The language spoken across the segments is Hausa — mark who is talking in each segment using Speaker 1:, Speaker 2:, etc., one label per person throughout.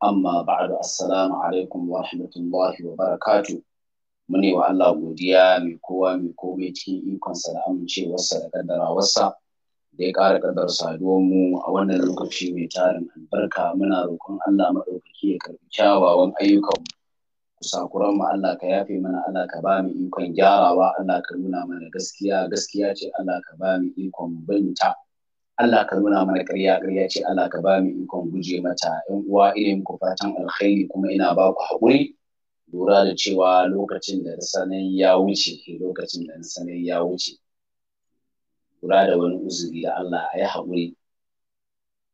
Speaker 1: amma ba'du assalamu alaikum wa rahmatullahi wa barakatu mune wa Allah godiya mai kowa mai komai cikin ikonsa da amincewarsa da kaddarawarsa da ya ƙara kaddar saduwar mu a wannan lokaci mai tarin albarka muna roƙon Allah maɗaukaki ya karɓi kyawawan ayyukan kusakuran mu Allah ka yafe mana Allah ka ba mu ikon gyarawa Allah ka nuna mana gaskiya gaskiya ce Allah ka ba mu ikon binta Allah ka nuna mana ƙarya ƙarya ce Allah ka ba mu ikon guje mata ƴan uwa ina muku fatan alkhairi kuma ina ba ku haƙuri lura da cewa lokacin da sanin ya wuce eh, lokacin da sanin ya wuce lura da wani uzuri da Allah ya yi haƙuri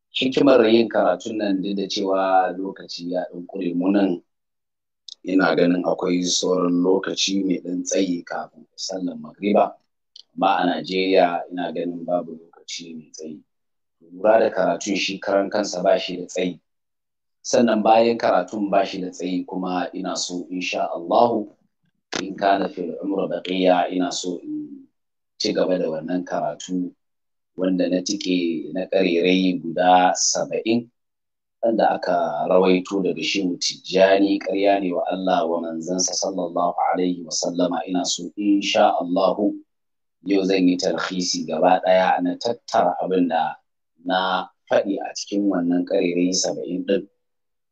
Speaker 1: hikimar yin karatun nan duk da cewa lokaci ya ɗan mu nan ina ganin akwai sauran lokaci mai ɗan tsayi kafin sallan magriba amma a Najeriya ina ganin babu lokaci mai tsayi lura da karatun shi karan kansa ba shi da tsayi sannan bayan karatun ba shi da tsayi kuma ina so insha Allahu in kana fil umra baqiya ina so in ci gaba da wannan karatu wanda na tike na karerai guda saba'in wanda aka rawaito daga shi tijjani ƙarya ne wa Allah wa manzansa sallallahu alaihi wa sallama ina so insha Allahu yau zan yi tarhisi gaba ɗaya na tattara abin da na faɗi a cikin wannan ƙarerai saba'in ɗin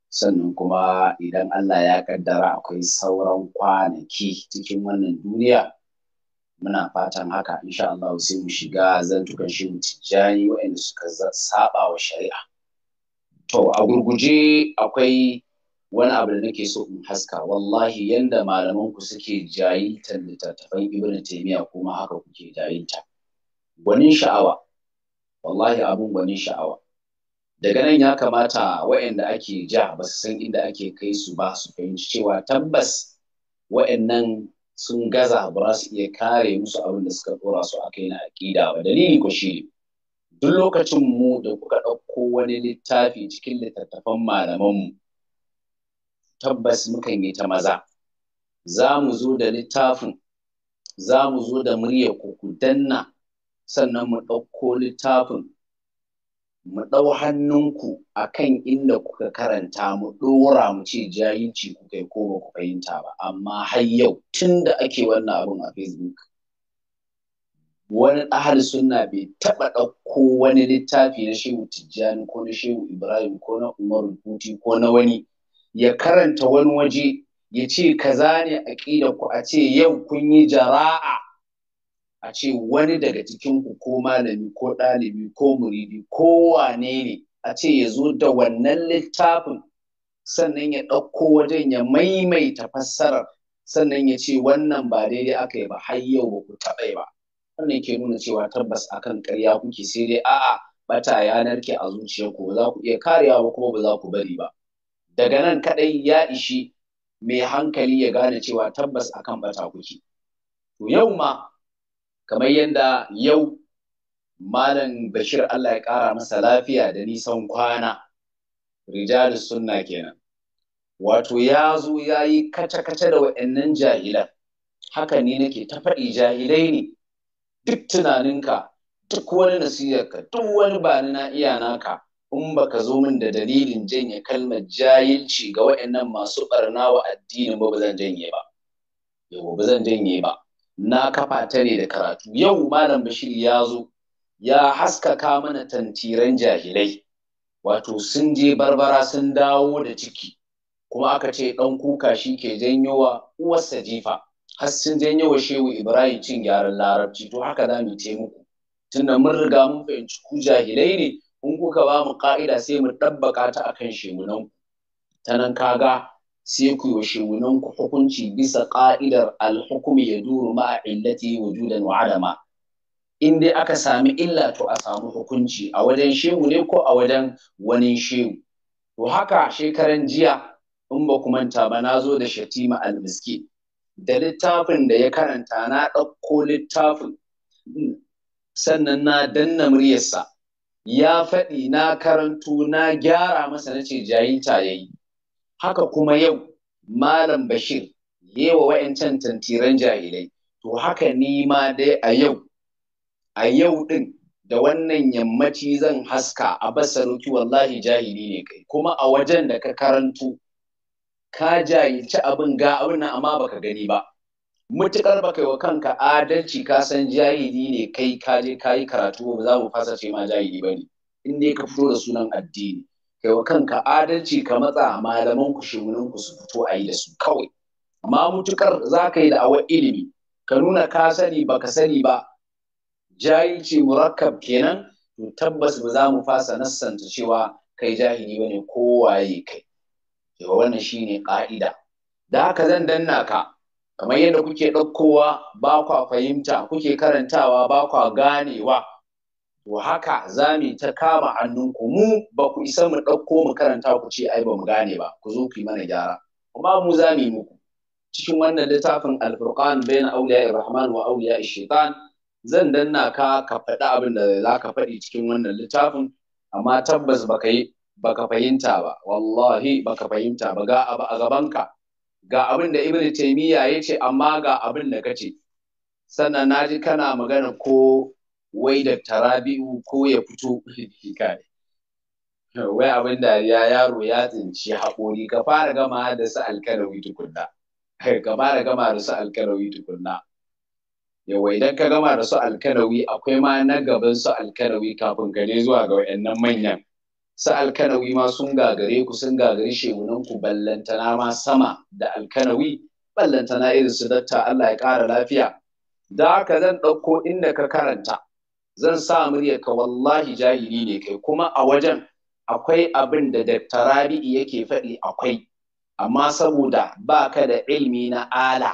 Speaker 1: sannan kuma idan Allah ya kaddara akwai sauran kwanaki cikin wannan duniya muna fatan haka insha Allah sai mu shiga zantukan shi mu tijjani waɗanda suka saba wa shari'a to a gurguje akwai wani abu da nake so in haska wallahi yanda malaman ku suke jayintar littattafan ibnu taymiya kuma haka kuke jayinta gwanin sha'awa wallahi abun gwanin sha'awa daga nan ya kamata waɗanda ake ja ba su san inda ake kai su ba su fahimci cewa tabbas waɗannan sun gaza ba su iya kare musu abin da suka dora su a kai na aƙida ba dalili ko shi duk lokacin mu da kuka ɗauko wani littafi cikin littattafan malamanmu tabbas mukan yi ta maza za mu zo da littafin za mu zo da muryar ku danna sannan mu ɗauko littafin mu ɗau hannunku a kan inda kuka karanta mu ɗora mu ce jahilci kuka yi ko ba ku fahimta ba amma har yau tun da ake wannan abun a facebook wani ahal sunna bai taɓa ɗauko wani littafi na shehu tijjani ko na shehu ibrahim ko na umaru kuti ko na wani ya karanta wani waje ya ce kaza ne ƙida ku a ce yau kun yi jara'a a ce wani daga cikin ku ko malami ko ɗalibi ko muridi ko wane ne a ce ya zo da wannan littafin sannan ya ɗauko wajen ya maimaita fassarar sannan ya ce wannan ba daidai aka yi ba har yau ba ku taɓa ba wannan ke nuna cewa tabbas akan ƙarya kuke sai dai a'a bata yanar ke a zuciyarku ba za ku iya karewa ba kuma ba za ku bari ba daga nan kadai ya ishi mai hankali ya gane cewa tabbas akan bata kuke to yau ma kamar yadda yau malam bashir Allah ya kara masa lafiya da nisan kwana rijalu sunna kenan wato ya zo ya yi kace-kace da wa'annan jahilan haka ne nake ta faɗi jahilai ne duk tunaninka duk wani nasiyarka duk wani bani na iya naka in ba ka zo min da dalilin janye kalmar jahilci ga waɗannan masu ɓarna wa addinin ba zan janye ba yau ba zan janye ba na kafa ta ne da karatu yau malam bashir ya zo ya haskaka mana tantiran jahilai wato sun je barbara sun dawo da ciki kuma aka ce ɗan kuka shi ke janyowa uwarsa jifa har sun janyo wa shehu ibrahim cin gyaran larabci to haka za mu taimako. tunda mun riga mun fahimci ku jahilai ne in kuka ba mu ka'ida sai mu ɗabbaka ta akan shemunan ta nan kaga sai ku yi shemunan ku hukunci bisa ka'idar alhukumi ya duru ma'a illati wujudan wa adama in dai aka sami illa to a samu hukunci a wajen shehu ne ko a wajen wani shehu to haka shekaran jiya in ba ku manta ba na zo da shatima almiski da littafin da ya karanta na ɗauko littafin sannan na danna muryarsa ya faɗi na karantu na gyara masa na ce jayinta ya yi haka kuma yau malam bashir yi wa wa'yancan tantiran jahilai to haka ni ma dai a yau a yau ɗin da wannan yammaci zan haska a basaruki wallahi jahili ne kai kuma a wajen da ka karantu ka ci abin ga abin amma baka gani ba mutukar baka yi wa kanka adalci ka san jahili ne kai ka je ka yi karatu ba za mu fasa ce ma jahili ba ne in dai ka fito da sunan addini kai wa kanka adalci ka matsa malaman ku shigunan ku su fito a yi da su kawai amma mutukar za ka yi awa ilimi ka nuna ka sani ba ka sani ba jahilci murakkab kenan to tabbas ba za mu fasa nassanta cewa kai jahili ba bane kowaye kai Yawa wannan shine ƙa'ida. da haka zan danna ka kamar yadda kuke ɗaukowa ba kwa fahimta kuke karantawa ba kwa ganewa to haka za mu ta kama ku mu ba ku isa mu ɗauko mu karanta ku ce ai ba mu gane ba ku zo ku yi mana gyara kuma mu za mu yi muku cikin wannan littafin alfurqan bayan auliya rahman wa auliya shaitan zan danna ka ka faɗi abin da za ka faɗi cikin wannan littafin amma tabbas baka yi baka fahimta ba wallahi baka fahimta ba ga abu a gabanka ga abin da ibn Taymiyya ya ce amma ga abin da kace sannan na ji kana magana ko wai da tarabi'u ko ya fito wai abin da ya yaro ya tsinci haƙori ka fara gama da su alkalawi tukunna ka fara gama da su alkalawi tukunna yawa idan ka gama da su alkalawi akwai ma na gaban su alkalawi kafin ka je zuwa ga wayannan manyan sa alkanawi ma sun gagare ku sun gagare shehunan ku ballantana ma sama da alkanawi ballantana irin su datta Allah ya ƙara lafiya da haka zan ɗauko inda ka karanta zan sa murya ka wallahi jahili ne kai kuma a wajen akwai abin da Dr. Rabi'i yake faɗi akwai amma saboda ba ka da ilmi na ala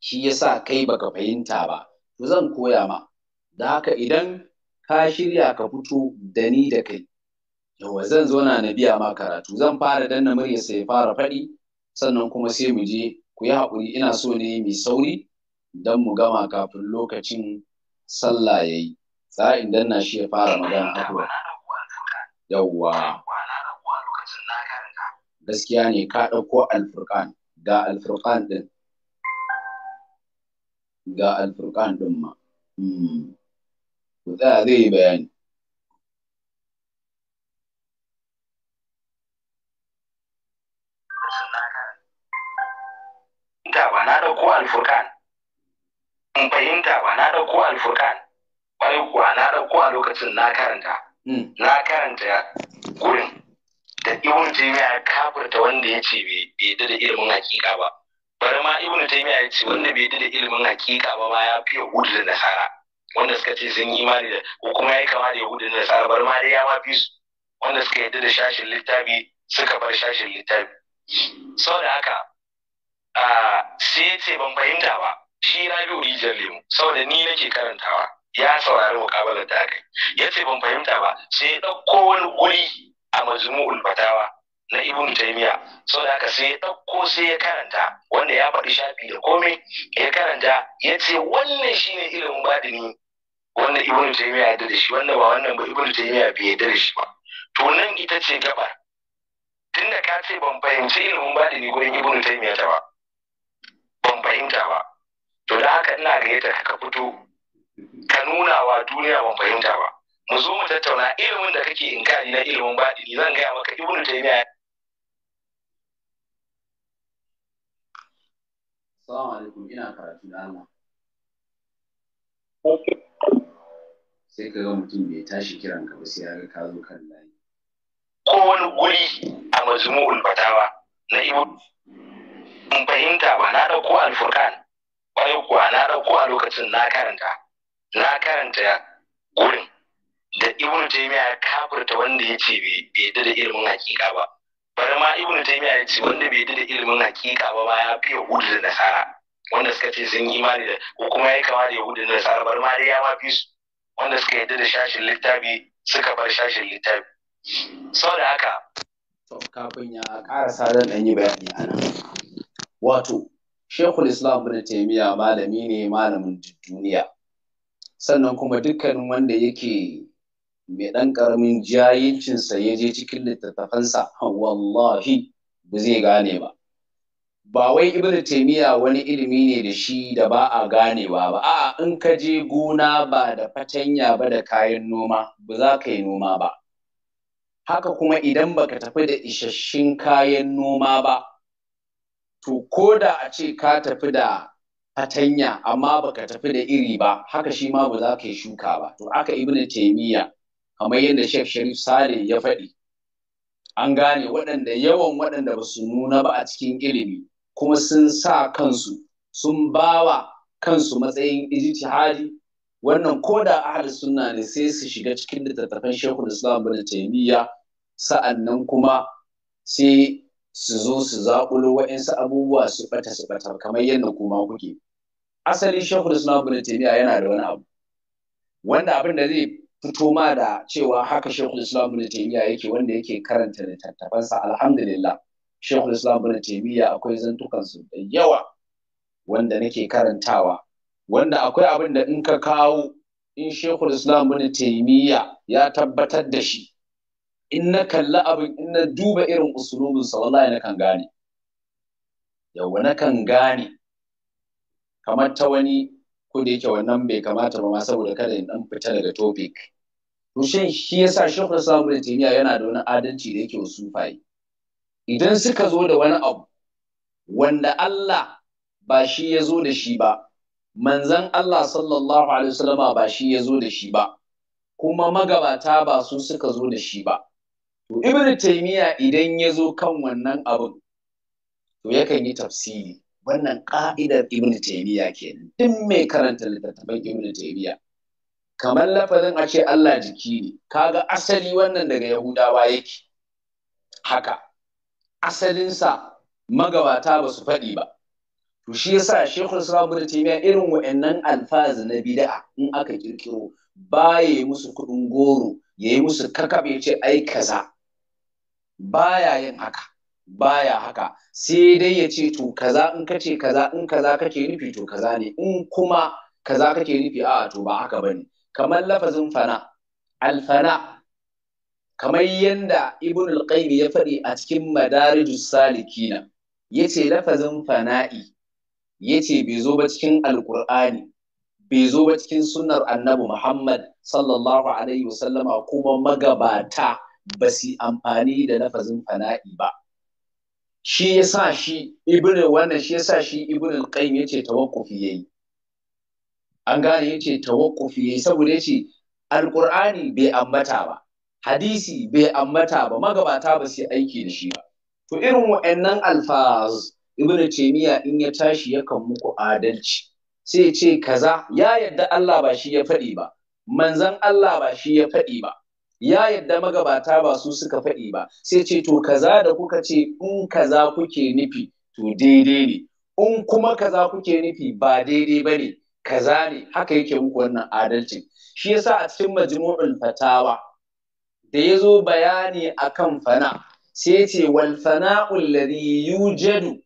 Speaker 1: shi yasa kai baka fahimta ba zan koya ma da haka idan ka shirya ka fito da ni da kai yawa zan zo na na biya ma karatu zan fara danna murya sai fara faɗi sannan kuma sai mu je ku yi haƙuri ina so ne mai sauri don mu gama kafin lokacin sallah ya yi in danna shi ya fara magana akwai yawwa gaskiya ne ka ɗauko alfurkan ga alfurkan ɗin ga alfurkan ɗin ma hmm. ku tsaya zai yi bayani
Speaker 2: na ɗauko alfurkan in fahimta ba na ɗauko alfurkan ƙwarai kuwa na ɗauko a lokacin na karanta hmm. na karanta gurin da ibn taymiya ya kafurta wanda ya ce bai yadda da ilimin hakika ba bari ma ibn taymiya ya ce wanda bai yadda da ilimin hakika ba ma ya fi yahudu da nasara wanda suka ce sun yi imani da ko kuma ya yi kama da yahudu da nasara bari ma dai ya ma fi su wanda suka yadda da shashin littafi suka bar shashin littafi sau da haka sai ya ce ban fahimta ba shi rabi'u rijiyar lemu saboda ni nake karantawa ya saurari mukabalar da aka yi ya ce ban fahimta ba sai ya ɗauko wani guri a majmu'ul fatawa na ibn taymiya saboda haka sai ya ɗauko sai ya karanta wanda ya faɗi shafi da komai ya karanta ya ce wannan shine ilimin badini wanda ibn taymiya ya da shi wanda ba wannan ba ibn taymiya bai yarda da shi ba to nan ita ce gabar tunda ka ce ban fahimci ilimin badini gurin ibn taymiya ta ba fahimta ba to da haka ina gayyata ka fito ka nuna wa duniya ban fahimta ba mu zo mu tattauna ilimin da kake inkari na ilimin baɗini zan gaya maka ibnu taymiya
Speaker 1: Assalamu alaikum ina karatu da Allah. Sai ka ga mutum bai tashi kiran ka ba sai ya ga ka zo kan layi.
Speaker 2: Ko wani guri a mazmu'ul fatawa na ibnu in fahimta ba na ɗauko alfurkan ƙwarai kuwa na ɗauko a lokacin na karanta na karanta gurin da ibn taymiya ya kafirta wanda ya ce bai yadda da ilimin hakika ba bari ma ibn taymiya ya ce wanda bai yadda da ilimin hakika ba ma ya fi yahudu da nasara wanda suka ce sun yi imani da ko kuma ya kama da yahudu da nasara bari ma dai ya ma fi su
Speaker 1: wanda suka yadda da shashin littafi suka bar shashin littafi sau da haka kafin ya ƙarasa zan ɗan yi bayani a nan wato shekul islam bin taimiyya malami ne malamin duniya sannan kuma dukkanin wanda yake mai ɗan ƙaramin jayincinsa ya je cikin littattafansa wallahi ba zai gane ba ba wai ibnu taimiyya wani ilimi ne da shi da ba a ganewa ba a in ka je gona ba da fatanya ba da kayan noma ba za ka yi noma ba haka kuma idan baka tafi da isasshin kayan noma ba to ko da a ce ka tafi da fatanya amma baka tafi da iri ba haka shi ma ba za ka yi shuka ba to aka ibnu taymiya kamar yadda Sheikh Sharif Saleh ya faɗi an gane waɗanda yawan waɗanda ba su nuna ba a cikin ilimi kuma sun sa kansu sun bawa kansu matsayin ijtihadi wannan ko da ahli sunna ne sai su shiga cikin littattafan Sheikhul Islam bin Taymiyyah sa'annan kuma sai su zo su zaƙulo waɗansu abubuwa su ɓata su ɓata kamar yadda kuma kuke asalin da islam da taymiya yana da wani abu wanda abin da zai fito ma da cewa haka da islam da taymiya yake wanda yake karanta littattafansa alhamdulillah da islam da taymiya akwai zantukan da yawa wanda nake karantawa wanda akwai abin da in ka kawo in da islam ibn taimiyya ya tabbatar da shi in na kalli abin in na duba irin usulubinsa wallahi na kan gane yawa na kan gane kamar ta wani ko da yake wannan bai kamata ba ma saboda kada in dan fita daga topic to shin shi yasa Sheikh Rasul da tiniya yana da wani adalci da yake usufai idan suka zo da wani abu wanda Allah ba shi ya zo da shi ba manzon Allah sallallahu alaihi wasallama ba shi ya zo da shi ba kuma magabata ba su suka zo da shi ba To Ibn Taymiyyah idan ya zo kan wannan abin to yakan yi tafsiri wannan ƙa'idar Ibn Taymiyyah kenan duk mai karanta littattafan Ibn Taymiyyah kamar lafazin a ce Allah jiki ne kaga asali wannan daga Yahudawa yake haka asalinsa magabata ba su faɗi ba to shi yasa Sheikhul Islam Ibn Taymiyyah irin wa'annan alfazi na bid'a in aka kirkiro baye musu kuɗin goro ya yi musu kakaɓe ya ce ai kaza baya yin haka baya haka sai dai ya ce to kaza in ka ce kaza in kaza kake nufi to kaza ne in kuma kaza kake nufi a to ba haka bane kamar lafazin fana alfana kamar yadda ibn al-qayyim ya faɗi a cikin madarijus salikina yace lafazin fana'i yace bai zo ba cikin alqur'ani bai zo ba cikin sunnar annabi muhammad sallallahu alaihi wasallama kuma magabata ba su amfani da lafazin fana'i ba shi ya sa shi ibn wannan shi ya sa shi ibn al-qayyim yace tawaqqufi yayi an gane ya yace tawaqqufi yayi saboda ya yace Alƙur'ani bai ambata ba hadisi bai ambata ba magabata ba su aiki da shi ba to irin wa'annan alfaz ibn taymiya in ya tashi yakan muku adalci sai ce kaza ya yadda Allah ba shi ya faɗi ba manzon Allah ba shi ya faɗi ba ya yadda magabata ba su suka faɗi ba sai ce to kaza da kuka ce in kaza kuke nufi to daidai ne in kuma kaza kuke nufi ba daidai ba ne kaza ne haka yake muku wannan adalcin shi yasa a cikin majmu'ul fatawa da ya zo bayani a kan fana sai ce wal fana'ul ladhi yujadu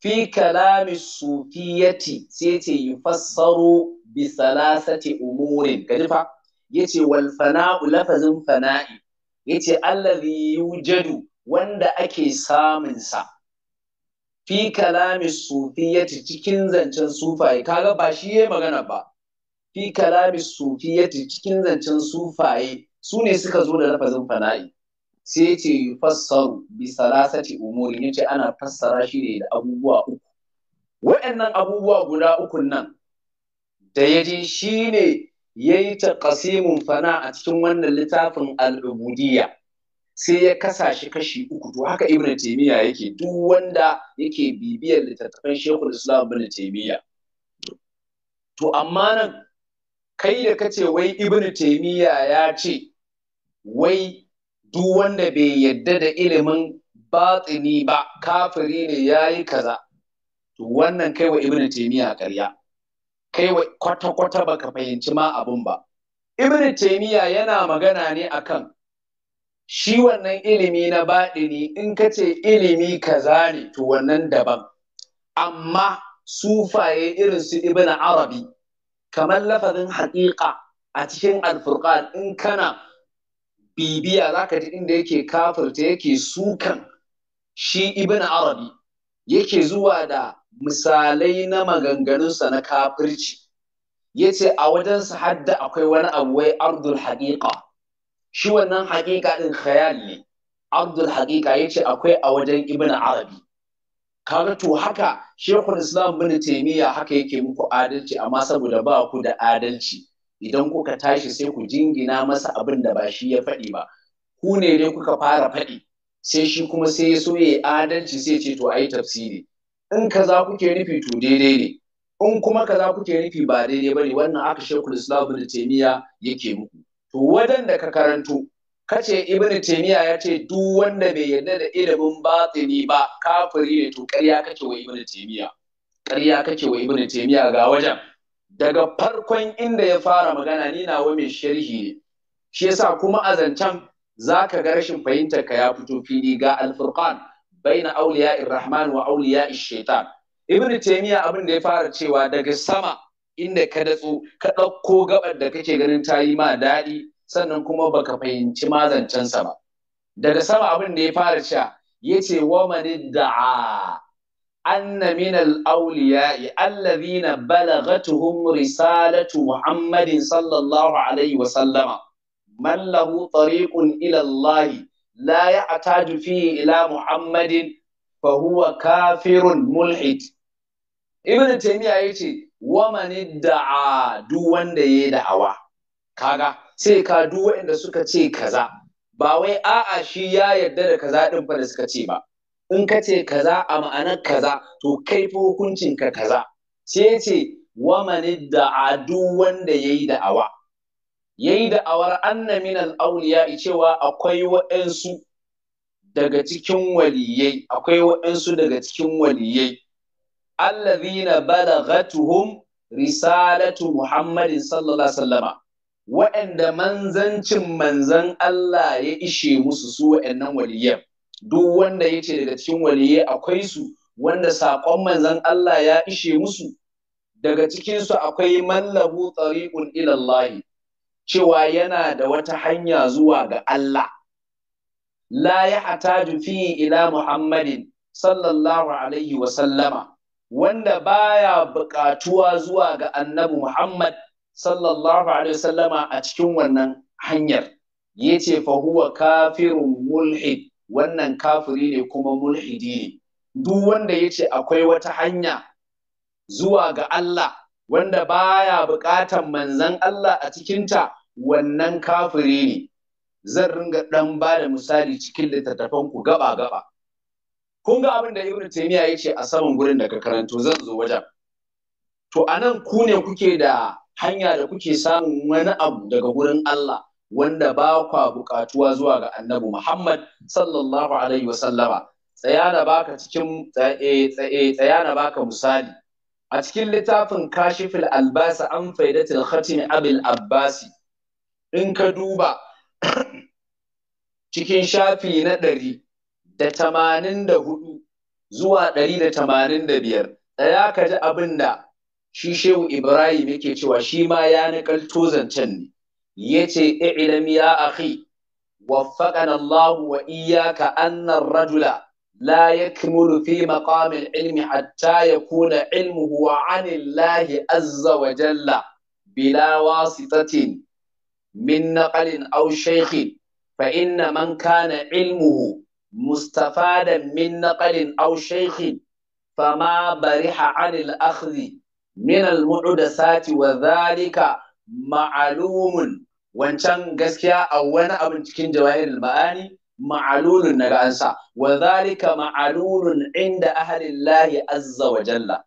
Speaker 1: fi kalami sufiyati sai ce yufassaru bi salasati umurin gaji fa yace wal fana'u lafazin fana'i yace allazi yujadu wanda ake samun sa fi kalami sufiyati cikin zancen sufaye kaga ba shi yayi magana ba fi kalami sufiyati cikin zancen sufaye su ne suka zo da lafazin fana'i sai yace yufassaru bi salasati umuri yace ana fassara shi ne da abubuwa uku wa'annan abubuwa guda uku nan da yaji shine ya yi ta ƙasimun fana a cikin wannan littafin al'ubudiyya sai ya kasa shi kashi uku to haka ibn taimiyya yake duk wanda yake bibiyar littattafan shekul islam ibn taimiyya to amma nan kai da ka ce wai ibn Al-Taimiyya ya ce wai duk wanda bai yadda da ilimin batsini ba kafiri ne ya yi kaza to wannan kai wa ibn Al-Taimiyya karya. kai kwata-kwata baka fahimci ma abun ba ibn taymiya yana magana ne akan shi wannan ilimi na ne in ka ce ilimi kaza ne to wannan daban amma sufaye irin su ibn arabi kamar lafazin haƙiƙa a cikin alfurqan in kana bibiya zaka ji inda yake kafirta yake sukan shi ibn arabi yake zuwa da misalai na maganganunsa na kafirci ya ce a wajensa hadda akwai wani abu wai ardul haƙiƙa shi wannan haƙiƙa ɗin khayal ne ardul haƙiƙa ya ce akwai a wajen ibn arabi kaga to haka shekul islam bin taimiyya haka yake muku adalci amma saboda ba ku da adalci idan kuka tashi sai ku jingina masa abin da ba shi ya faɗi ba ku ne dai kuka fara faɗi sai shi kuma sai ya so ya adalci sai ce to ai tafsiri in kaza kuke nufi to daidai ne in kuma kaza kuke nufi ba daidai ne, wannan aka shekul islam ibn taymiya yake muku to da ka karanto kace ibn taymiya ya ce duk wanda bai yarda da ilimin batini ba kafiri ne to ƙarya kake wa ibn taymiya ƙarya kake wa ibn taymiya ga wajen daga farkon inda ya fara magana ni nawa mai sharhi ne shi yasa kuma a zancen zaka ga rashin fahimtar ka ya fito fili ga al-furqan baina auliya rahman wa auliya shaitan ibnu taymiya abin da ya fara cewa daga sama inda ka datsu ka ɗauko gabar da kake ganin ta yi ma daɗi sannan kuma baka fahimci sa ba daga sama abin da ya fara cewa yace wa man da'a anna min al-awliya'i alladhina balagatuhum risalatu muhammadin sallallahu alaihi wa sallama man lahu tariqun ila la ya ataju ila muhammadin fa huwa kafirun mulhid ibn taymiya yace wa man da'a duk wanda yayi da'awa kaga sai ka duk wanda suka ce kaza ba wai a'a shi ya yarda da kaza din fa da suka ce ba in ka ce kaza a ma'anar kaza to kai hukuncin ka kaza Ce ce, wa man da'a duk wanda yayi da'awa yayi da awar anna min al-awliya cewa akwai wa'ansu daga cikin waliyai akwai wa'ansu daga cikin waliyai allazina balaghatuhum risalatu muhammadin sallallahu alaihi wasallama wa'anda manzancin manzan Allah ya ishe musu su wa'annan waliyai duk wanda yace daga cikin waliyai akwai su wanda saƙon manzan Allah ya ishe musu daga cikinsu akwai mallabu ila ilallahi cewa yana da wata hanya zuwa ga Allah la ya hataju fi ila Muhammadin sallallahu alaihi wa sallama wanda baya buƙatuwa zuwa ga annabi Muhammad sallallahu alaihi wa sallama a cikin wannan hanyar yace fa huwa kafirun mulhid wannan kafiri ne kuma mulhidi ne duk wanda yace akwai wata hanya zuwa ga Allah wanda baya buƙatan manzan Allah a cikinta wannan kafiri ne zan ringa ɗan ba da misali cikin littattafan ku gaba gaba kun ga abin da ibnu taymiya ce a saman gurin da ka karanto zan zo wajen to a nan ku ne kuke da hanya da kuke samun wani abu daga gurin Allah wanda ba kwa buƙatuwa zuwa ga annabi Muhammad sallallahu alaihi wa sallama tsaya na baka cikin tsaya na baka misali a cikin littafin kashifil albasa an faidatil khatim abil abbasi in ka duba cikin shafi na ɗari da tamanin da hudu zuwa ɗari da tamanin da biyar ɗaya ka ji abin da shi shehu ibrahim yake cewa shi ma ya niƙalto zancen ne ya ce ilm ya Wa waffaqana Allah wa iyyaka anna rajula la yakmulu fi maqam al-ilmi hatta yakuna ilmuhu 'an Allah azza wa jalla su wasitatin min naqalin aw shaykhin fa inna man kana ilmuhu mustafadan min naqalin aw shaykhin fama bariha anil akhdhi min al mu'dasati wa dhalika ma'lumun wancan gaskiya a wani abin cikin jawahirul ma'ani ma'alulun na gansa wa zalika ma'alulun inda ahlillahi azza wa jalla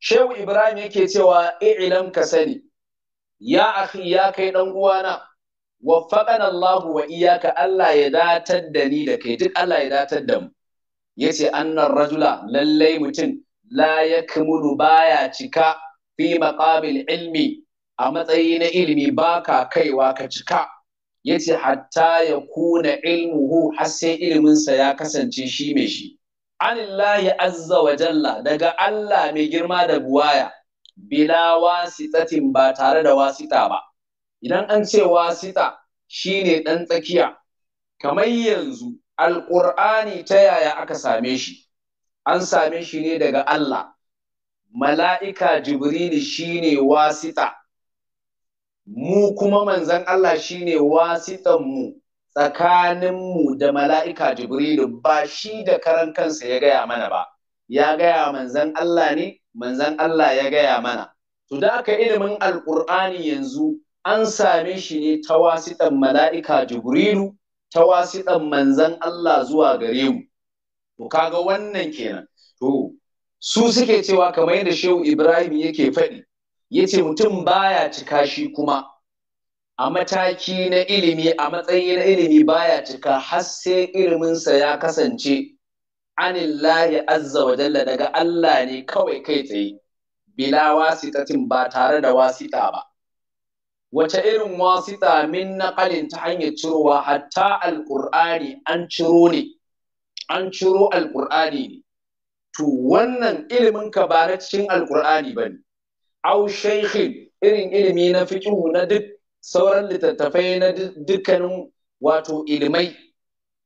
Speaker 1: shehu ibrahim yake cewa i'lam ka sani ya akhi ya kai dan uwana waffaqana Allahu wa iyyaka Allah ya datar da ni da kai duk Allah ya datar da mu yace annar rajula lallai mutum la yakmulu baya cika fi maqabil ilmi a matsayi na ilimi baka kaiwa ka cika yace hatta ya kuna ilmuhu har sai sa ya kasance shi mai shi anillahi azza wa jalla daga Allah mai girma da buwaya bila wasitatin ba tare da wasita ba idan an ce wasita shine ɗan tsakiya kamar yanzu alƙur'ani ta yaya aka same shi an same shi ne daga Allah mala'ika jibrili shine wasita mu kuma manzan Allah shine wasitan mu tsakaninmu da mala'ika jibrilu ba shi da karan kansa ya gaya mana ba ya gaya manzan Allah ne manzan Allah ya gaya mana to da aka ilimin Alƙur'ani yanzu an same shi ne ta wasiɗan mala'ika jibrilu ta wasiɗan manzan Allah zuwa gare mu to kaga wannan kenan to su suke cewa kamar yadda shehu ibrahim yake faɗi Ya ce mutum baya cika shi kuma a mataki na ilimi a matsayi na ilimi baya cika har sai iliminsa ya kasance anillahi azza wa jalla daga Allah ne kawai kai tsaye bila wasitatin ba tare da wasita ba wace irin wasita min naqalin ta hanyar cirowa hatta alqur'ani an ciro ne an ciro alqur'ani ne to wannan ilimin ka ba na cikin alqur'ani bane au shaykhin irin ilimi na fiqhu na duk sauran littattafai na dukkanin wato ilimai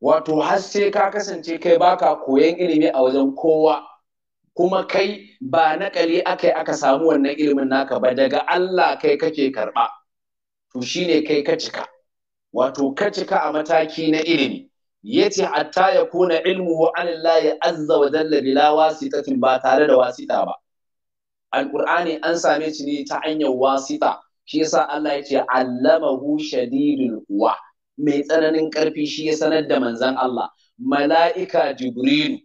Speaker 1: wato har sai ka kasance kai baka koyan ilimi a wajen kowa kuma kai ba naƙali akai aka samu wannan ilimin naka ba daga Allah kai kake karba to shine kai ka cika wato ka cika a mataki na ilimi yace hatta ya kuna ilmu wa ya azza wa jalla bila wasitatin ba tare da wasita ba alqur'ani an same shi ne ta hanyar wasita shi yasa Allah yace allamahu shadidul quwa mai tsananin ƙarfi shi ya sanar da manzan Allah mala'ika jibrilu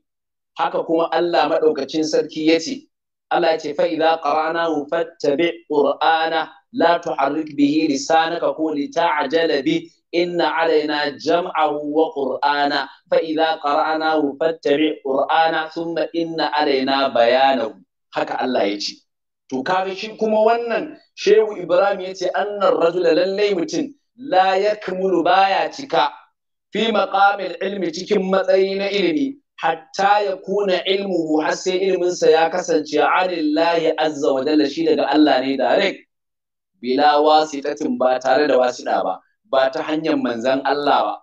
Speaker 1: haka kuma Allah maɗaukacin sarki ya ce Allah ya ce fa idza qara'nahu fattabi qur'ana la tuharrik bihi lisanaka ko lita'jala bi inna alaina jam'ahu wa qur'ana fa idza qara'nahu fattabi qur'ana thumma inna alaina bayanahu haka Allah ya ce to kaga shi kuma wannan shehu Ibrahim ya ce annar rajula lallai mutum la yakmulu baya cika fi maqamil ilmi cikin matsayi na ilimi hatta ya kuna ilmu har sai ilminsa ya kasance anillahi azza wa jalla shi daga Allah ne direct bila wasitatin ba tare da wasida ba ba ta hanyar manzan Allah ba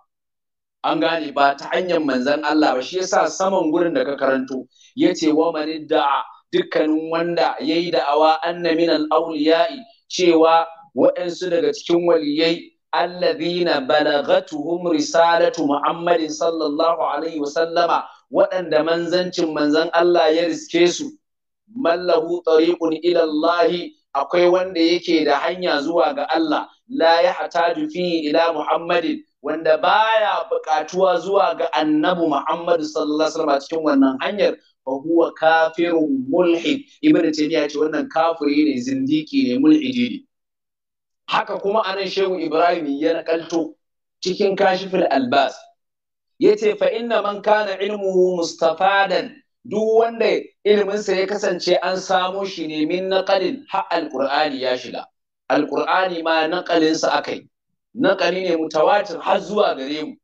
Speaker 1: an gane ba ta hanyar manzan Allah ba shi yasa saman gurin da ka karanto yace wa manidda dukkanin wanda yayi da'awa anna min al-awliya'i cewa waɗansu daga cikin waliyai alladhina balagatuhum risalatu Muhammadin sallallahu alaihi wa waɗanda manzancin manzan Allah ya riske su mallahu tariqun ila Allah akwai wanda yake da hanya zuwa ga Allah la yahtaju fi ila Muhammadin wanda baya buƙatuwa zuwa ga annabi Muhammad sallallahu alaihi cikin wannan hanyar fa huwa kafirun mulhid ibnu taymiya ce wannan kafiri ne zindiki ne mulhidi haka kuma a nan shehu ibrahim ya nakalto cikin kashifin albas yace fa inna man kana ilmu mustafadan duk wanda iliminsa ya kasance an samo shi ne min naqalin har alqur'ani ya shiga alqur'ani ma naqalinsa akai naqali ne mutawatir har zuwa gare mu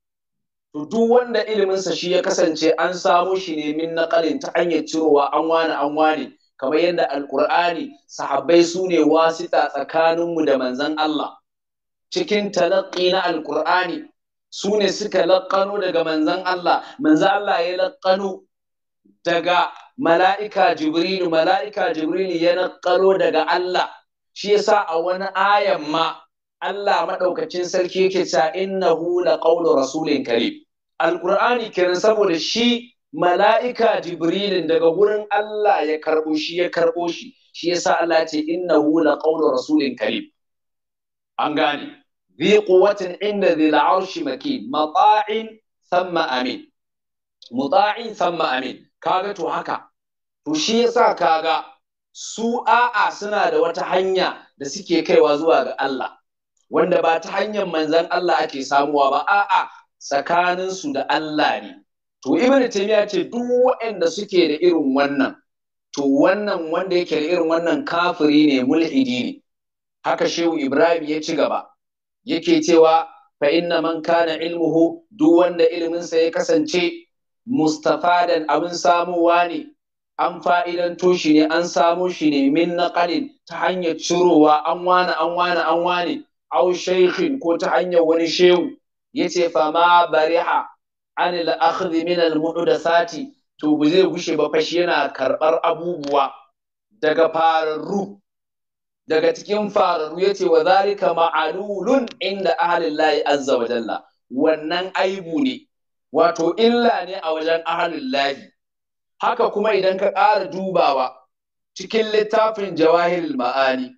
Speaker 1: to duk wanda iliminsa shi ya kasance an samo shi ne min naqalin ta hanyar cirowa an wani an wani kamar yadda alkur'ani sahabbai su ne wasita tsakaninmu da manzan Allah cikin talaƙi na alkur'ani su ne suka laƙano daga manzan Allah manzan Allah ya laƙano daga mala'ika jibrilu mala'ika jibrilu ya laƙano daga Allah shi yasa a wani ayan ma Allah maɗaukacin sarki yake cewa innahu laqawlu rasulin karim Alƙur'ani kenan saboda shi mala'ika jibrilin daga wurin Allah ya karɓo shi ya karɓo shi shi ya sa Allah ce innahu hula ƙaunar rasulin karib an gane bi kuwatin inda dhil arshi makin mata'in thumma amin muta'in thumma amin kaga to haka to shi ya yasa kaga su a'a suna da wata hanya da suke kaiwa zuwa ga Allah wanda ba ta hanyar manzon Allah ake samuwa ba a'a tsakaninsu da Allah ne to ibn taymiya ce duk waɗanda suke da irin wannan to wannan wanda yake da irin wannan kafiri ne mulhidi ne haka shehu ibrahim ya ci gaba yake cewa fa inna man kana ilmuhu duk wanda iliminsa ya kasance mustafadan abin samuwa ne an fa'idanto shi ne an samo shi ne min naqalin ta hanyar cirowa an wani an wani an wani. au shaykhin ko ta hanyar wani shehu yace fa ma bariha anil akhdhi min al sati to ba zai gushe ba fashi yana karbar abubuwa daga fararru daga cikin fararru yace wa zalika ma'alulun inda ahli llahi azza wa jalla wannan aibu ne wato illa ne a wajen ahli llahi haka kuma idan ka ƙara dubawa cikin littafin jawahirul ma'ani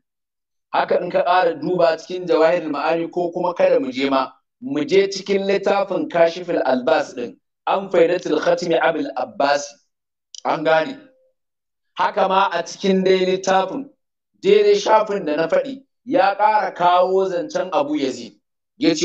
Speaker 1: haka in ka ƙara duba cikin jawahirul ma'ani ko kuma kada mu je ma mu je cikin littafin kashifin albas din an faidatul khatimi abul abbasi an gane haka ma a cikin dai littafin daidai shafin da na faɗi ya ƙara kawo zancen abu yazid ya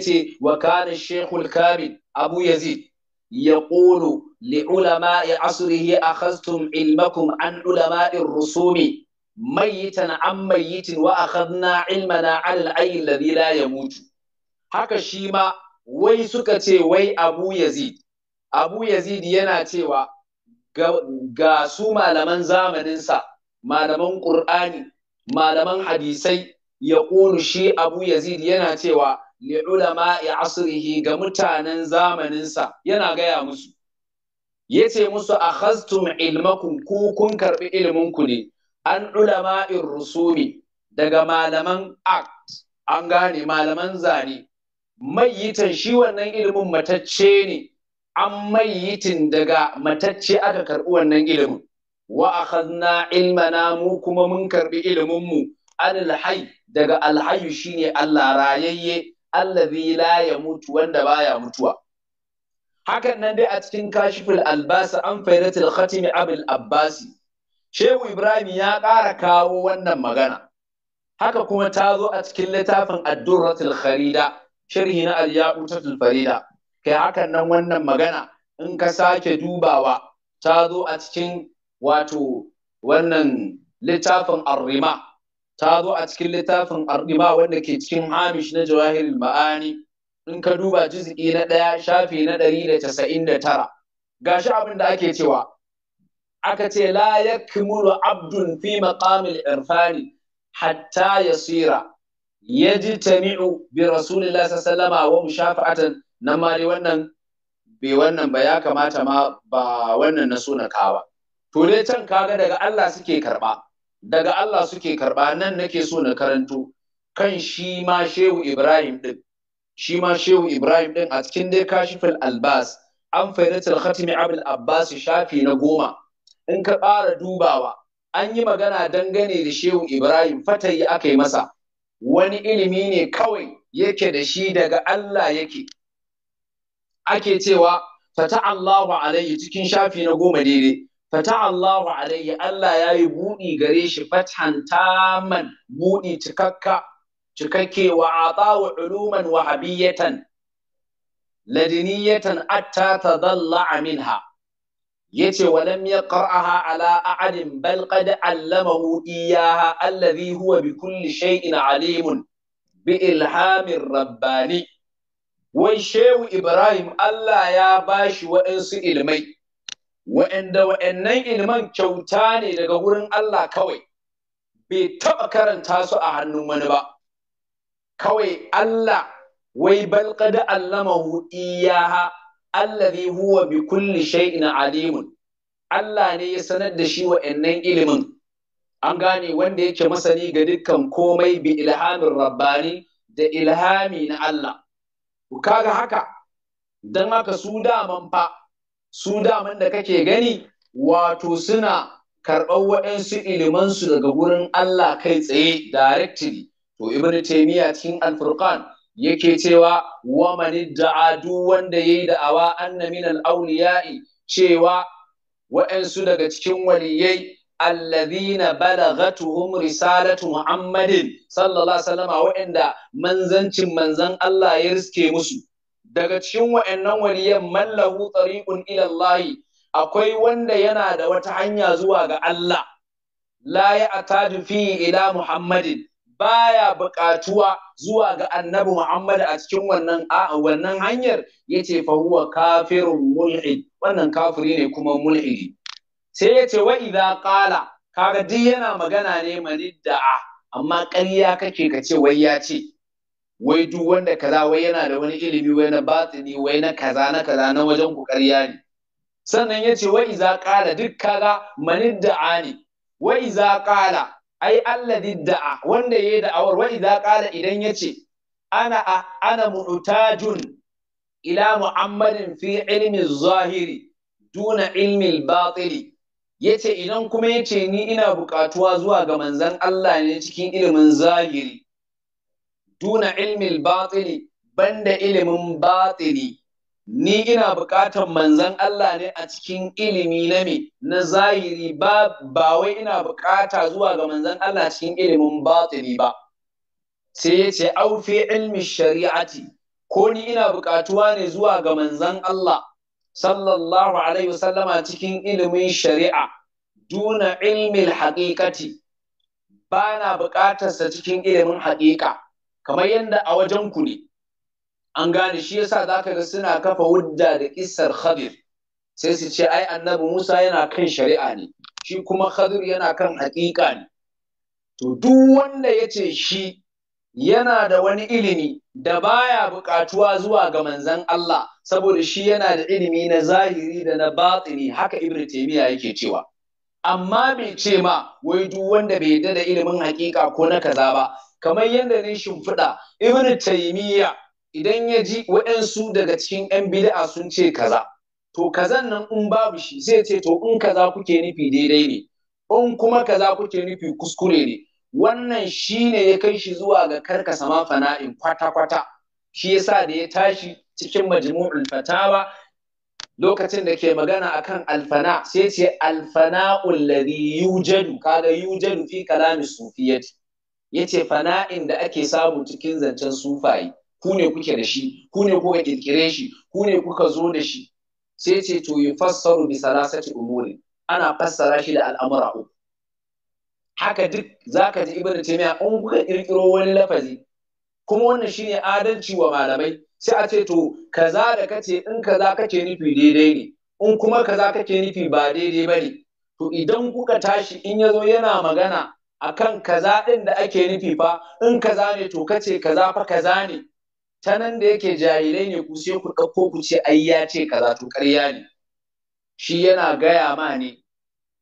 Speaker 1: ce wa kana shekul kamil abu yazid ya ƙolo li'ulama ya asirihi a khastum ilmakum an ulama'in rusumi mayyitan an mayyitin wa akhadna ilmana alal ayyin haka shi ma wai suka ce wai abu yazid abu yazid yana cewa ga, su malaman zamaninsa malaman ƙur'ani malaman hadisai ya ƙunu shi abu yazid yana cewa li ulama asrihi ga mutanen zamaninsa yana gaya musu ya ce musu a hastun ilmakun ku kun karɓi ilminku ne an ulama'in rusumi daga malaman act an gane malaman zane mayyitan shi wannan ilimin matacce ne an mayyitin daga matacce aka karɓi wannan ilimin wa akhadna ilmana mu kuma mun karɓi ilimin mu an daga Alhayu shine Allah rayayye allazi la yamutu wanda baya mutuwa hakan nan dai a cikin kashiful albasa an faidatul khatimi abul abbasi shehu ibrahim ya ƙara kawo wannan magana haka kuma ta zo a cikin littafin addurratul kharida sharhi na al-yaqutatul farida kai hakan nan wannan magana in ka sake dubawa ta zo a cikin wato wannan littafin arrima ta zo a cikin littafin arrima wanda ke cikin hamish na jawahirul ma'ani in ka duba juz'i na ɗaya shafi na ɗari da casa'in da tara gashi abin da ake cewa aka ce la yakmulu abdun fi maqamil irfani hatta yasira yajtami'u bi rasulillahi sallallahu alaihi wa mushafa'atan nan ma dai wannan bai wannan ba ya kamata ma ba wannan na suna kawa to dai can kaga daga Allah suke karba daga Allah suke karba nan nake so na karanto kan shi ma Shehu Ibrahim din shi ma Shehu Ibrahim din a cikin dai kashiful albas an faidatul khatim abul abbas shafi na goma in ka ƙara dubawa an yi magana dangane da Shehu Ibrahim fatayi aka yi masa wani ilimi ne kawai yake da shi daga Allah yake ake cewa fata Allahu alayhi cikin shafi na goma daidai fata Allahu alayhi Allah ya yi buɗi gare shi fatan taman buɗi cikakka cikakke wa wa uluman wa habiyatan ladiniyatan atta tadalla ha. yace walam yaqra'aha ala a'adin bal qad allamahu iyyaha alladhi huwa bi kulli shay'in alimun bi ilhamin rabbani wai shehu ibrahim Allah ya bashi waɗansu ilmai wa'anda wa'annan ilman kyauta ne daga wurin Allah kawai bai taɓa karanta su a hannun wani ba kawai Allah wai bal qad allamahu iyyaha allazi huwa bi kulli shay'in alimun Allah ne ya sanar da shi wa'annan ilimin an gane wanda yake masani ga dukkan komai bi ilhamin rabbani da ilhami na Allah kaga haka dan haka su daman fa su daman da kake gani wato suna karɓar waɗansu ilimansu daga gurin Allah kai tsaye directly to ibn taymiya cikin al yake cewa wa man da'a duk wanda yayi da'awa anna min al cewa wayansu daga cikin waliyai alladhina balaghatuhum risalatu Muhammadin sallallahu alaihi wasallam wa'anda manzancin manzan Allah ya riske musu daga cikin wa'annan waliyan mallahu tariqun ila Allah akwai wanda yana da wata hanya zuwa ga Allah la ya atadu fi ila Muhammadin baya buƙatuwa zuwa ga annabi Muhammad a cikin wannan wannan hanyar yace fa huwa kafirun mulhid wannan kafiri ne kuma mulhidi sai yace wa idza qala kaga duk yana magana ne manidda'a amma ƙarya kake ka ce wai ya ce wai duk wanda kaza wai yana da wani ilimi wai na batini wai na kaza na kaza na wajen ku ƙarya ne sannan yace wa idza qala duk kaga manidda'a ne wa idza qala ai alladhi da'a wanda yayi da'awar wa idza qala idan yace ana ana mu'tajun ila muhammadin fi ilmi zahiri duna ilmi al-batili yace idan kuma yace ni ina buƙatuwa zuwa ga manzon Allah ne cikin ilimin zahiri duna ilmi al-batili banda ilimin batili ni ina buƙatar manzan Allah ne a cikin ilimi na me na zahiri ba ba wai ina buƙata zuwa ga manzan Allah cikin ilimin batini ba sai ya ce au fi ilmi shari'ati ko ni ina buƙatuwa ne zuwa ga manzan Allah sallallahu alaihi wasallama cikin ilimin shari'a duna ilmin haƙiƙati ba na buƙatarsa cikin ilimin haƙiƙa kamar yadda a wajen ku ne an gane shi yasa za ka ga suna kafa wudda da kisar khadir sai su ce ai annabi Musa yana kan shari'a ne shi kuma khadir yana kan haƙiƙa ne to duk wanda ya ce shi yana da wani ilimi da baya buƙatuwa zuwa ga Manzon Allah saboda shi yana da ilimi na zahiri da na batini haka Ibn taymiya yake cewa amma bai ce ma wai duk wanda bai yarda da ilimin haƙiƙa ko na kaza ba kamar yadda ne shimfiɗa Ibn taymiya idan ya ji waɗansu daga cikin 'yan bid'a sun ce kaza to kazan nan in babu shi zai ce to in kaza kuke nufi daidai ne in kuma kaza kuke nufi kuskure ne wannan shi ne ya kai shi zuwa ga karkasa ma fana'in kwata-kwata shi yasa da ya tashi cikin majmu'ul fatawa lokacin da ke magana akan alfana sai ce alfana'ul ladhi yujadu kaga yujadu fi kalami sufiyati yace fana'in da ake samu cikin zancen sufaye. ku ne kuke da shi ku ne kuka kirkire shi ku ne kuka zo da shi sai ce to fassaru bi salasati umuri ana fassara shi da al'amura uku haka duk zaka ji ibnu taymiya in kuka kirkiro wani lafazi kuma wannan shine adalci wa malamai sai a ce to kaza da kace in kaza kake nufi daidai ne in kuma kaza kake nufi ba daidai bane to idan kuka tashi in ya zo yana magana akan kaza ɗin da ake nufi fa in kaza ne to kace kaza fa kaza ne ta nan da yake jahilai ne ku sai ku ɗauko ku ce ai ya ce kaza to ƙarya ne shi yana gaya ma ne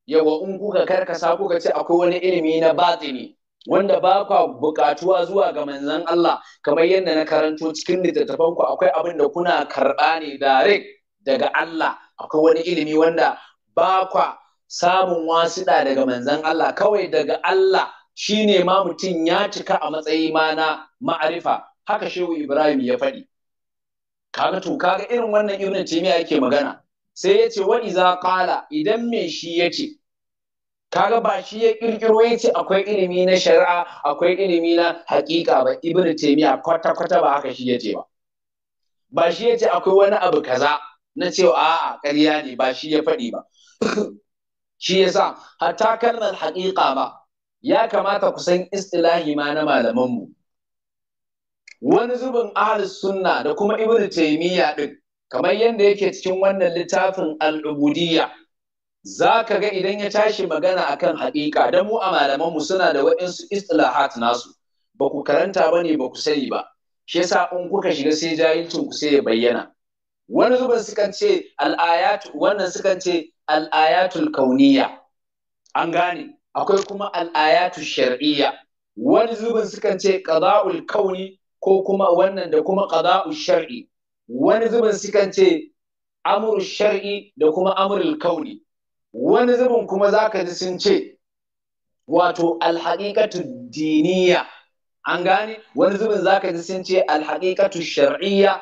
Speaker 1: yawa in kuka karkasa kuka ce akwai wani ilimi na batini wanda ba kwa buƙatuwa zuwa ga manzon Allah kamar yadda na karanto cikin littattafan ku akwai abin da kuna karɓa ne direct daga Allah akwai wani ilimi wanda ba kwa samun wasiɗa daga manzon Allah kawai daga Allah shine ma mutum ya cika a matsayi ma na ma'arifa haka shehu ibrahim ya faɗi kaga to kaga irin wannan ce taymiya yake magana sai ya ce wani za idan me shi ya ce kaga ba shi ya kirkiro ya ce akwai ilimi na shari'a akwai ilimi na hakika ba ibn taimiya kwata kwata ba haka shi ya ce ba ba shi ya ce akwai wani abu kaza na cewa a'a ƙarya ne ba shi ya faɗi ba shi ya sa hatta kalmar haƙiƙa ba ya kamata ku san istilahi ma na malamanmu wani zubin ahlus sunna da kuma ibnu taymiya din kamar yadda yake cikin wannan littafin al'ubudiyya za ka ga idan ya tashi magana a kan haƙiƙa don mu a malaman mu suna da waɗansu istilahat nasu ba ku karanta ba ne ba ku sani ba shi yasa in kuka shiga sai jahilcin ku sai ya bayyana wani zubin sukan ce al'ayatu wannan sukan ce al'ayatul kauniya an gane akwai kuma al'ayatu shar'iyya wani zubin sukan ce qada'ul kauni ko kuma wannan da kuma qada'u shar'i wani zubin sukan ce amru shar'i da kuma amrul kauni wani zubin kuma zaka ji sun ce wato alhaqiqatu diniya an gane wani zubin zaka ji sun ce alhaqiqatu shar'iyya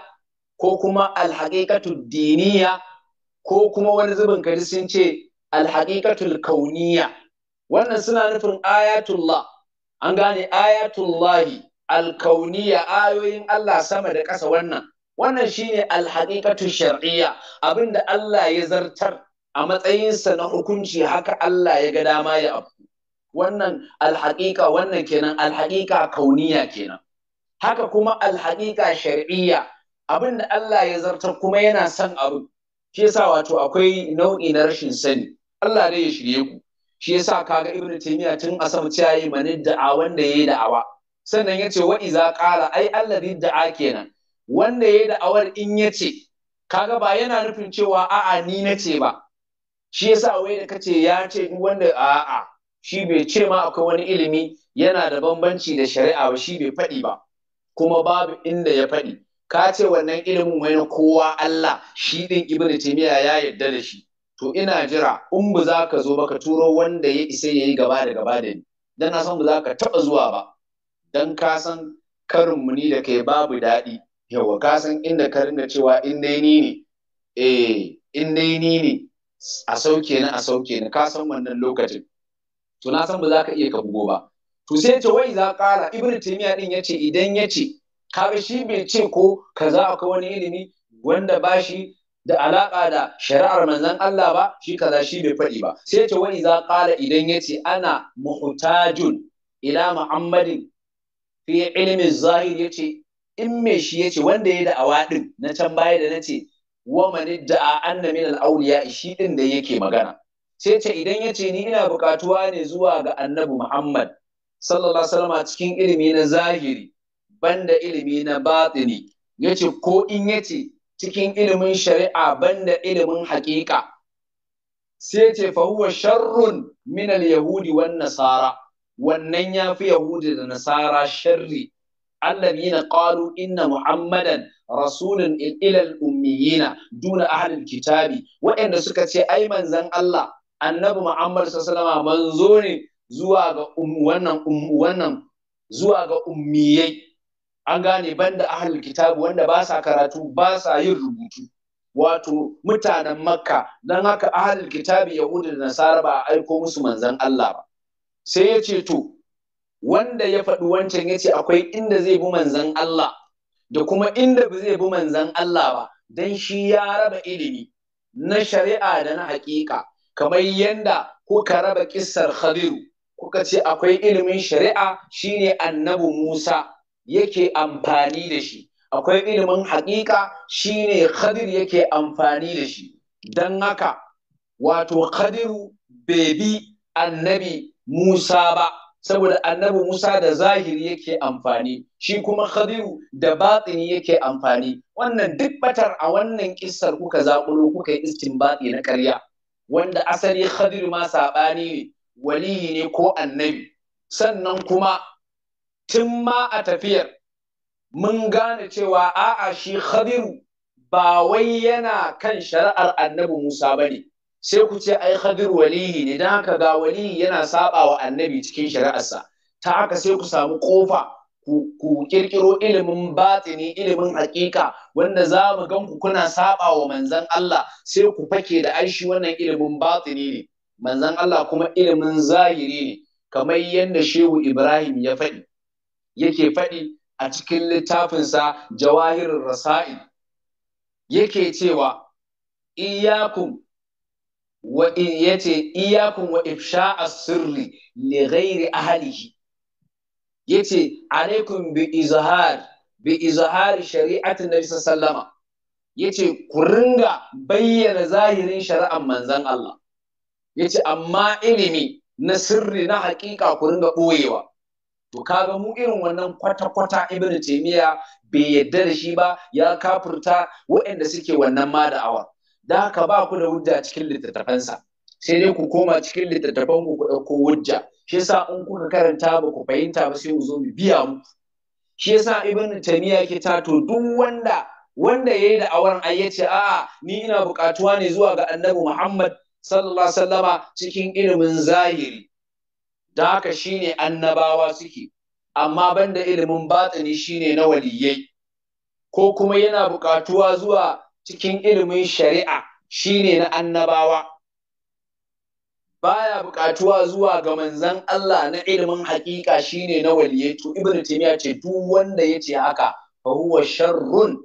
Speaker 1: ko kuma alhaqiqatu diniya ko kuma wani zubin ka kaji sun ce alhaqiqatul kauniya wannan suna nufin ayatullah an gane ayatullahi alkauniya ayoyin Allah sama da ƙasa wannan wannan shine alhaqiqatu shar'iyya abinda Allah ya zartar a matsayinsa na hukunci haka Allah ya ga dama ya abu wannan alhaƙiƙa wannan kenan alhaƙiƙa kauniya kenan haka kuma alhaƙiƙa shar'iyya abinda Allah ya zartar kuma yana son abu shi yasa wato akwai nau'i na rashin sani Allah dai ya shirye ku shi yasa kaga Ibn Taymiya tun asabci yayi mani da'a wanda yayi da'awa sannan ya ce wa za ƙala ai alladhi da'a kenan wanda ya da'awar in ya ce kaga ba yana nufin cewa a'a ni na ce ba shi ya sa wai da kace ya ce ni wanda a'a shi bai ce ma akwai wani ilimi yana da bambanci da shari'a ba shi bai faɗi ba kuma babu inda ya faɗi ka ce wannan ilimin wai na kowa Allah shi din ibnu taymiya ya yarda da shi to ina jira in ba za ka zo ba ka turo wanda ya isa yayi gaba da gaba da ni dan na san ba za ka taɓa zuwa ba dan ka san karin muni da kai babu daɗi yawa ka san inda ka rinda cewa in dai ni ne eh in dai ni ne a sauke ni a sauke ni ka san wannan lokacin to na san ba za ka iya ka bugo ba to sai ce wai za ƙara ibn taymiya din yace idan yace ga shi bai ce ko kaza akwai wani ilimi wanda ba shi da alaƙa da shari'ar manzon Allah ba shi kaza shi bai faɗi ba sai ce wani za ƙara idan ya ce ana muhtajun ila muhammadin fiye ilimin zahir ya ce in me shi ya ce wanda ya da'awa din na can baya da na ce wa mani da'a anna min al shi din da yake magana sai ce idan ya ce ni ina bukatuwa ne zuwa ga annabi Muhammad sallallahu alaihi wasallam cikin ilimi na zahiri banda ilimi na batini ya ce ko in ya ce cikin ilimin shari'a banda ilimin haƙiƙa sai ce fa huwa sharrun min al-yahudi wan nasara wannan ya fi Yahudi da Nasara sharri na qalu inna muhammadan rasulun ilal ummiyina duna ahalin kitabi waɗanda suka ce ai manzan Allah annabi Muhammad sallallahu manzo ne zuwa ga um-, wannan um-, wannan zuwa ga ummiyai an gane banda ahalin kitabi wanda ba sa karatu ba sa yin rubutu wato mutanen makka don haka ahalin kitabi yahudu da nasara ba a aiko musu manzon Allah ba sai ya ce to wanda ya faɗi wancan ya ce akwai inda zai bi manzan Allah da kuma inda ba zai bi manzan Allah ba don shi ya raba ilimi na shari'a da na haƙiƙa kamar yanda kuka raba kissar Khadiru kuka ce akwai ilimin shari'a shine annabi Musa yake amfani da shi akwai ilimin haƙiƙa shine Khadir yake amfani da shi don haka wato Khadiru bai bi annabi Musa ba saboda annabi Musa da zahiri yake amfani shi kuma Khadiru da batini yake amfani wannan duk batar a wannan kissar kuka zakulo kuka yi batsi na ƙarya wanda asali Khadiru ma saɓani ne waliyi ne ko annabi sannan kuma tun ma a tafiyar mun gane cewa a'a shi Khadiru ba wai yana kan shari'ar annabi Musa ba ne. sai ku ce ai khadir walihi ne dan haka ga walihi yana saba wa annabi cikin shari'arsa ta haka sai ku samu kofa ku kirkiro ilimin batini ilimin hakika wanda za mu gan ku kuna saba wa manzon Allah sai ku fake da aishi wannan ilimin batini ne manzon Allah kuma ilimin zahiri ne kamar yadda Shehu Ibrahim ya faɗi yake faɗi a cikin littafinsa Jawahirin Rasa'il yake cewa iyyakum wa yace iyakun wa ifsha as-sirri li ghairi ahlihi yace alaikum bi izhar bi izhar shari'at nabi sallama yace ku ringa bayyana zahirin shari'ar manzon Allah yace amma ilimi na sirri na haƙiƙa ku ringa ɓoyewa to kaga mu irin wannan kwata-kwata ibn taymiya bai yadda da shi ba ya kafurta waɗanda suke wannan ma awar. da haka ba ku da hujja cikin littattafansa sai dai ku koma cikin littattafan ku ko hujja shi yasa in kuka karanta ba ku fahimta ba sai ku zo mu biya mu shi yasa ibn tamiya yake ta to duk wanda wanda yayi da auren ai yace a ni ina buƙatuwa ne zuwa ga annabi Muhammad sallallahu alaihi wasallama cikin ilimin zahiri da haka shine annabawa suke amma banda ilimin batini shine na waliyai ko kuma yana buƙatuwa zuwa cikin ilimin shari'a shine na annabawa baya buƙatuwa zuwa ga manzan Allah na ilimin haƙiƙa shine na waliye. to ibnu taymiya ce duk wanda yace haka fa huwa sharrun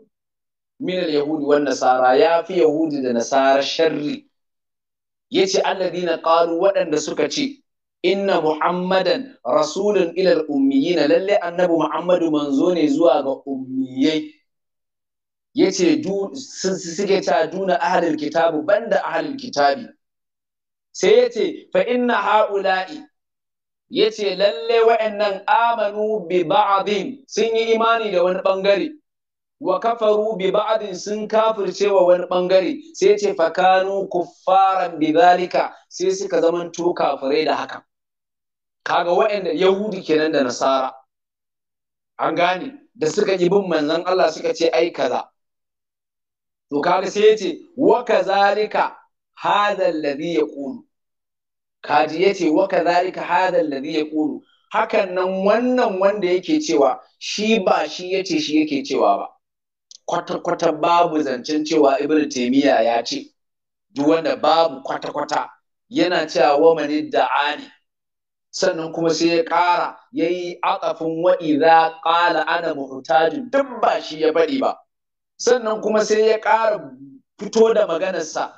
Speaker 1: min al-yahudi wan nasara yafi yahudi da nasara sharri yace alladina qalu waɗanda suka ce inna muhammadan rasulun ilal na. lalle annabi muhammadu manzo ne zuwa ga ummiyai yace sun suke ta duna ahlul kitabu banda ahlul kitabi sai yace fa inna haula'i yace lalle wa'annan amanu bi ba'din sun yi imani da wani bangare wa kafaru bi ba'din sun kafirce wa wani bangare sai yace fa kanu kuffaran bi zalika sai suka zaman to kafirai da haka kaga wa'anda yahudi kenan da nasara an gane da suka yi bin manzon Allah suka ce ai kaza to kaga sai ce wa kazalika hadha alladhi yaqulu kaji yace wa kazalika hadha alladhi yaqulu hakan nan wannan wanda yake cewa shi ba shi yace shi yake cewa ba kwata kwata babu zancen cewa ibnu taymiya ya ce duk wanda babu kwata kwata yana cewa wa man da'ani sannan kuma sai ya ƙara yayi aqafun wa idza qala ana muhtajin duk ba shi ya bari ba sannan kuma sai ya ƙara fito da maganarsa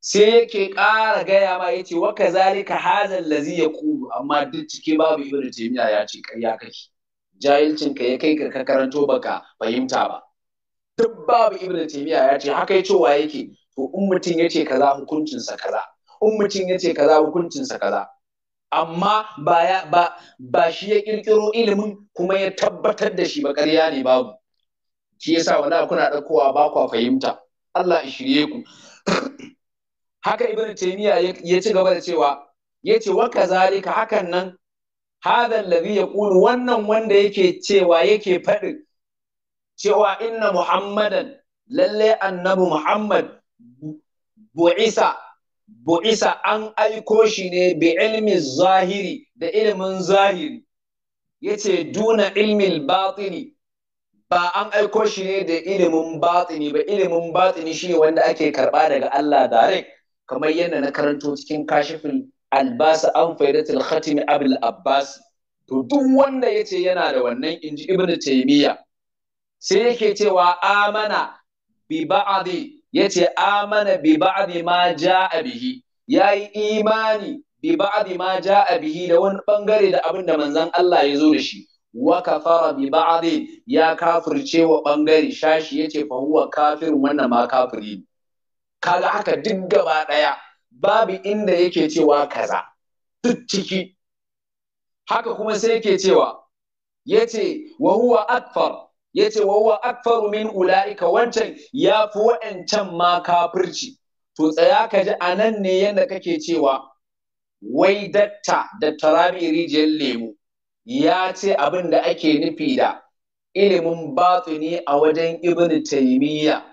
Speaker 1: sai yake ƙara gaya ma yace wa ka ka hazan lazi ƙuru?' amma duk cike babu ibnu jami'a ya ce kai ya kai jahilcin ka ya kai ka karanto baka fahimta ba duk babu ibnu jami'a ya ce haka ce wa yake to in mutum yace kaza hukuncinsa kaza in mutum yace kaza hukuncinsa kaza amma ba ba ba shi ya ƙirƙiro ilimin kuma ya tabbatar da shi ba ƙarya ne babu shi yasa wala kuna ɗaukowa ba kwa fahimta Allah ya shirye ku haka ibn taymiya ya ci gaba da cewa yace wa kazalika hakan nan hadha alladhi yaqulu wannan wanda yake cewa yake faɗi cewa inna muhammadan lallai annabi muhammad bu'isa bu'isa an aiko shi ne bi ilmi zahiri da ilimin zahiri yace duna ilmi batini ba an aiko shi ne da ilimin batini ba ilimin batini shi wanda ake karba daga Allah direct kamar yadda na karanto cikin kashifin albasa an faidatul khatimi abul abbas to duk wanda yace yana da wannan inji ibnu taymiya sai yake cewa amana bi ba'di yace amana bi ba'di ma ja'a bihi yayi imani bi ba'di ma ja'a bihi da wani bangare da abinda da manzon Allah ya zo da shi wa kafara bi ba'di ya kafirce wa bangare shashi yace fa huwa kafir wannan ma kafiri kaga haka duk gaba daya babu inda yake cewa kaza duk ciki haka kuma sai yake cewa yace wa huwa akfar yace wa huwa akfar min ulaika wancan ya fi wa'ancan ma kafirci to tsaya ka ji anan ne yadda kake cewa wai datta da tarabi rijiyar lemu ya ce abin da ake nufi da ilimin batini a wajen ibn taimiyya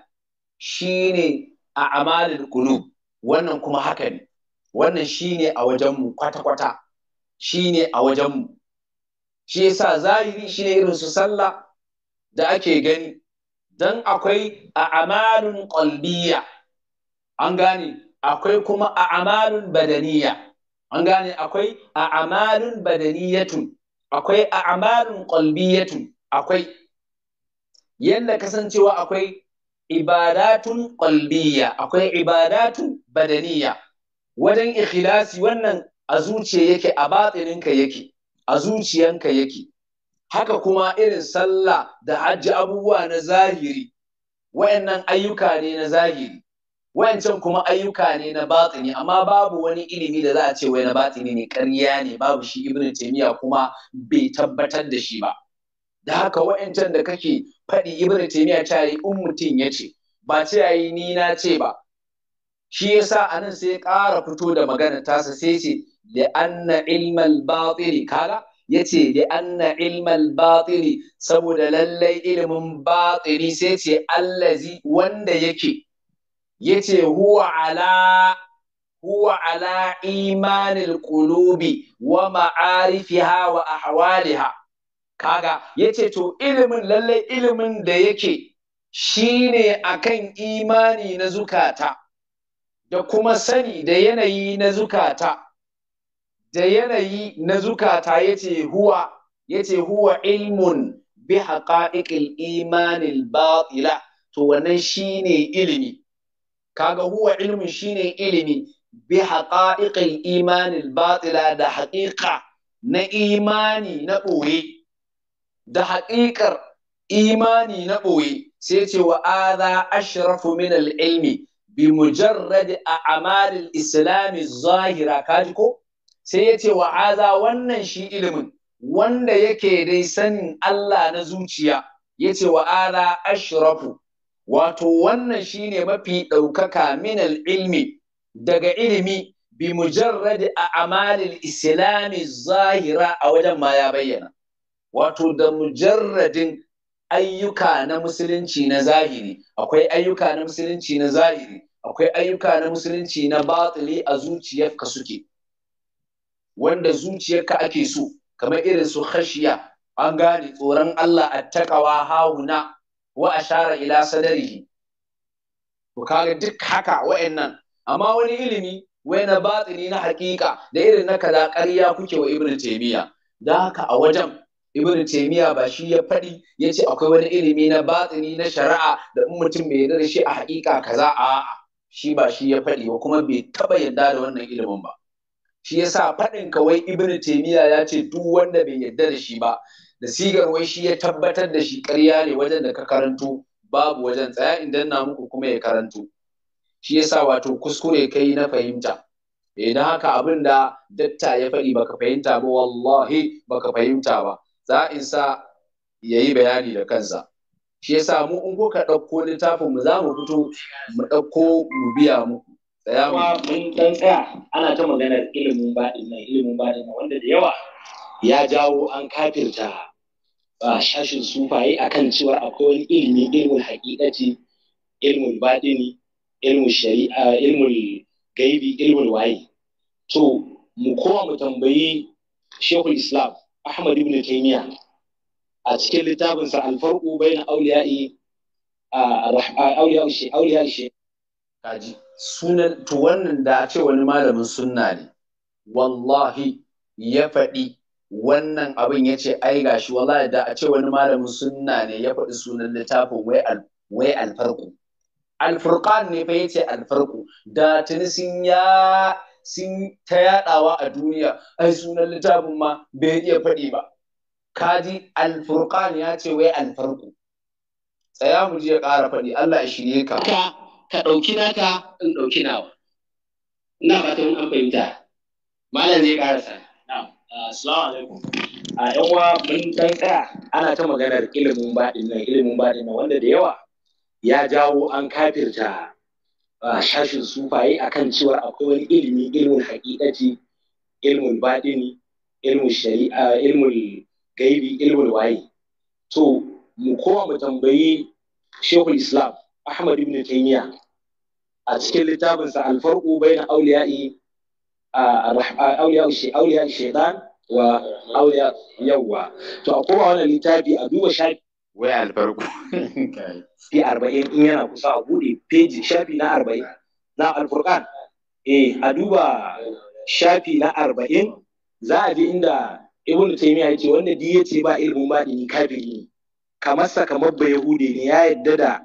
Speaker 1: shine a amalin kulu wannan kuma haka ne wannan shine a wajenmu kwata-kwata shine a wajenmu shi yasa zahiri shine irin su sallah da ake gani dan akwai a amalin qalbiyya an gane akwai kuma a amalin badaniya an gane akwai a amalin badaniyatun akwai a amarin qalbiyatu akwai yanda kasancewa akwai ibadatun qalbiyya akwai ibadatun badaniya wajen ikhlasi wannan a zuciya yake a batsininka yake a zuciyanka yake haka kuma irin sallah da hajji abubuwa na zahiri wayannan ayyuka ne na zahiri wayancan kuma ayyuka ne na batsini, amma babu wani ilimi da za a ce wai na batini ne ƙarya ne babu shi ibn taymiya kuma bai tabbatar da shi ba da haka wayancan da kake faɗi ibn taymiya ta yi in mutum ya ce ba ce yayi ni na ce ba shi yasa anan sai ya ƙara fito da magana tasa sai ce da anna ilmal batini kala yace da anna ilmal batini saboda lallai ilimin batini sai ce allazi wanda yake yace huwa ala huwa ala imanil qulubi wa ma'arifiha wa ahwaliha kaga yace to ilimin lallai ilimin da yake shine akan imani na zukata da kuma sani da yanayi na zukata da yanayi na zukata yace huwa yace huwa ilmun bi haqa'iqil imanil batila to wannan shine ilimi kaga huwa ilmin shine ilimi bi haqa'iqil imanil batila da haƙiƙa na imani na da haƙiƙar imani na ɓoye sai ce wa adha ashrafu min ilmi bi mujarrad a'malil islami zahira kaji ko sai ce wa adha wannan shi ilimin wanda yake dai sanin Allah na zuciya yace ce wa adha ashrafu wato wannan shi ne mafi ɗaukaka minal ilmi daga ilimi bi mujarradi a amalin islami zahira a wajen ma ya bayyana wato da mujarradin ayyuka na musulunci na zahiri akwai ayyuka na musulunci na zahiri akwai ayyuka na musulunci na batili a zuciyarka suke wanda zuciyarka ake so kamar irin su khashiya an gane tsoron Allah a takawa hauna wa ashara ila sadarihi to kaga duk haka wa'annan amma wani ilimi wai na batini na hakika da irin na kaza ƙarya kuke wa ibnu taymiya da haka a wajen ibnu taymiya ba shi ya fadi ya akwai wani ilimi na batini na shari'a da in mutum bai yarda shi a hakika kaza a'a shi ba shi ya fadi ba kuma bai taba yarda da wannan ilimin ba shi yasa faɗin wai ibnu taymiya ya ce duk wanda bai yarda da shi ba da sigar wai shi ya tabbatar da shi ƙarya ne wajen da ka karantu, babu wajen tsaya inda na muku kuma ya karanto shi yasa wato kuskure kai na fahimta idan eh, haka abin da datta ya faɗi baka fahimta ba wallahi baka fahimta ba za in sa ya yi bayani da kansa shi yasa mu in kuka ɗauko littafin mu za mu fito mu ɗauko mu biya muku tsaya mun dan tsaya ana ta maganar
Speaker 2: ilimin baɗin nan ilimin baɗin nan wanda da yawa ya jawo an kafirta shashin sufaye a kan cewa akwai wani ilimi ilmin haƙiƙaci ilmul baɗini ilmul shari'a ilmul gaibi ilmul waye to mu koma mu tambayi shekul islam ahmad ibn taymiya
Speaker 1: a cikin littafinsa alfarqu bayna awliya'i awliya'i awliya'i kaji sunan to wannan da a ce wani malamin sunna ne wallahi ya faɗi wannan abin ya ce ai gashi wallahi da a ce wani malamin sunna ne ya faɗi sunan littafin wai wai alfarku alfurqan ne fa yace alfarku da tuni sun ya sun ta yadawa a duniya ai sunan littafin ma bai iya faɗi ba kaji alfurqan ya ce wai alfarku tsaya mu je ƙara faɗi Allah ya shirye ka ka ɗauki naka in ɗauki nawa ina fatan an fahimta malam zai ƙarasa Uh, assalamu alaikum. A uh, yan uwa mun dan tsaya
Speaker 2: ana ta maganar ilimin baɗin nan ilimin baɗin nan wanda da yawa ya jawo an kafirta uh, shashin sufaye akan cewa akwai wani ilimi ilimin haƙiƙaci ilimin baɗini ilimin shari'a ilimin gaibi ilimin waye. To mu koma mu tambayi Shehul Islam Ahmad ibn Taymiyyah a cikin littafinsa Alfarqu bayna awliya'i awliya shaitan wa auya yawwa to a wannan littafi a duba shafi na eh, a duba shafi na arba'in za a ji inda ibn taymiya yace wanda di ba ilmin ba kamar kamar ba ne ya yadda da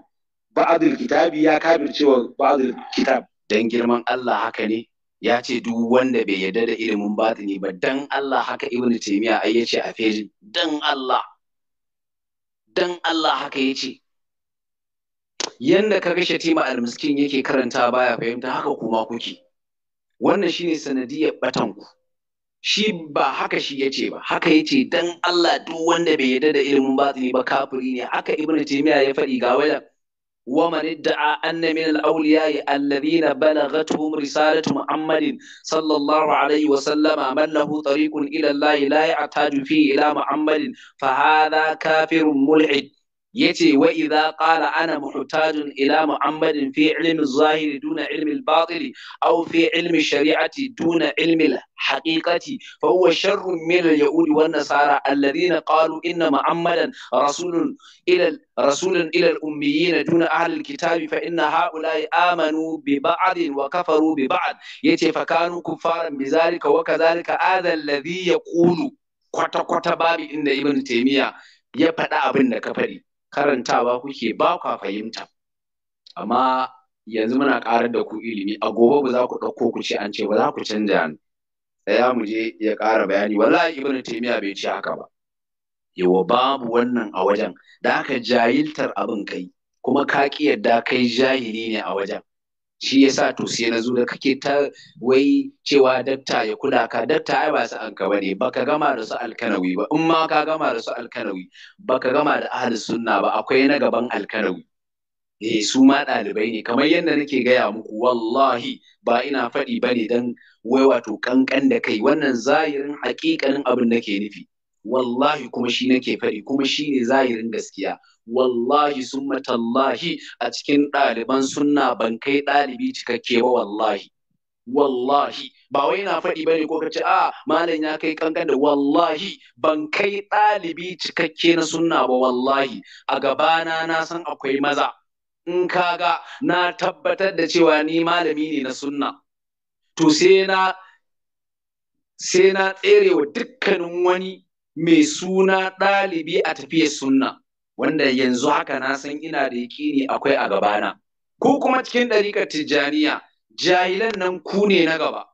Speaker 2: ba'dul kitabi
Speaker 1: ya kafircewa ba'dul kitab Don girman Allah haka ne ya ce duk wanda bai yarda da ilimin batini ba dan Allah haka ibnu taymiya ai yace a feji dan Allah dan Allah haka yace yanda kaga shatima almiskin yake karanta baya fahimta haka kuma kuke wannan shine sanadiyar batan ku shi ba haka shi yace ba haka yace dan Allah duk wanda bai yarda da ilimin batini ba kafiri ne haka ibnu taymiya ya faɗi ga wajen ومن ادعى أن من الأولياء الذين بلغتهم رسالة محمد صلى الله عليه وسلم من له طريق إلى الله لا يحتاج فيه إلى محمد فهذا كافر ملحد yace wa idza qala ana muhtajun ila muhammadin fi ilmi zahiri duna ilmi al-batili aw fi ilmi shari'ati duna ilmi al-haqiqati fa huwa sharrun min al-yahud wa an-nasara alladhina qalu inna muhammadan rasulun ila rasulun ila al-ummiyin duna ahli al-kitabi fa inna haula'i amanu bi ba'd wa kafaru bi ba'd yace fa kanu kuffaran bi zalika wa kadhalika adha alladhi yaqulu kwata kwata babu inda ibn taymiya ya faɗa abin da ka faɗi karantawa kuke ba kwa fahimta amma yanzu muna ƙarar da ku ilimi a gobe ba za ku ɗauko ku ce an ce ba za ku canja ni tsaya mu je ya ƙara bayani wallahi ibn taymiya bai ce haka ba yawa babu wannan a wajen da haka jahiltar abin kai kuma ka ki yadda kai jahili ne a wajen shi yasa to sai na zo da kake ta wai cewa dakta ya kula ka dakta ai ba su an ka bane baka gama da su alkanawi ba in ma ka gama da su alkanawi baka gama da ahli sunna ba akwai na gaban alkanawi eh su ma ɗalibai ne kamar yadda nake gaya muku wallahi ba ina faɗi ba ne don wai wato kankan da kai wannan zahirin haƙiƙanin abin nake nufi wallahi kuma shi nake faɗi kuma shi ne zahirin gaskiya wallahi sun matallahi a cikin ɗaliban sunna ban kai ɗalibi cikakke ba wallahi wallahi ba wai na faɗi bane ko kace a malam ya kai kankan da wallahi ban kai ɗalibi cikakke na sunna ba wallahi a gabana na san akwai maza in kaga na tabbatar da cewa ni malami ne na sunna to sai na sai na tserewa dukkanin wani mai suna ɗalibi a tafiya sunna wanda yanzu haka na san ina da yaƙini akwai a gabana ko kuma cikin ɗariƙar tijjaniya jahilan nan ku ne na gaba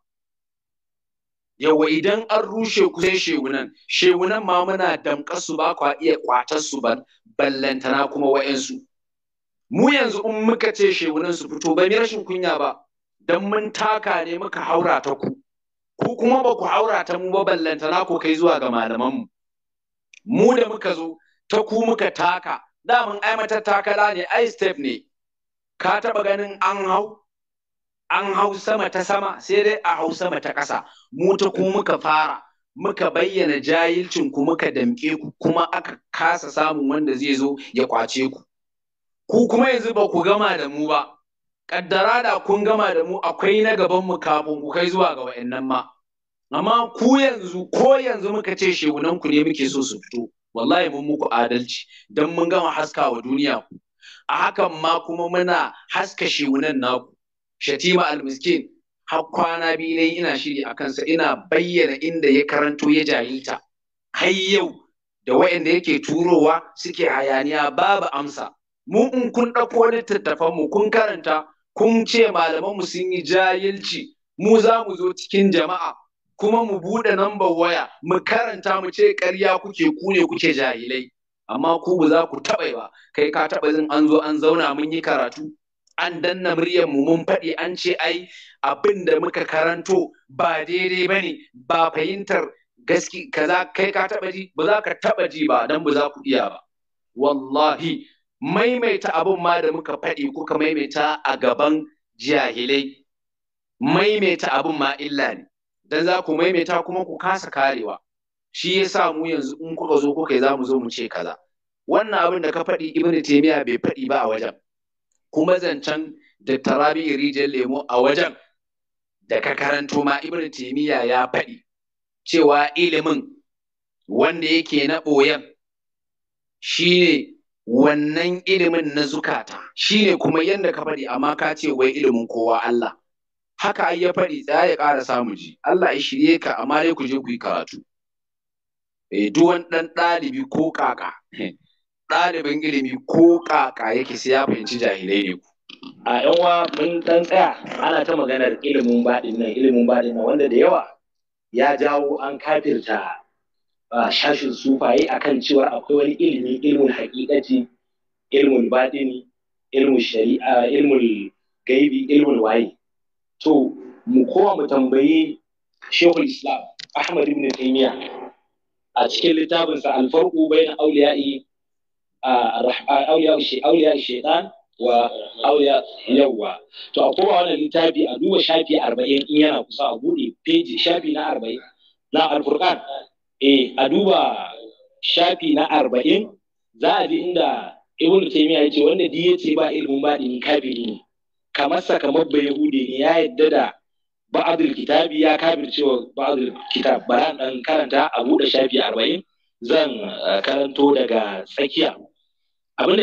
Speaker 1: yawa idan an rushe ku sai shegunan shegunan ma muna damƙar ba kwa iya kwatar su ba ballantana kuma wa'yansu mu yanzu in muka ce shegunan su fito ba rashin kunya ba don mun taka ne muka haura ta ku ku kuma ba ku haura ta mu ba ballantana ko kai zuwa ga malamanmu mu da muka zo ta ku muka taka daman ai mata takala ne ai step ne ka taba ganin an hau an hau sama ta sama sai dai a hau sama ta ƙasa mu ta ku muka fara muka bayyana jahilcin ku muka damƙe ku kuma aka kasa samun wanda zai zo ya kwace ku ku kuma yanzu ba ku gama da mu ba kaddara da kun gama da mu akwai na gaban mu kafin ku kai zuwa ga wayannan ma amma ku yanzu ko yanzu muka ce shegunan ku ne muke so su fito wallahi mun muku adalci don mun gama haska wa duniya ku a hakan ma kuma muna haska shiwunan naku shatima almiskin har kwana biyu ne ina shiri a kansa ina bayyana inda ya karanto ya jahilta har yau da waɗanda yake turowa suke hayaniya babu amsa mu in kun ɗauko littattafan mu kun karanta kun ce malaman mu sun yi jahilci mu za mu zo cikin jama'a kuma mu buɗe nambar waya mu karanta mu ce ƙarya kuke ku ne kuke jahilai amma ku ba za ku taɓa ba kai ka taɓa jin an zo an zauna mun yi karatu an danna muryar mu mun faɗi an ce ai abin da muka karanto ba daidai ba ne ba fahimtar gaski kaza kai ka taɓa ji ba za ka taɓa ji ba dan ba za ku iya ba wallahi maimaita abin ma da muka faɗi kuka maimaita a gaban jahilai maimaita abin ma illa ne dan za ku maimaita kuma ku kasa karewa shi yasa mu yanzu in kuka zo kuka za mu zo mu ce kaza wannan abin da ka faɗi ibnu taymiya bai faɗi ba a wajen kuma zancen da tarabi rijiyar lemo a wajen da ka karanto ma ibnu taymiya ya faɗi cewa ilimin wanda yake na ɓoyan shi wannan ilimin na zukata shi ne kuma yadda ka faɗi amma ka ce wai ilimin kowa Allah haka ai ya faɗi za ya ƙara samu ji Allah ya shirye ka amma dai ku je ku yi karatu eh duk wani ɗan ɗalibi ko kaka eh, ɗalibin ilimi ko ƙaƙa yake sai ya fahimci jahilai ne ku a yan uwa mun dan tsaya ana ta maganar ilimin baɗin nan ilimin baɗin nan wanda da yawa
Speaker 2: ya jawo an kafirta shashin sufaye akan cewa akwai wani ilimi ilimin haƙiƙaci ilimin baɗini ilimin shari'a ilimin gaibi ilimin waye to mu kowa mu tambayi Shehu islam ahmad ibn taymiya a cikin littafinsa alfarqu bayna awliya'i awliya'i awliya shaytan wa auliya yawwa to a kowa wannan littafi a duba shafi arba'in in yana kusa a bude peji shafi na arba'in na alfurkan eh a duba shafi na arba'in za a ji inda ibn taymiya yace wanda di ya ce ba ilimin baɗin kafiri ne kamar sakamar bai hude ne ya yadda da ba'adul kitabi ya kabircewa ba'adul kitab bara dan karanta a buɗe shafi arba'in zan eh, karanto daga tsakiya abinda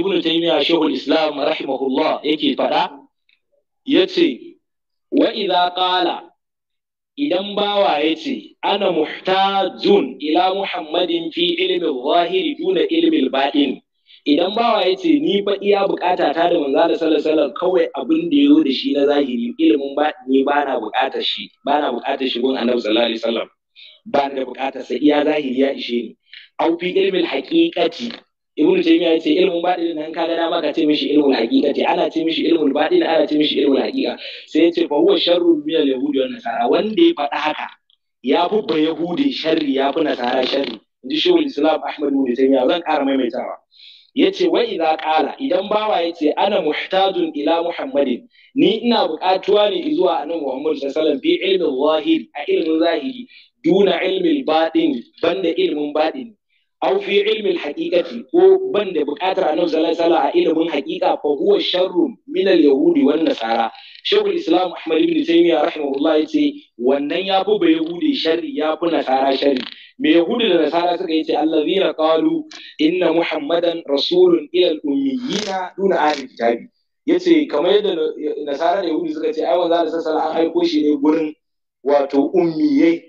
Speaker 2: ibnu eh, taymiya shehul islam rahimahullah yake faɗa yace wa idza qala idan bawa yace ana muhtajun ila muhammadin fi ilmi zahiri duna ilmi al idan bawa ya ce ni fa iya bukata ta da manzo da sallallahu kawai abin da yazo da shi na zahiri ilimin ba ni ba na bukata shi ba na bukata shi gun annabi sallallahu alaihi wasallam ba da bukata sa iya zahiri ya ishe ni au fi ilmin haqiqati ibnu taymiya ya ce ilmin baɗin nan ka ga dama ka ce mishi ilmin haqiqati ana ce mishi ilmin baɗin ana ce mishi ilmin haqiqa sai ya ce fa huwa sharrun min al-yahudi wan nasara wanda ya faɗa haka ya fi ba yahudi sharri ya fi nasara sharri inji shehu islam ahmad ibn taymiya zan ƙara maimaitawa Ya ce "Wai idza qala idan bawa ce ana muhtajun ila muhammadin ni ina buƙatuwa ne zuwa annabi muhammad sallallahu alaihi wasallam bi ilmin zahiri a ilmin zahiri duna ilmin baɗin banda ilmin baɗin aw fi ilmin haqiqati ko banda buƙatar annabi sallallahu alaihi a ilmin haqiqa fa huwa sharrun minal yahudi wan nasara shaykhul islam ahmad ibn taymiyyah rahimahullah ce wannan yafi ba yahudi sharri yafi nasara sharri me yahudu da nasara suka yi ce allazina qalu inna muhammadan rasulun ila al-ummiyina duna ahli kitabi yace kamar yadda nasara da yahudu suka ce ai wanda da sassa an aiko shi ne gurin wato ummiyai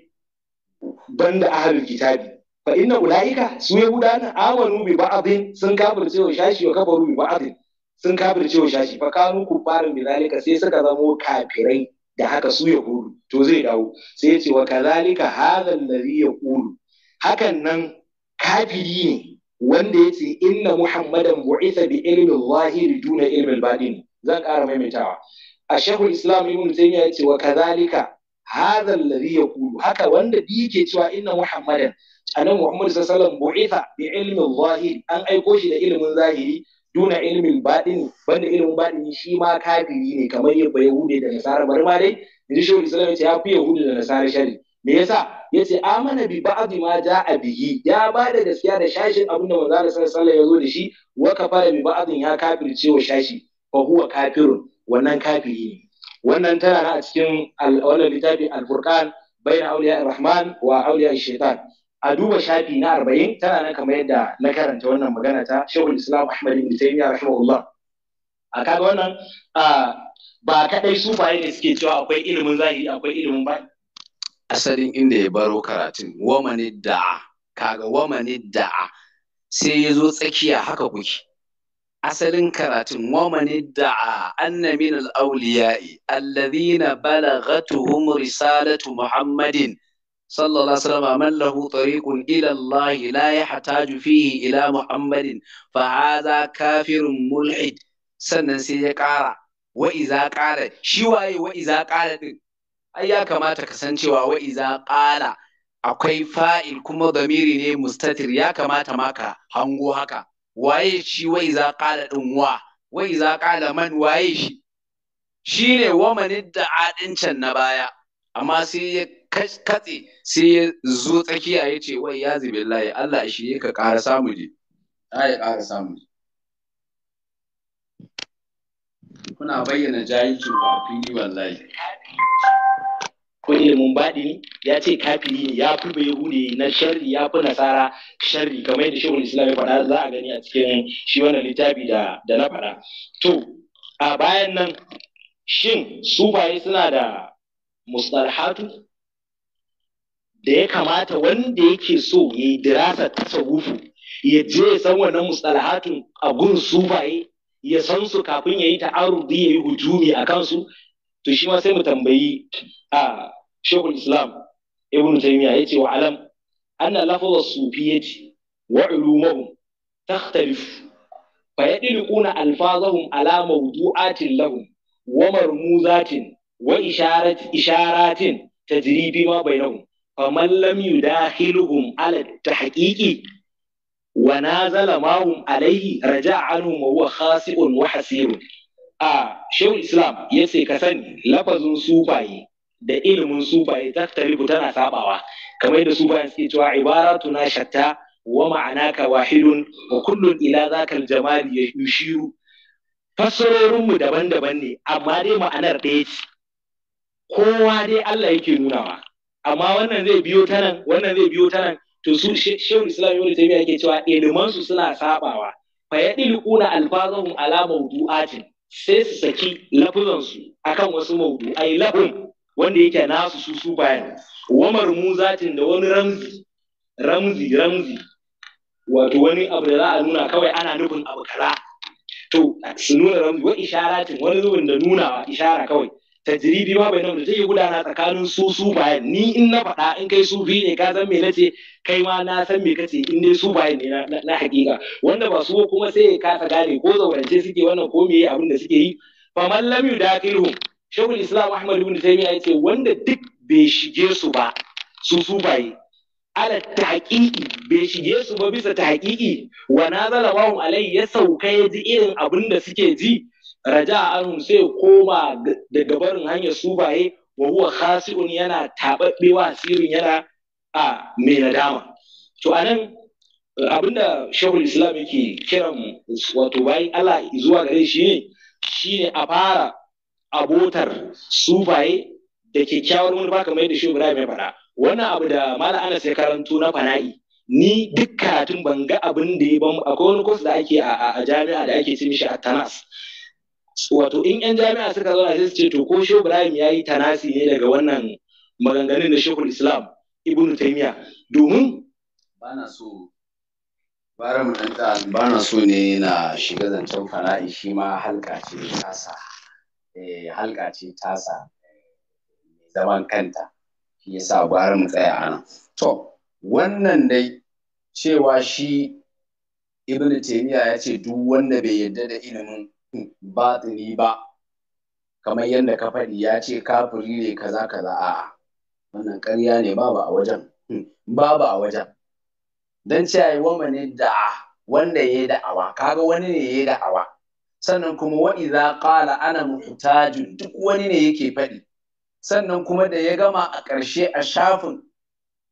Speaker 2: banda ahlul kitabi fa inna ulaika su yahudana amanu bi ba'dhin sun kafirce wa shashi wa kafaru bi ba'dhin sun kafirce wa shashi fa kanu kufarin bi zalika sai suka zamo kafirai da haka su ya kulu to zai dawo sai ya ce wa kazalika hadha alladhi yaqulu hakan nan kafiri ne wanda ya ce inna muhammadan bu'itha bi ilmin zahiri duna ilmin baɗini zan ƙara maimaitawa a shehul islam ibn taymiya ya ce wa kazalika hadha alladhi yaqulu haka wanda bi yake cewa inna muhammadan anan muhammad sallallahu alaihi wasallam bu'itha bi ilmin zahiri an aiko shi da ilimin zahiri duna ilimin baɗin banda ilimin baɗin shi ma kafiri ne kamar yadda yahudi da nasara bari ma dai yanzu wani ya fi yahudi da nasara shari me yasa ya ce amana bi ba'dhi ma a bihi ya ba da gaskiya da shashin abin da manzo Allah sallar ya zo da shi wa kafara bi ba'dhin ya kafirce wa shashi fa huwa kafirun wannan kafiri ne wannan tana a cikin wannan littafi al-furqan bayna awliya ar-rahman wa awliya ash a duba shafi na arba'in tana nan kamar yadda na karanta wannan magana ta shehul islam ahmad ibn taymiyyah rahimahullah a kaga wannan
Speaker 1: ba kadai baye ne suke cewa akwai ilimin zahiri akwai ilimin ba asalin inda ya baro karatun wamani da'a kaga wamani da'a sai ya zo tsakiya haka kuke asalin karatun wamani da'a anna min al-awliya'i alladhina balaghatuhum risalatu muhammadin صلى الله عليه وسلم من له طريق إلى الله لا يحتاج فيه إلى محمد فهذا كافر ملحد sannan sai ya ƙara shi waye wa iza ƙara din ai ya kamata kasancewa wa iza ƙara akwai fa'il kuma damiri ne mustatir ya kamata maka hango haka waye shi wa iza ƙara din wa ƙara waye shi can na baya amma sai ya katse sai ya zo tsakiya ya ce wai ya zube layi Allah shi ka ƙara samu ne ta ya ƙara samu ne kuna bayyana jahilcin ba fili wallahi ko mun baɗi
Speaker 2: ne ya ce kafiri ne ya fi bai hude na sharri ya fi nasara sharri kamar yadda shehun islam ya faɗa za a gani a cikin shi wannan littafi da na faɗa to a bayan nan shin sufaye suna da mustalhatu da ya kamata wanda yake so ya yi dirasa tasawufu ya je ya san wannan mustalahatun abun sufaye ya san su kafin ya yi ta'arudi ya yi hujumi a kansu to shi ma sai mu tambayi a shekul islam ibn taymiya ya ce wa alam anna lafazar sufiyyati wa ulumuhum takhtalif fa yadliquna alfazahum ala mawdu'atin lahum wa marmuzatin wa isharatin tajribi ma bainahum faman lam yudahiluhum ala haƙiƙi? wa nazala mahum alaihi raja'a anhum wa huwa a shehu islam ya ce ka sani lafazin sufaye da ilimin sufaye ta taribu tana sabawa kamar da sufayen suke cewa ibaratu na shatta wa ma'ana ka wahidun wa kullun ila zakal jamali ya yushiru fassarorinmu daban-daban ne amma dai ma'anar ɗaya ce kowa dai Allah yake nunawa amma wannan zai biyo ta nan wannan zai biyo ta nan to su shehu islam ibnu taymiya yake cewa iliman su suna sabawa fa yadilquna alfazahum ala mawdu'atin sai su saki lafuzan su akan wasu mawdu'ai lafun wanda yake nasu su su bayan wa marmuzatin da wani ramzi ramzi ramzi wato wani abu da za a nuna kawai ana nufin abu kara to su nuna ramzi wa isharatin wani zubin da nunawa ishara kawai tajribi ba bai da zai gudana tsakanin su su bayan ni in na faɗa in kai su biyu ne ka san me nace kai ma na san me kace in dai su bayan ne na hakika wanda ba su kuma sai ya kasa gane ko zaurance suke wannan ko me abin da suke yi fa man lam yudakiluhum shaykhul islam ahmad ibn taymiya yace wanda duk bai shige su ba su su baye ala taqiqi bai shige su ba bisa taqiqi wa nazala wahum alai ya sauka ya ji irin abin da suke ji raja anhum sai koma daga barin hanyar sufaye wa huwa khasi'un yana tababbewa sirrin yana a mai nadama to anan abinda shehul islam yake kiran wato bayan Allah zuwa gare shi ne shine a fara abotar sufaye da kyakkyawar manufa kamar yadda shehu Ibrahim ya faɗa wannan abu da malam Anas ya karanto na fana'i ni duk karatun ban ga abin da ya ban akwai wani kwas da ake a jami'a da ake cin shi a tanas wato in yan jami'a suka zo sai su ce to ko shehu ibrahim ya yi tanasi ne daga wannan maganganun da
Speaker 1: Shehu islam Ibn taimiya domin bana so bara mu dan bana so ne na shiga zancen fana'i shi ma halka ce tasa eh halka ce tasa zaman kanta shi yasa bara mu tsaya anan to wannan dai cewa shi Ibn taimiya ya ce duk wanda bai yarda da ilimin batini ba kamar yadda ka faɗi ya ce kafiri ne kaza kaza a wannan ƙarya ne babu a wajen hmm, babu a wajen dan cewa wama ne da wanda ya yi da'awa kaga wani ne ya yi da'awa sannan kuma wa idza qala ana muhtajun duk wani ne yake faɗi sannan kuma da ya gama a ƙarshe a shafin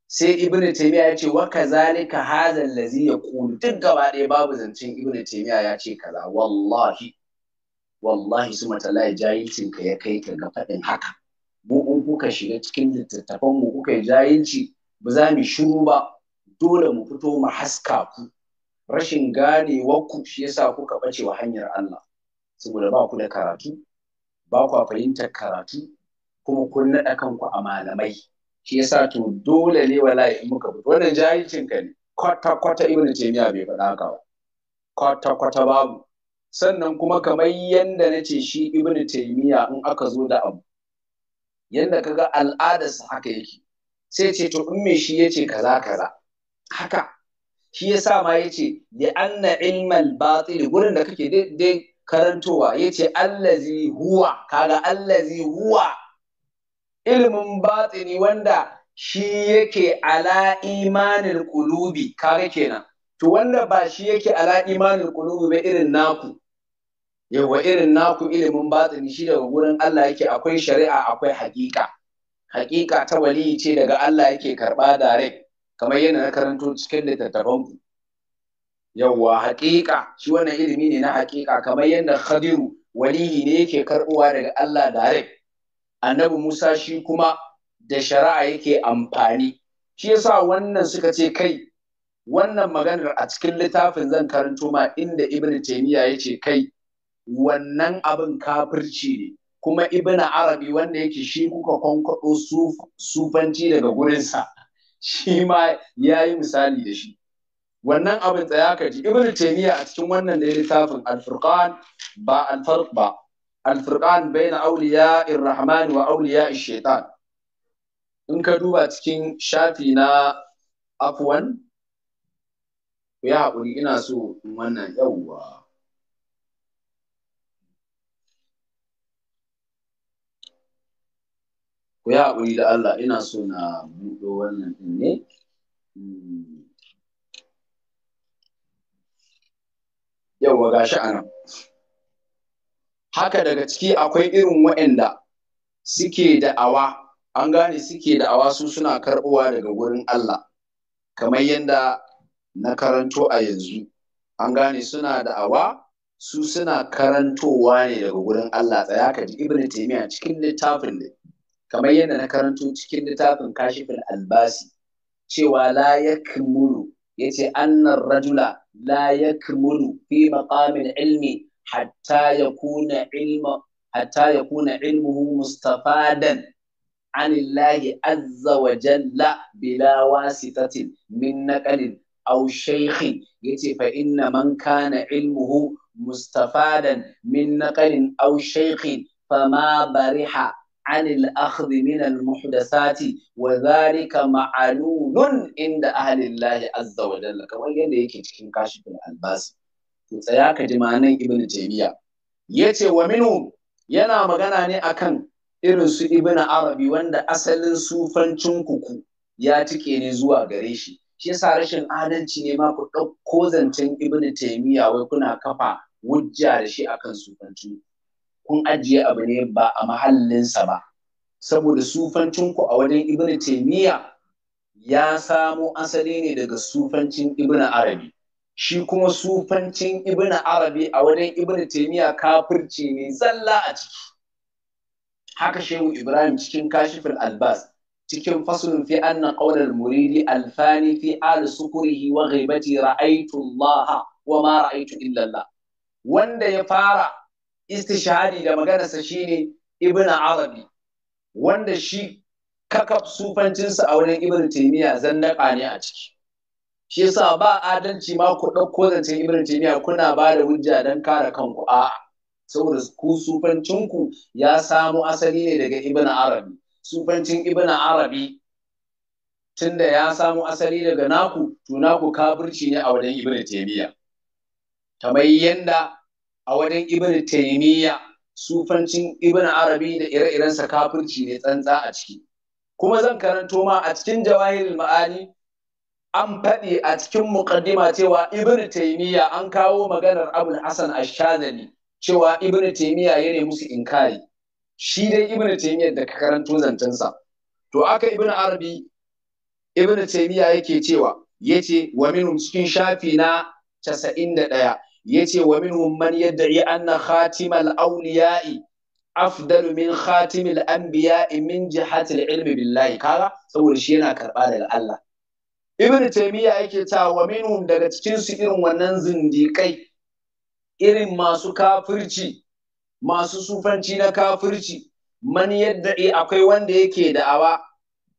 Speaker 1: sai ibnu taymiya ya ce wa kazalika hazal ladzi yaqulu duk gaba ɗaya babu zancen ibnu taymiya ya ce kaza wallahi wallahi su matalayi jahilcin ka ya kai ka ga faɗin haka mu in kuka shiga cikin littattafan mu kuka yi jahilci ba za mu shiru ba dole mu fito mu haska ku rashin ganewar ku shi yasa kuka bace wa hanyar Allah saboda ba ku da karatu ba ku fahimtar karatu kuma kun naɗa kanku a malamai shi yasa to dole ne wallahi in muka fito wannan jahilcin ka ne kwata kwata ibnu taymiya bai faɗa haka ba kwata kwata babu sannan kuma kamar yadda na ce shi ibnu taimiya in aka zo da abu Yadda kaga al'adarsa haka yake sai ce to in me shi yace kaza kaza haka shi ya sa ma yace li anna ilmal batil gurin da kake daidai karantowa yace allazi huwa kaga allazi huwa ilmin batini wanda shi yake ala imanin kulubi kaga kenan to wanda ba shi yake ala imanin kulubi ba irin naku Yauwa, irin naku ilimin batini shi daga wurin Allah yake akwai shari'a akwai haƙiƙa. Haƙiƙa ta waliyi ce daga Allah yake karba rai. kamar yana na karanto cikin littattafan ku yawa hakika shi wannan ilimi ne na hakika kamar yadda Khadiru waliyi ne yake karbuwa daga Allah rai. annabi Musa shi kuma da shari'a yake amfani shi yasa wannan suka ce kai wannan maganar a cikin littafin zan karanto ma inda Ibn ya yace kai wannan abin kafirci ne kuma ibn arabi wanda yake shi kuka kwankwaɗo sufanci daga gurinsa shi ma ya yi misali da shi wannan abin tsaya ka ji ibn taymiya a cikin wannan da littafin al-furqan ba al-farq ba al-furqan bayna awliya ar-rahman wa awliya ash-shaytan in ka duba cikin shafi na afwan ya haƙuri ina so wannan yawwa Kuya yi haƙuri da Allah ina so na buɗo wannan ɗin ne yawwa gashi a nan haka daga ciki akwai irin waɗanda suke da'awa an gane suke da'awa su suna karɓuwa daga gurin Allah kamar yadda na karanto a yanzu an gane suna awa su suna karantowa ne daga gurin Allah tsaya ka ji Ibn Taymiyyah cikin littafin ne kamar yadda na karanto cikin littafin kashifin albasi cewa la ya yace ya ce annan rajula la fi maqamin ilmi hatta ya kuna ilmuhu mustafadan an illahi azza wa jalla bila wasitatin min naqalin aw shaykhin yace fa inna man kana ilmuhu mustafadan min naqalin aw shaykhin fa ma bariha عن الأخذ من المحدثات وذلك معلول عند أهل الله عز وجل كما يلي cikin كاشف الألباس Ku tsaya ka ji manan ibn taymiya yace wa minhu yana magana ne akan irin su ibn arabi wanda asalin sufancin ku ya tike ne zuwa gare shi shi yasa rashin adalci ne ma ku ɗauko zancen ibn taymiya wai kuna kafa wujja da shi akan sufancin kun ajiye abu ne ba a mahallinsa ba saboda sufancinku a wajen ibn taimiyya ya samo asali ne daga sufancin ibn arabi shi kuma sufancin ibn arabi a wajen ibn taimiyya kafirci ne zalla a ciki haka shehu ibrahim cikin kashifin albas cikin fasulun fi anna qawlal muridi alfani fi al sukurihi wa ghaibati ra'aytu allah wa ma ra'aytu illa allah wanda ya fara istishari da maganarsa shine ibn arabi wanda shi kakaf sufancinsa a wurin ibn taymiya zannaka ne a ciki shi yasa ba adalci ma ku ɗauko zancen ibn taymiya kuna ba da hujja don kare kanku a saboda ku sufancinku ya samo asali ne daga ibn arabi sufancin ibn arabi tunda ya samo asali daga naku to naku kafirci ne a wajen ibn taymiya kamar yanda a wajen ibn taimiyya sufancin ibn arabi da ire-irensa kafirci ne tsantsa a ciki kuma zan karanto ma a cikin jawahir ma'ani an faɗi a cikin muqaddima cewa ibn taimiyya an kawo maganar abul hasan ash shazani cewa ibn taimiyya yana musu inkari shi dai ibn taimiyya da ka karanto zancensa to aka ibn arabi ibn taimiyya yake cewa yace wa minhum cikin shafi na 91 yace wa minhum man yad'i anna khatimal awliya'i afdalu min khatimil anbiya'i min jihatil ilmi billahi kaga saboda shi yana karba daga Allah ibnu taymiya yake ta wa minhum daga cikin su irin wannan zindikai irin masu kafirci masu sufanci na kafirci man yadda akwai wanda yake da'awa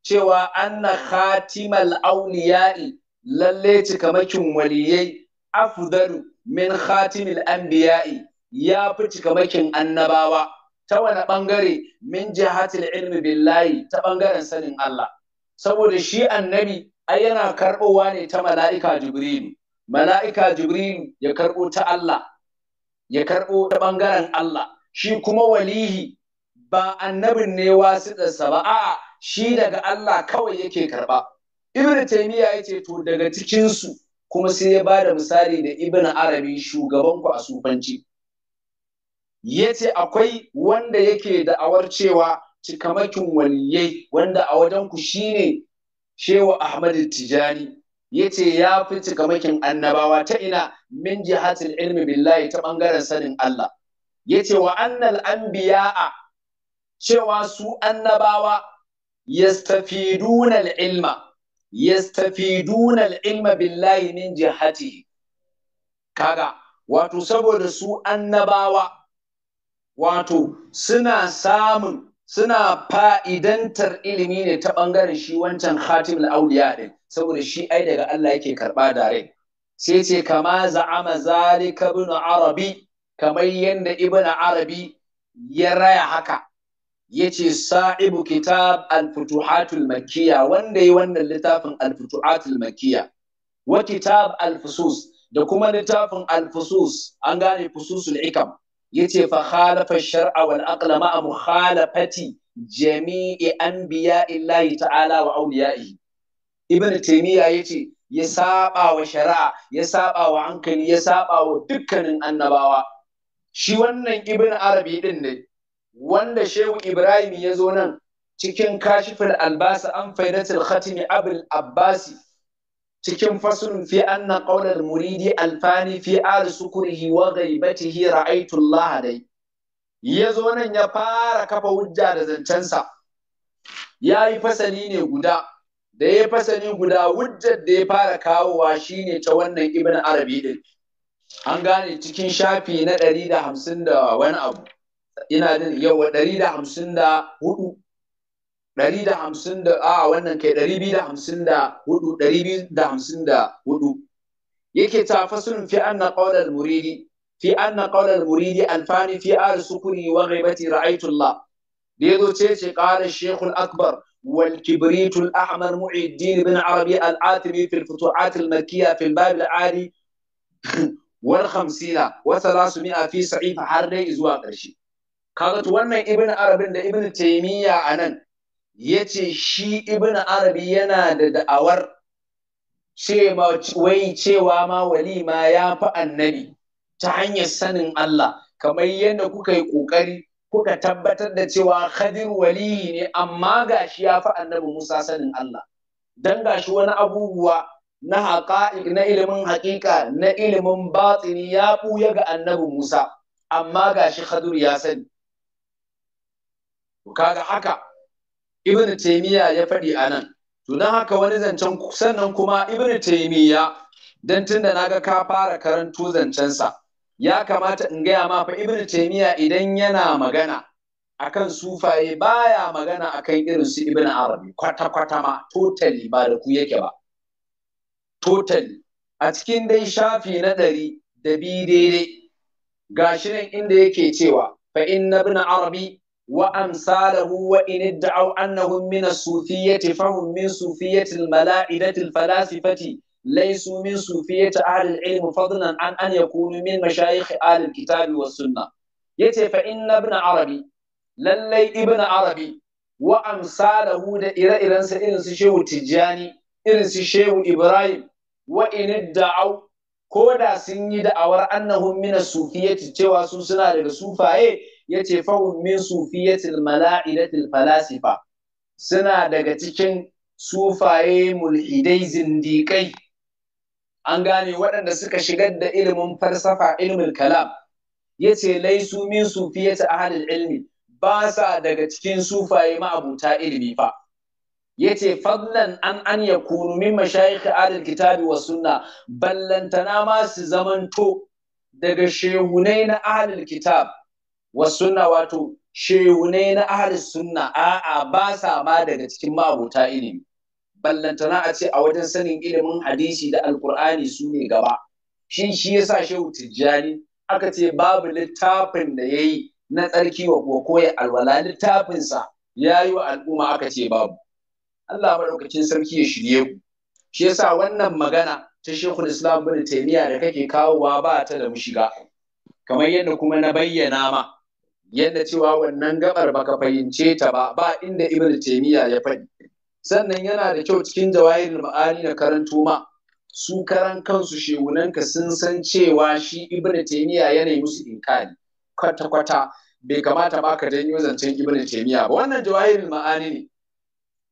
Speaker 1: cewa anna khatimal awliya'i lalle cikamakin waliyai afdalu min khatimil anbiya'i ya fi cikamakin annabawa ta wani bangare min jihatil ilmi billahi ta bangaren sanin Allah saboda shi annabi ai yana karbowa ne ta mala'ika jibrilu mala'ika jibrilu ya karbo ta Allah ya karbo ta bangaren Allah shi kuma walihi ba annabin ne wasiɗarsa ba a'a shi daga Allah kawai yake karba ibnu taymiya yace to daga cikin su kuma sai ya ba da misali da ibn arabi shugabanku a sufanci ya akwai wanda yake da awar cewa cikamakin waliyai wanda a wajen ku shine Shehu ahmad tijani yace ce ya fi cikamakin annabawa ta ina min jihatil ilmi billahi ta Bangaren sanin Allah yace ce wa annal anbiya'a cewa su annabawa yastafiduna ilma yastafiduna al-ilma billahi min jihatihi kaga wato saboda su annabawa wato suna samun suna fa'idantar ilimi ne ta ɓangaren shi wancan khatim al ya din saboda shi ai daga Allah yake karɓa dare sai ce kama za'ama zalika ibn arabi kamar yadda ibn arabi ya raya haka yace sa'ibu kitab al-futuhatul makkiya wanda yi wannan littafin al-futuhatul makkiya wa kitab al-fusus da kuma littafin al-fusus an gane fususul ikam yace fa khalafa shar'a wal aqla ma'a mukhalafati jami'i anbiya'illahi ta'ala wa awliya'ihi ibn taymiya yace ya saba wa shari'a ya saba wa hankali ya saba wa dukkanin annabawa shi wannan ibn arabi din ne wanda shehu ibrahim ya zo nan cikin kashifin albasa an faidatul khatimi abul abbasi cikin fasulun fi anna qawlal muridi alfani fi al sukurihi wa ghaibatihi ra'aytu Allah dai yazo nan ya fara kafa hujja da zancensa yayi fasali ne guda da ya fasali guda hujjar da ya fara kawowa shine ta wannan ibn arabi din an gane cikin shafi na 150 da wani abu ina jin yawa ɗari da hamsin da hudu ɗari da hamsin da a wannan kai ɗari biyu da hamsin da hudu ɗari biyu da hamsin da hudu yake ta fasulun fi anna qawlal muridi fi anna qawlal muridi alfani fi al sukuri wa ghaibati ra'aytullah da yazo ce ce ƙara shekul akbar wal kibritul ahmar mu'iddin ibn arabi al atimi fi al futuhat al makkiyya fi al bab al ali wal khamsina fi sahifa har dai zuwa ƙarshe kaga wannan ibn arabin da ibn taymiya anan yace shi ibn arabi yana da da'awar cewa wai cewa ma walima ya fi annabi ta hanyar sanin Allah kamar yadda kuka yi kokari kuka tabbatar da cewa khadir wali ne amma gashi ya fi annabi Musa sanin Allah dan gashi wani abubuwa na haqa'iq na ilimin haƙiƙa na ilimin batini ya buya ga annabi Musa amma gashi khadir ya sani to kaga haka ibn taymiya ya faɗi anan to dan haka wani zancen sannan kuma ibn taymiya dan tunda naga ka fara karantu zancen sa ya kamata in gaya ma fa ibn taymiya idan yana magana akan sufaye baya magana akan irin su ibn arabi kwata kwata ma totally ba da ku yake ba totally a cikin dai shafi na ɗari da bi daidai gashi nan inda yake cewa fa inna ibn arabi wa amsalahu wa in da'aw annahum min as-sufiyyati fahum min sufiyyati al-mala'idati al-falasifati laysu min sufiyyati ahli al-ilm fadlan an an yakunu min mashayikh ahli al-kitab wa sunnah yace fa inna ibn arabi lallai ibn arabi wa amsalahu da ire-irensa irin shehu tijjani irin su shehu ibrahim wa in da'aw ko da sun yi da'awar annahum min as-sufiyyati cewa su suna daga sufaye yace fahum min sufiyatil mala'idatil falasifa suna daga cikin sufaye mulhidai zindiƙai an gane waɗanda suka shigar da ilimin falsafa ilmin kalam yace laisu min sufiyati ahlil ilmi ba sa daga cikin sufaye ma'abuta ilimi fa yace fadlan an an yakunu min mashayikh ahlil kitabi wa sunna ballantana ma su zamanto daga shehunai na ahlil kitab wasunna wato shehunai na ahalin sunna a'a ba sa ma daga cikin ma'abota ilimi ballantana a ce a wajen sanin ilimin hadisi da alkur'ani su ne gaba shin shi yasa shehu tijjani aka ce babu littafin da ya yi na tsarki wa koya alwala littafinsa ya yi wa al'umma aka ce babu Allah maɗaukacin sarki ya shirye ku shi yasa wannan magana ta shekul islam bin da kake kawowa ba ta da shiga. kamar yadda kuma na bayyana ma yadda cewa wannan gabar baka fahimce ta ba ba inda ibn taymiya ya faɗi sannan yana da kyau cikin jawahirul ma'ani na karanto ma su karan kansu shegunanka sun san cewa shi ibn taymiya yana yi musu inkari kwata kwata bai kamata ba ka janyo zancen ibn taymiya ba wannan jawahirul ma'ani ne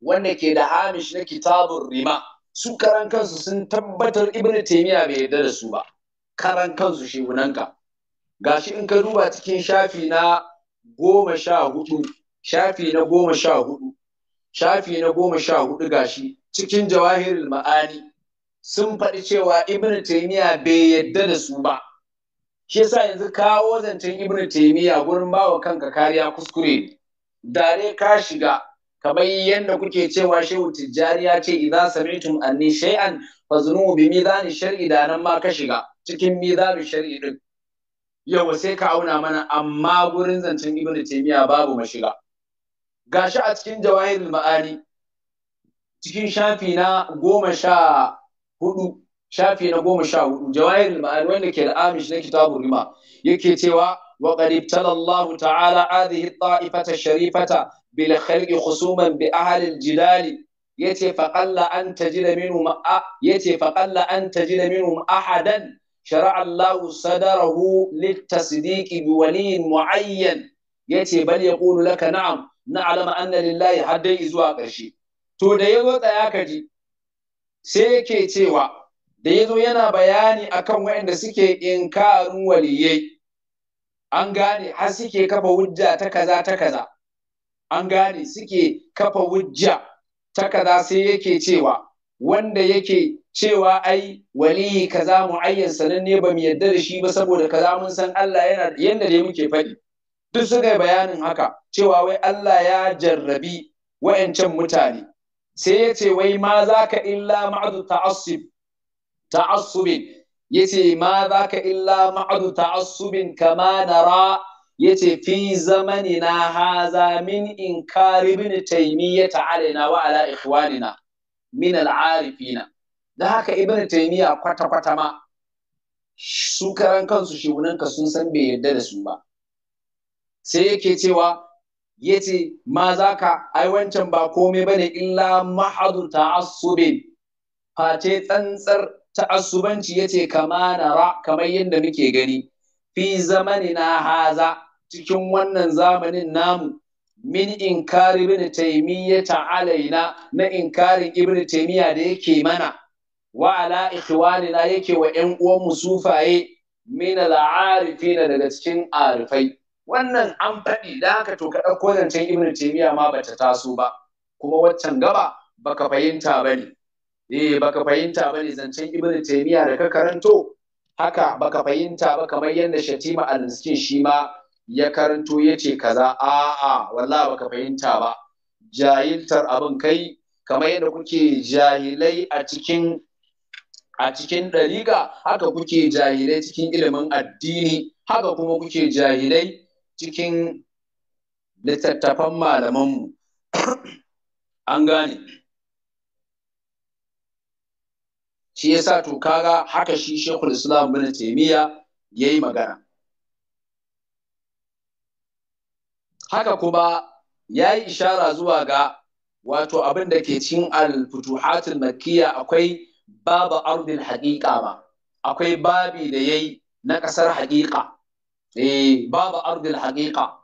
Speaker 1: wanda ke da hamish na kitabun rima su karan kansu sun tabbatar ibn taymiya bai yarda da su ba karan kansu shegunanka. gashi in ka duba cikin shafi na goma sha hudu shafi na goma sha hudu shafi na goma sha hudu gashi cikin jawahirul ma'ani sun faɗi cewa ibn taymiya bai yadda da su ba shi yasa yanzu kawo zancen ibn taymiya gurin bawa kanka kariya kuskure dare ka shiga kamar yadda kuke cewa shehu tijjari ya ce idan sami'tum anni shay'an fazunu bi mizani shar'i da nan ma ka shiga cikin mizanin shar'i din yawa sai ka auna mana amma gurin zancen ibnu taymiya babu mashiga gashi a cikin jawahirul ma'ani cikin shafi na goma sha hudu shafi na goma sha hudu jawahirul ma'ani wanda ke da amish na kitabu rima yake cewa wa qad Allah ta'ala hadhihi at-ta'ifata sharifata bil khalqi khusuman bi ahli al-jidali yace faqalla an tajida minhum yace faqalla an tajida minhum ahadan shara'a Allahu sadarahu littasdiqi bi waliyin muayyan yace bal yaqulu laka na'am na'lama anna lillahi haddai zuwa ƙarshe to da yazo tsaya kaji sai yake cewa da yazo yana bayani akan waɗanda suke inkarin waliyyai. an gane har suke kafa hujja ta kaza ta kaza an suke kafa hujja ta kaza sai yake cewa wanda yake cewa ai wali kaza mu'ayyan sananne ba mu yadda da shi ba saboda kaza mun san Allah yana yanda da muke faɗi duk suka yi bayanin haka cewa wai Allah ya jarrabi wa'ancan mutane sai ya ce wai ma za ka illa ma'adu ta'assub ta'assubin ya ce ma za ka illa ma'adu ta'assubin kama nara ya ce fi zamanina haza min inkari bin taimiyyata alaina wa ala ikhwanina min al'arifina da haka ibn taymiya kwata kwata ma su karan kansu shehunanka sun san bai yarda da su ba sai yake cewa yace ma zaka ai wancan ba komai bane illa mahadu ta'assubin face tsantsar ta'assubanci yace kama nara kamar yadda muke gani fi zamanina haza cikin wannan zamanin namu min inkari ibn taymiyyata alaina na inkarin ibn taymiya da yake mana wa ala ikhwanina yake wa ƴan uwan mu sufaye min al na daga cikin arifai wannan an faɗi da haka to ka ɗauko zancen ibn taymiya ma bata taso ba kuma waccan gaba baka fahimta bane eh baka fahimta ba bane zancen ibn taymiya da ka karanto haka baka fahimta ba kamar yadda shatima al-miskin shi ma ya karanto ya ce kaza a'a wala baka fahimta ba jahiltar abin kai kamar yadda kuke jahilai a cikin a cikin haka kuke jahilai cikin ilimin addini haka kuma kuke jahilai cikin littattafan malamanmu an gane shi yasa to kaga haka shi shekul islam bin taimiya ya yi magana haka kuma ya yi ishara zuwa ga wato abin da ke cikin al makiya akwai babu ardil haƙiƙa ba akwai babi da yayi na ƙasar haƙiƙa. eh babu ardil haƙiƙa.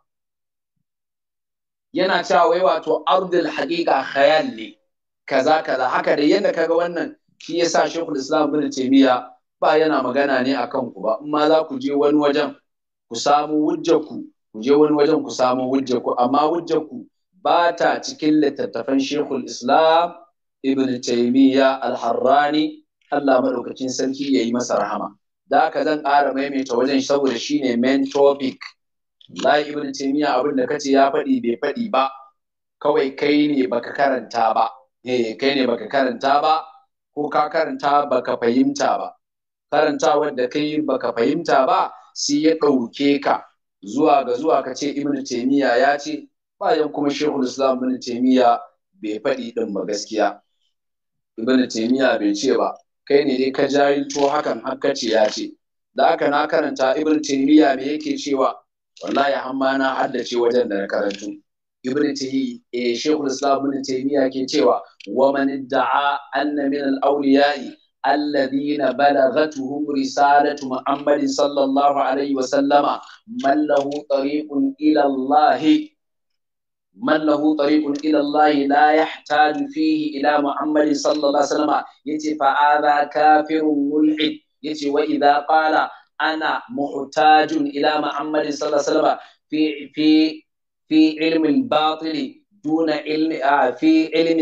Speaker 1: yana cewa wai wato ardil haƙiƙa khayal ne kaza kaza haka da ka kaga wannan shi yasa Sheikhul Islam Ibn Taymiyyah ba yana magana ne akan ku ba in ma za ku je wani wajen ku samu hujjar ku ku je wani wajen ku samu hujjar ku amma hujjar ku ba ta cikin littattafan shekul Islam Ibn taimiyya al Allah madaukakin sarki ya yi masa rahama da ka zan ƙara maimaita wajen saboda shine main topic la Ibn taimiyya abin da kace ya faɗi bai faɗi ba kawai kai ne baka karanta ba eh kai ne baka karanta ba ko ka karanta baka fahimta ba karanta wanda kai baka fahimta ba sai ya ɗauke ka zuwa ga zuwa ka ce ibn taymiya ya ce bayan kuma shehul islam ibn taymiya bai faɗi ɗin ba gaskiya ibn taymiya bai ce ba kai ne dai ka jarinto hakan har ka ce ya ce da haka na karanta ibn taymiya me yake cewa wallahi amma na haddace wajen da na karantu ibn tahi eh shehul islam ibn taymiya ke cewa wa man da'a anna min al-awliya'i alladhina balaghatuhum risalatu Muhammadin sallallahu alaihi wa sallama man lahu ila Allah man lahu tariqun ila la yahtaju fihi ila Muhammadin sallallahu alaihi wa sallama yace fa kafirin kafirun mulhid yace wa idha qala ana muhtajun ila Muhammadin sallallahu alaihi wa sallama fi fi fi ilmi duna ilmi fi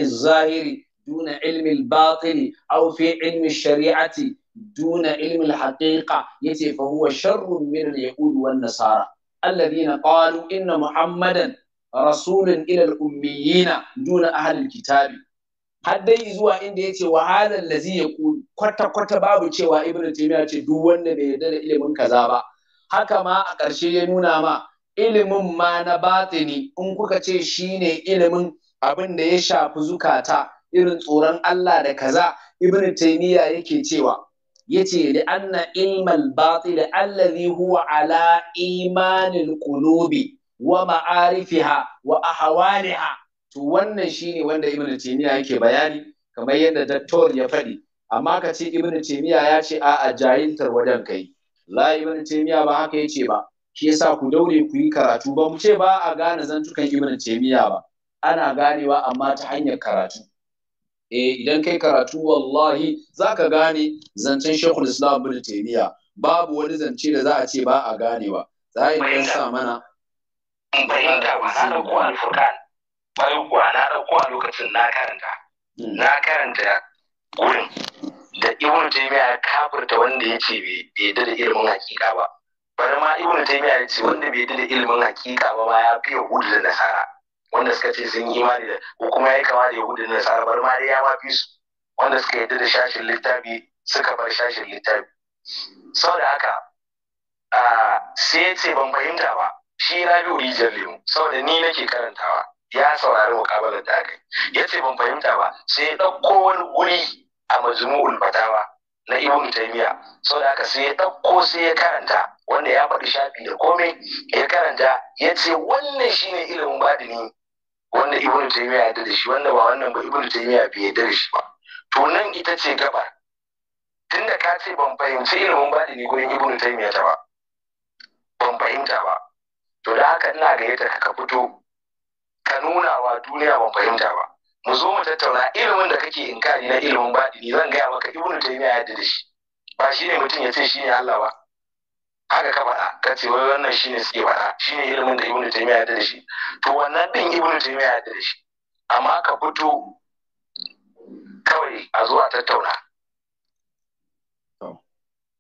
Speaker 1: zahiri دون علم الباطل أو في علم الشريعة دون علم الحقيقة يتي فهو شر من اليهود والنصارى الذين قالوا إن محمدا رسول إلى الأميين دون أهل الكتاب haddai zuwa inda yace wahalar lazi ya kulu kwata-kwata babu cewa ibn taymiya ce duk wanda bai yarda da ilimin kaza ba haka ma a ƙarshe ya nuna ma ilimin ma na batini in kuka ce shine ilimin abin da ya shafi zukata irin tsoron Allah da kaza ibn taymiya yake cewa yace li anna ilmal batil allazi huwa ala imanil qulubi wa ma'arifiha wa ahwaliha to wannan shine wanda ibn taymiya yake bayani kamar yadda dattor ya faɗi amma ka ce ibn taymiya ya ce a a jahiltar wajen kai la ibn ba haka yace ba shi yasa ku daure ku yi karatu ba mu ce ba a gane zantukan ibn ba ana ganewa amma ta hanyar karatu eh idan kai karatu wallahi zaka gane zancen shekul Islam bin taimiyya. babu wani zance da za a ce ba a ganewa za a yi sa mana
Speaker 2: fahimta ba na rago alfurkan bayan kuwa na rago a lokacin na karanta hmm. na karanta gurin da ibn taymiya ya kafirta wanda ya ce bai yadda da ilimin hakika ba bari ma
Speaker 1: ibn taymiya ya ce wanda bai yadda da ilimin hakika ba ma ya fi
Speaker 2: yahudu da nasara wanda suka ce sun yi imani da ko kuma ya kama da yahudu da nasara bar ma dai ya ma su wanda suka yadda da shashin littafi suka bar shashin littafi sau da haka sai ya ce ban fahimta ba shi rabi'u rijiyar lemu Sau da ni nake karantawa ya saurari mukabalar da aka ya ce ban fahimta ba sai ya ɗauko wani wuri a majmu'ul fatawa na ibn taymiya da haka sai ya ɗauko sai ya karanta wanda ya faɗi shafi da komai ya karanta ya ce wannan shine ilimin badini wanda ibn taymiya ya da shi wanda ba wannan ba ibn taymiya bai yarda da shi ba to nan ita ce gaba tunda ka ce ban fahimci ilimin badini gurin ibn taymiya ta ba ban fahimta ba to da haka ina gayyata ka ka fito ka nuna wa duniya ban fahimta ba mu zo mu tattauna ilimin da kake inkari na ilimin badini zan gaya maka ibn taymiya ya yarda da shi ba shine mutum ya ce shine Allah ba haka ka faɗa ka ce wai wannan shi ne suke faɗa Shi ne ilimin da ibnu ya da shi to wannan ɗin ibnu ya da shi amma ka fito
Speaker 1: kawai a zuwa tattauna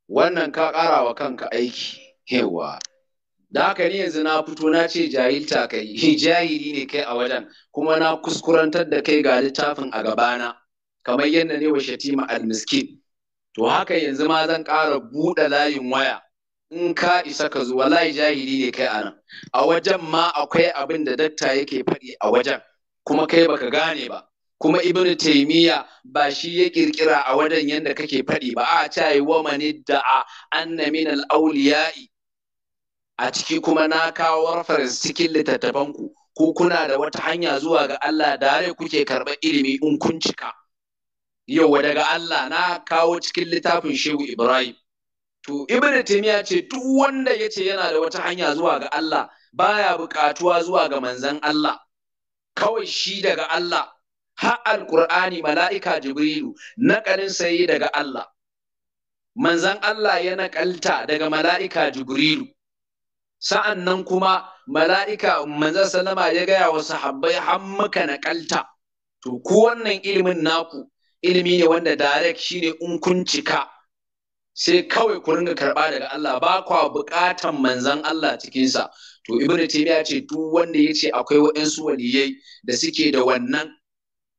Speaker 1: wannan ka ƙara wa kanka aiki hewa da haka ni yanzu na fito na ce jahilta kai jahili ne kai a wajen kuma na kuskurantar da kai ga littafin a gabana kamar yadda ne wa shatima almiskin to haka yanzu ma zan ƙara buɗe layin waya in ka isa ka zuwa layi jahili ne kai anan a wajen ma akwai abin da dakta yake faɗi a wajen kuma kai baka gane ba kuma ibnu taymiya ba shi ya kirkira a wajen yadda kake faɗi ba a ce yi wa mani da anna min a ciki kuma na kawo reference cikin littattafan ku ko kuna da wata hanya zuwa ga Allah da rai kuke karɓar ilimi in kun cika yau daga Allah na kawo cikin littafin Shehu Ibrahim to ibn taymiya ce duk wanda ya ce yana da wata hanya zuwa ga Allah baya buƙatuwa zuwa ga manzan Allah kawai shi daga Allah har alqur'ani mala'ika jibrilu naƙalin sai daga Allah Manzan Allah ya naƙalta daga mala'ika jibrilu sa'an nan kuma mala'ika manzan salama ya gaya wa sahabbai har muka naƙalta to ku wannan ilimin naku ilimi ne wanda direct shine in kun cika sai kawai ku ringa karɓa daga Allah ba kwa buƙatan manzan Allah cikinsa to Ibn taymiya ce duk wanda ya ce akwai waɗansu waliyai da suke da wannan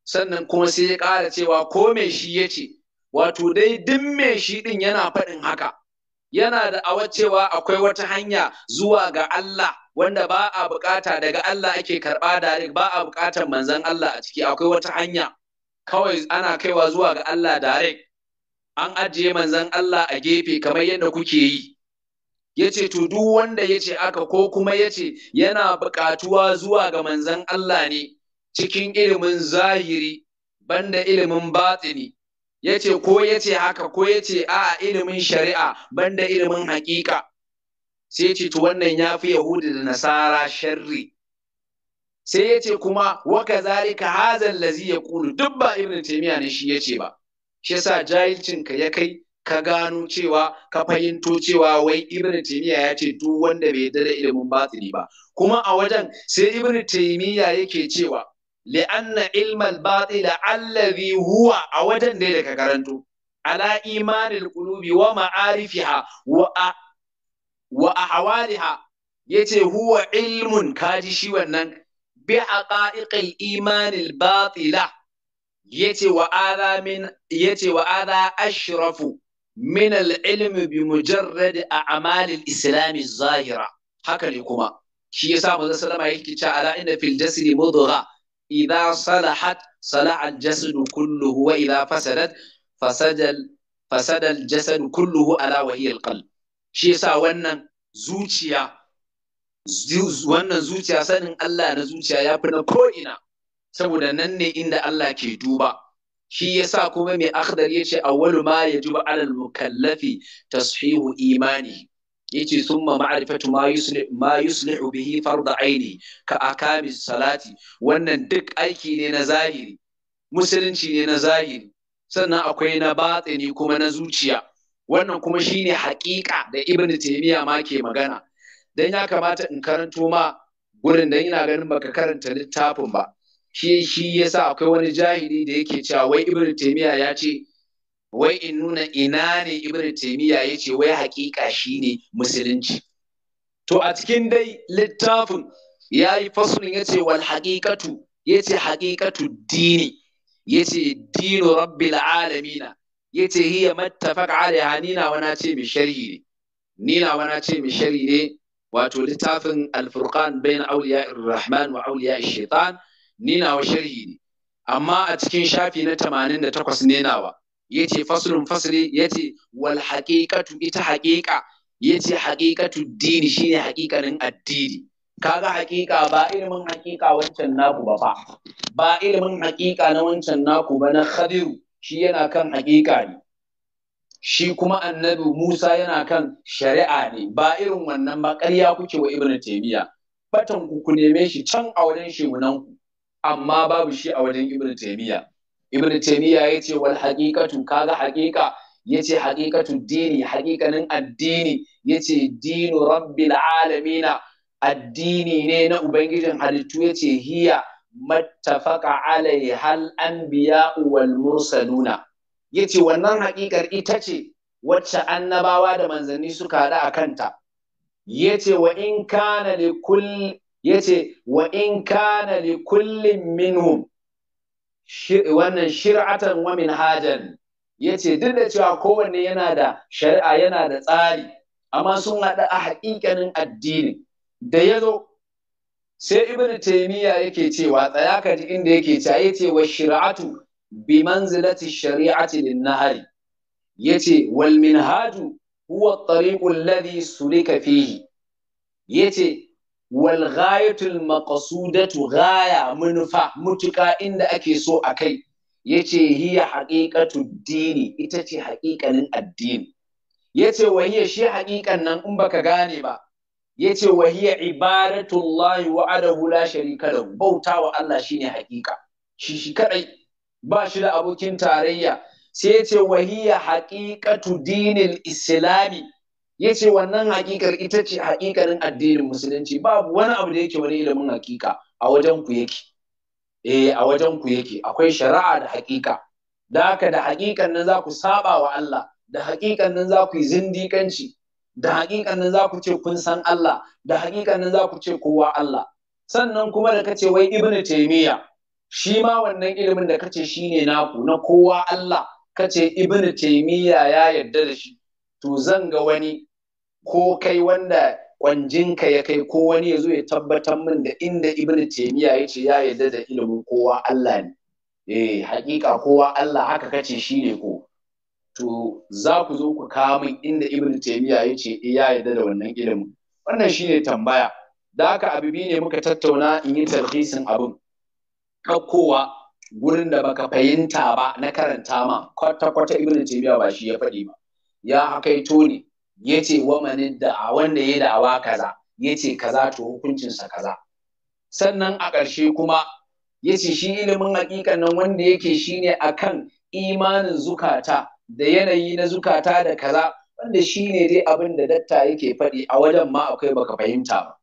Speaker 1: sannan kuma sai ya ƙara cewa ko me shi ya ce wato dai duk me shi ɗin yana faɗin haka yana da awa cewa akwai wata hanya zuwa ga Allah wanda ba a buƙata daga Allah ake karɓa da ba a buƙatan manzan Allah a ciki akwai wata hanya kawai ana kaiwa zuwa ga Allah direct an ajiye manzan Allah a gefe kamar yadda kuke yi yace to duk wanda yace aka ko kuma yace yana buƙatuwa zuwa ga manzan Allah ne cikin ilimin zahiri banda ilimin batini yace ko yace haka ko yace a ilimin shari'a banda ilimin haƙiƙa sai yace to wannan yafi yahudi da nasara sharri sai yace kuma wa kazalika hazal lazi yaqulu duk ba irin taymiya ne shi yace ba shi yasa jahilcin ka ya kai ka gano cewa ka fahimto cewa wai ibn taymiya ya ce duk wanda bai yarda da ilimin batini ba kuma a wajen sai ibn taymiya yake cewa li'anna ilmal Allah allazi huwa a wajen dai da ka karanto ala imanil qulubi wa ma'arifiha wa wa ahwaliha yace huwa ilmun kaji shi wannan bi haqa'iqil imanil batila yace wa wa ashrafu min al bi mujarrad a'mal al-islam zahira haka ne kuma shi yasa manzo sallama yake cewa ala inna fil jasadi mudgha idha salahat salaha jasadu kulluhu wa idha fasadat fasada jasadu kulluhu ala wa hiya al wannan zuciya wannan zuciya sanin Allah na zuciya ya fi na ko'ina saboda nan ne inda Allah ke duba shi yasa kuma mai akhdar yace awwalu ma yajibu alal mukallafi tashihu imani yace summa ma'rifatu ma yusli ma yuslihu bihi da aini ka akami salati wannan duk aiki ne na zahiri musulunci ne na zahiri sannan akwai na batini kuma na zuciya wannan kuma shine haƙiƙa da ibnu taymiya ma ke magana dan ya kamata in karanto ma gurin dan ina ganin baka karanta littafin ba shi shi yasa akwai wani jahili da yake cewa wai ibn taymiya ya ce wai in nuna ina ne ibn taymiya ya ce wai haƙiƙa shine musulunci to a cikin dai littafin ya yi fasulin ya ce wal haƙiƙatu ya ce haƙiƙatu dini ya ce dinu rabbil alamina ya ce hiya mattafaq alaiha ni na wana ce mai sharhi ne ni na wana ce mai sharhi ne wato littafin alfurqan bayan auliya rahman wa auliya shaitan ni wa sharhi ne amma a cikin shafi na 88 ne nawa yace faslun fasli yace wal haqiqatu ita haqiqa yace haqiqatu dini shine haƙiƙanin addini kaga haqiqa ba ilimin haqiqa wancan naku ba fa ba ilimin haƙiƙa na wancan naku ba na khadiru shi yana kan haƙiƙa ne shi kuma annabi Musa yana kan shari'a ne ba irin wannan ba ƙarya kuke wa Ibn taymiya batan ku ku neme shi can a wajen shegunan ku amma babu shi a wajen ibn taymiya ibn taymiya yace wal haqiqatu kaga haqiqa yace haqiqatu dini haqiqanin addini yace dinu rabbil alamina addini ne na ubangijin halittu yace hiya mattafaqa alai hal anbiya wal mursaluna yace wannan haqiqar ita ce wacce annabawa da manzanni suka haɗu a kanta yace wa in kana li kulli Ya ce, wa in kana li kullin minhum wannan shir'atan wa minhajan ce, duk da cewa kowanne yana da shari'a yana da tsari amma sun haɗa a haƙiƙanin addini da ya zo sai ibn taymiya yake cewa tsaya ka ji inda yake cewa ce wa shir'atu bi manzilati shari'ati lin nahari ce, wal minhaju huwa at-tariqu alladhi sulika fihi ce. wal ghayatul maqsudatu ghaya munfa mutuka inda ake so a kai yace hiya haqiqatu dini ita ce haƙiƙanin addini yace wahiya shi haƙiƙan nan in baka gane ba yace wa hiya ibadatullahi adahu la sharika lahu bautawa Allah shine haƙiƙa shi shi kadai ba shi da abokin tarayya sai yace wahiya hiya haqiqatu dinil islami ya ce wannan hakikar ita ce hakikarin addinin musulunci babu wani abu da yake wani ilimin hakika a wajen ku yake eh a wajen ku yake akwai shari'a da hakika da haka da hakikan nan za ku saba wa Allah da hakikan nan za ku yi zindikanci da hakikan nan za ku ce kun san Allah da hakikan nan za ku ce kowa Allah sannan kuma da kace wai ibnu taymiya shi ma wannan ilimin da kace shine naku na kowa Allah kace ibnu taymiya ya yarda da shi to zan ga wani ko kai wanda kwanjinka ya kai ko wani ya zo ya tabbatar min da inda ibn taymiya ya ce ya yarda da ilimin kowa Allah ne eh hakika kowa Allah haka kace shi ne ko to za ku zo ku kawo min inda ibn taymiya ya ce eh, ya yarda da wannan ilimin wannan shine tambaya da haka abu ne muka tattauna in yi tarhisin abin kowa gurin da baka fahimta ba na karanta ma kwata-kwata ibn taymiya ba shi ya faɗi ba ya akaito ne Ya ce wa da a wanda ya dawa kaza ya ce kaza to hukuncinsa kaza sannan a ƙarshe kuma ya ce shi ilimin hakikan nan wanda yake shine akan imanin zukata da yanayi na zukata da kaza wanda shi ne dai abin da datta yake faɗi a wajen ma akwai baka fahimta ba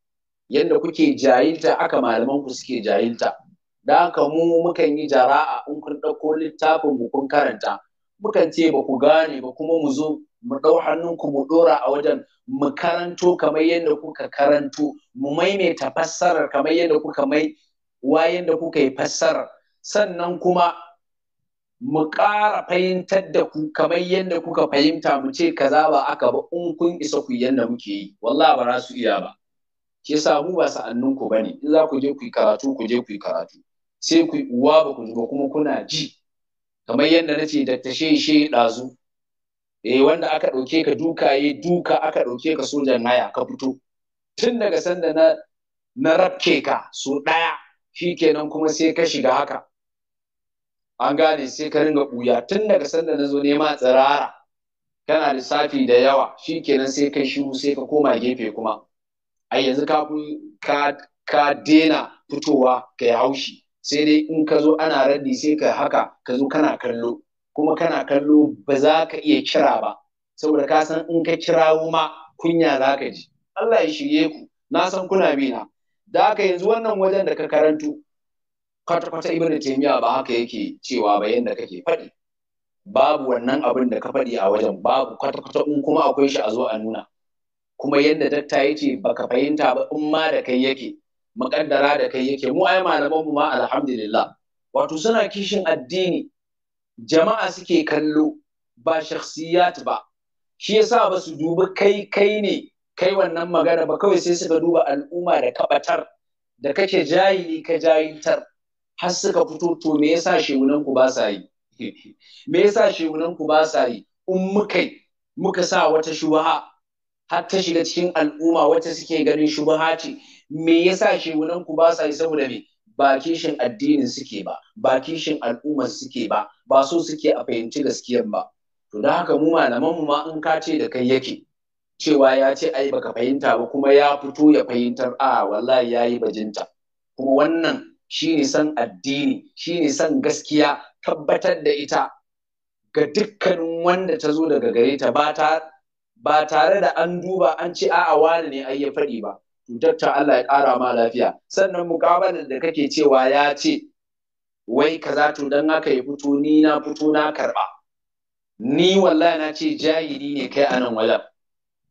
Speaker 1: yadda kuke jahilta aka malaman ku suke jahilta da haka mu mukan yi jara'a in kun ɗauko littafin mu kun karanta mukan ce ba ku gane ba kuma mu zo mu ɗau hannunku mu ɗora a wajen mu karanto kamar yadda kuka karanto mu maimaita fassarar kamar yadda kuka mai wayan da kuka yi fassarar sannan kuma mu ƙara fahimtar da ku kamar yadda kuka fahimta mu ce kaza ba aka ba in kun isa ku yadda muke yi Walla ba za su iya ba ke samu ba sa'annin ku bane in za ku je ku yi karatu ku je ku yi karatu sai ku uwa ba ku zuba kuma kuna ji kamar yadda nace da dattashe she ɗazu eh wanda aka ɗauke ka duka yi duka aka ɗauke ka sojan naya ka fito tun daga sanda na na rabke ka su ɗaya shi kenan kuma sai ka shiga haka an gane sai ka ringa ɓuya tun daga sanda na zo nema tsirara kana lissafi da yawa shi kenan sai ka shiru sai ka koma gefe kuma A yanzu ka ka ka dena fitowa ka yi haushi sai dai in ka zo ana raddi sai ka haka ka zo kana kallo kuma kana kallo ba za ka iya kira ba saboda ka san in ka kira ma kunya za ka ji Allah ya shirye ku na san kuna bina da haka yanzu wannan wajen da ka karantu kwata-kwata ibn taimiya ba haka yake cewa ba yanda kake faɗi babu wannan abin da ka faɗi a wajen babu kwata-kwata in kuma akwai shi a zo a nuna kuma yadda dakta ya ce baka fahimta ba in ma da kai yake muƙaddara da kai yake mu ai malaman mu ma alhamdulillah wato suna kishin addini jama'a suke kallo ba shakhsiyat ba shi yasa ba su dubi kai kai ne kai wannan magana ba kawai sai suka duba al'umma da kabatar da kake jahili ka jahiltar har suka fito to me yasa shehunan ku ba sa yi me yasa shehunan ku ba sa yi in muka muka sa wata shubha har ta shiga cikin al'umma wata suke ganin shubha ce me yasa shehunan ku ba sa yi saboda me ba kishin addinin suke ba ba kishin al'ummar suke ba ba so suke a fahimci gaskiyan ba to da haka mu malaman mu ma in ka ce da kai yake cewa ya ce ai baka fahimta ba kuma ya fito ya fahimtar a wallahi yi bajinta kuma wannan shine san addini shine san gaskiya tabbatar da ita ga dukkanin wanda ta zo daga gare ta ba ta ba tare da an duba an ce a'a wani ne ai ya faɗi ba Dokta Allah ya ƙara ma lafiya sannan mukabalar da kake cewa ya ce wai za to dan haka yi fito ni na fito na karba ni wallahi na ce jahili ne kai a nan wajen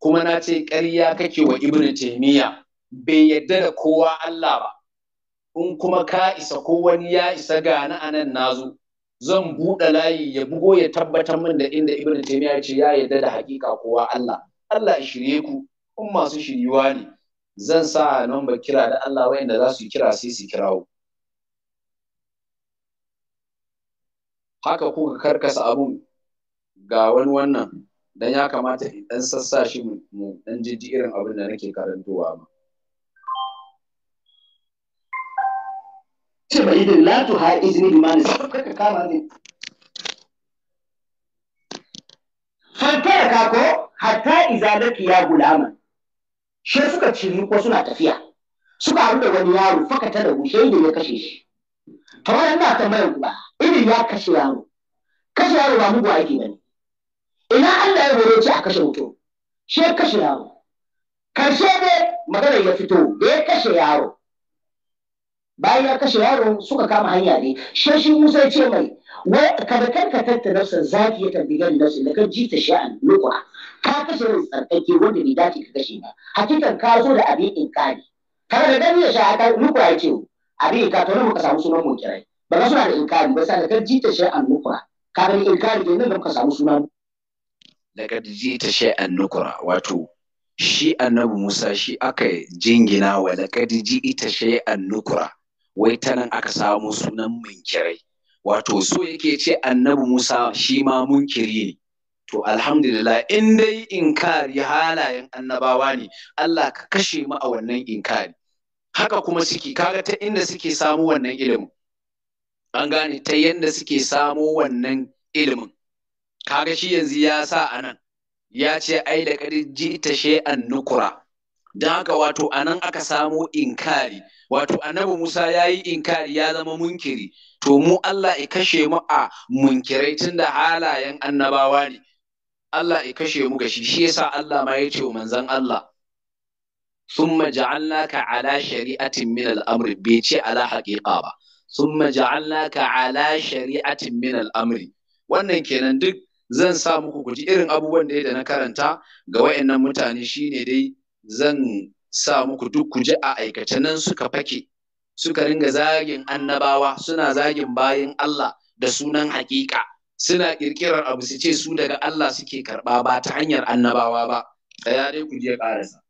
Speaker 1: kuma na ce ƙarya kake wa ibnu taymiya bai yadda da kowa Allah ba in kuma ka isa ko wani ya isa ga na anan nazo zan buɗe layi ya bugo ya tabbatar min da inda ibnu taymiya ya ce ya yadda da hakika kowa Allah Allah ya shirye ku in masu shiryuwa ne zan sa nan ba kira da Allah wayanda za su kira sai su kirawo haka kuka karkasa abun ga wani wannan
Speaker 2: dan ya kamata in dan sassa shi
Speaker 1: mu dan jiji irin abin da nake karantowa ba ce bai idin la tu ha izini bi mani ka kama ne
Speaker 2: hatta ka ko hatta izalaki ya gulama she suka ciri ko suna tafiya suka haɗu da wani yaro fakata da gushe da ya kashe shi to wannan na tambayar ku ba iri ya kashe yaro kashe yaro ba mugu aiki bane ina Allah ya hore ce a kashe mutum shi ya kashe yaro karshe ne maganar ya fito da ya kashe yaro bayan ya kashe yaro suka kama hanya ne shi shi Musa ya ce mai wai ka da kanka tatta nafsa zaki ya tambaye ni nafsa da kan ji ta sha'an lokwa ka kashe ran tsarkake wanda bai dace ka kashe ba hakikan ka zo da abin inkari kada da dan ya sha aka lokwa ya ce abin ka to mu ka samu sunan mu kirai ba suna da inkari ba sa da jita ta an nukura kafin
Speaker 1: inkari ne nan ka samu suna da jita ta an nukura wato shi annabi Musa shi aka jingina wa da ji ita an nukura wai ta nan aka samu sunan munkirai wato so yake ce annabi Musa shi ma munkiri ne to alhamdulillah in dai inkari halayen annabawa ne Allah ka kashe mu a wannan inkari haka kuma suke kaga ta inda suke samu wannan ilimin an gane ta yadda suke samo wannan ilimin kaga shi yanzu ya sa a nan ya ce ai da ji ta an nukura don haka wato a nan aka samo inkari wato annabi musa ya yi inkari ya zama munkiri to mu allah ya kashe mu a munkirai tun da halayen annabawa ne allah ya kashe mu gashi shi yasa allah ma ya ce wa manzon allah summa ja'alnaka ala shari'atin min al-amr bai ce ala haqiqa ba summa ja'alnaka ala shari'atin min al'amri wannan kenan duk zan sa muku kuji irin abubuwan da na karanta ga wayannan mutane shine dai zan sa muku duk kuji a aikace nan suka fake suka ringa zagin annabawa suna zagin bayan Allah da sunan haƙiƙa suna ƙirƙirar abu su ce su daga Allah suke karɓa ba ta hanyar annabawa ba tsaya dai ku je ƙarasa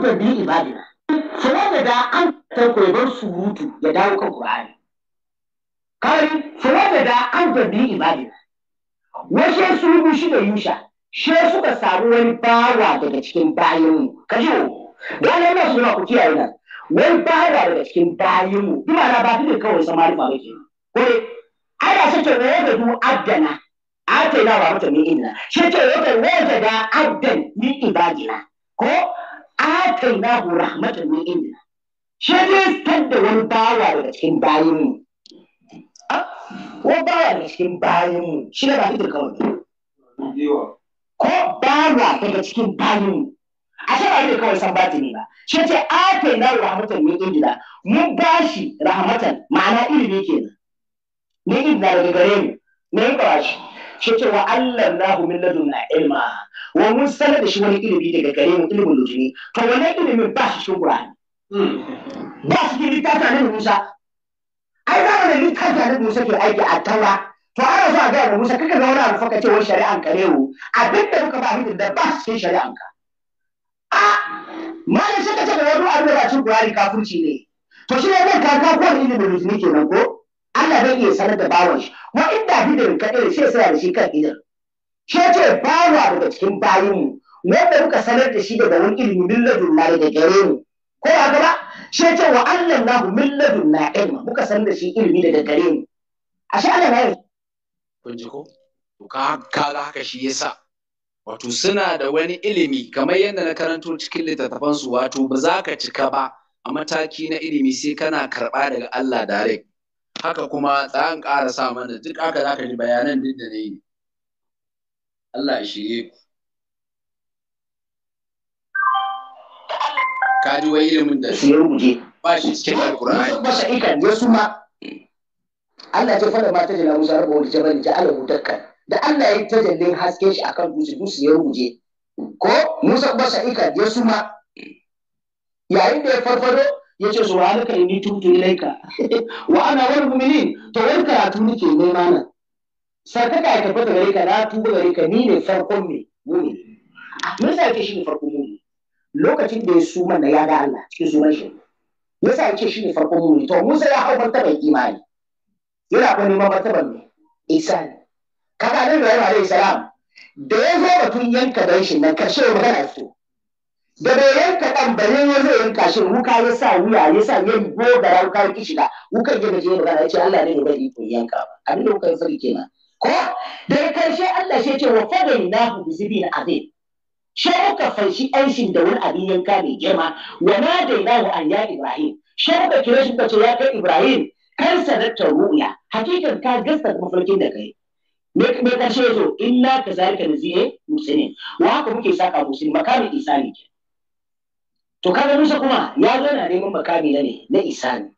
Speaker 2: rabban bi ibadina sai da da an ta koyar surutu ya dawo kan qur'ani kari sai da da an ta bi ibadina washe su shi da yusha shi suka samu wani bawa daga cikin bayanmu kaji mu gane na suna ku kiyaye nan wani bawa daga cikin bayanmu kuma na ba duk kawai samari ba mai kake Kore, ana sace wani da du A ta yi mata min inna she ce wata waje da addan ni ibadina ko atainahu rahmatan min inda shi ne da wani bawa daga cikin bayin mu ko ah, bawa daga cikin bayin mu shi ne ba fitar kawai ko bawa daga cikin bayin mu a shi ba fitar kawai san bati ne ba shi ce atainahu rahmatan min inda mun shi rahmatan ma'ana ilimi kenan ni inda daga gare mu ne ba shi shi ce wa allallahu min ladunna ilma wa mun sanar da shi wani ilimi daga gare mu ilimin lujini to wannan ilimin ba shi cikin Qur'ani ba shi cikin littafin Annabi Musa ai ba wannan littafin Annabi Musa ke aiki a tawa to ana a ga da Musa kaga wani abu fa kace wai shari'an ka a abin da kuka ba shi da ba shi cikin shari'an ka a malam sai kace da wani abu da cikin Qur'ani kafirci ne to shi ne zan ka ko ilimin lujumi kenan ko Allah bai iya sanar da bawon shi wa inda da kadai sai sai da shi kan idan ke ce bawa daga cikin bayinmu wanda muka sanar da shi daga wani ilimi milladun na daga gare mu ko a gaba she ce wa Allah na bu milladun na ilma muka sanar da shi ilimi daga
Speaker 1: gare mu ashe Allah na yi kun ji ko to ka ga haka shi yasa wato suna da wani ilimi kamar yadda na karanto cikin littattafan su wato ba za ka cika ba a mataki na ilimi sai kana karɓa daga Allah direct haka kuma za an ƙara sa mana duk aka za ka ji bayanan din da ne Allah ya shirye ku ka ji wai ilimin da su rubuce ba shi cikin alkur'ani ba sai ikan wasu ma
Speaker 2: Allah ya fara mata da Musa rabu wani jabal ja ala mudakkan da Allah ya jallin haske shi akan dutse dutse ya ruje ko Musa ba sai kan su ma yayin da ya farfado ya ce su yi ni tutu ilaika wa ana wani mu'minin to wani karatu nake nema nan sarkaka ya tabbata gari ka na tuba gari ka ni ne farkon ne muni mun sa yake shine farkon muni lokacin da ya suma na ya ga Allah cikin suman shi yasa yake shine farkon muni to Musa ya hau martaban imani yana kuma neman martaba ne ihsan kaga annabi Ibrahim alaihi salam da ya zo batun yanka dan shi na karshe kana fito da bai yanka dan bare ya zo yanka shi wuka ya sa wuya ya sa yin gogara wuka ya kishi da wukan ya gaje magana ya ce Allah ne bai yi yanka ba abin da ya fari kenan ko daga karshe Allah shi ce wa fadai na hu na abin? shi muka fanshi anshin da wani abin yanka mai girma wa na dai na an ya Ibrahim shi muka kira shi ce ya kai Ibrahim kan sanatta ruya hakikan ka gasta mafarkin da kai me karshe yazo inna kazalika nazi'e ne, wa haka muke saka musulmi makamin isa ne to kaga Musa kuma ya zo na neman makami na ne na isa ne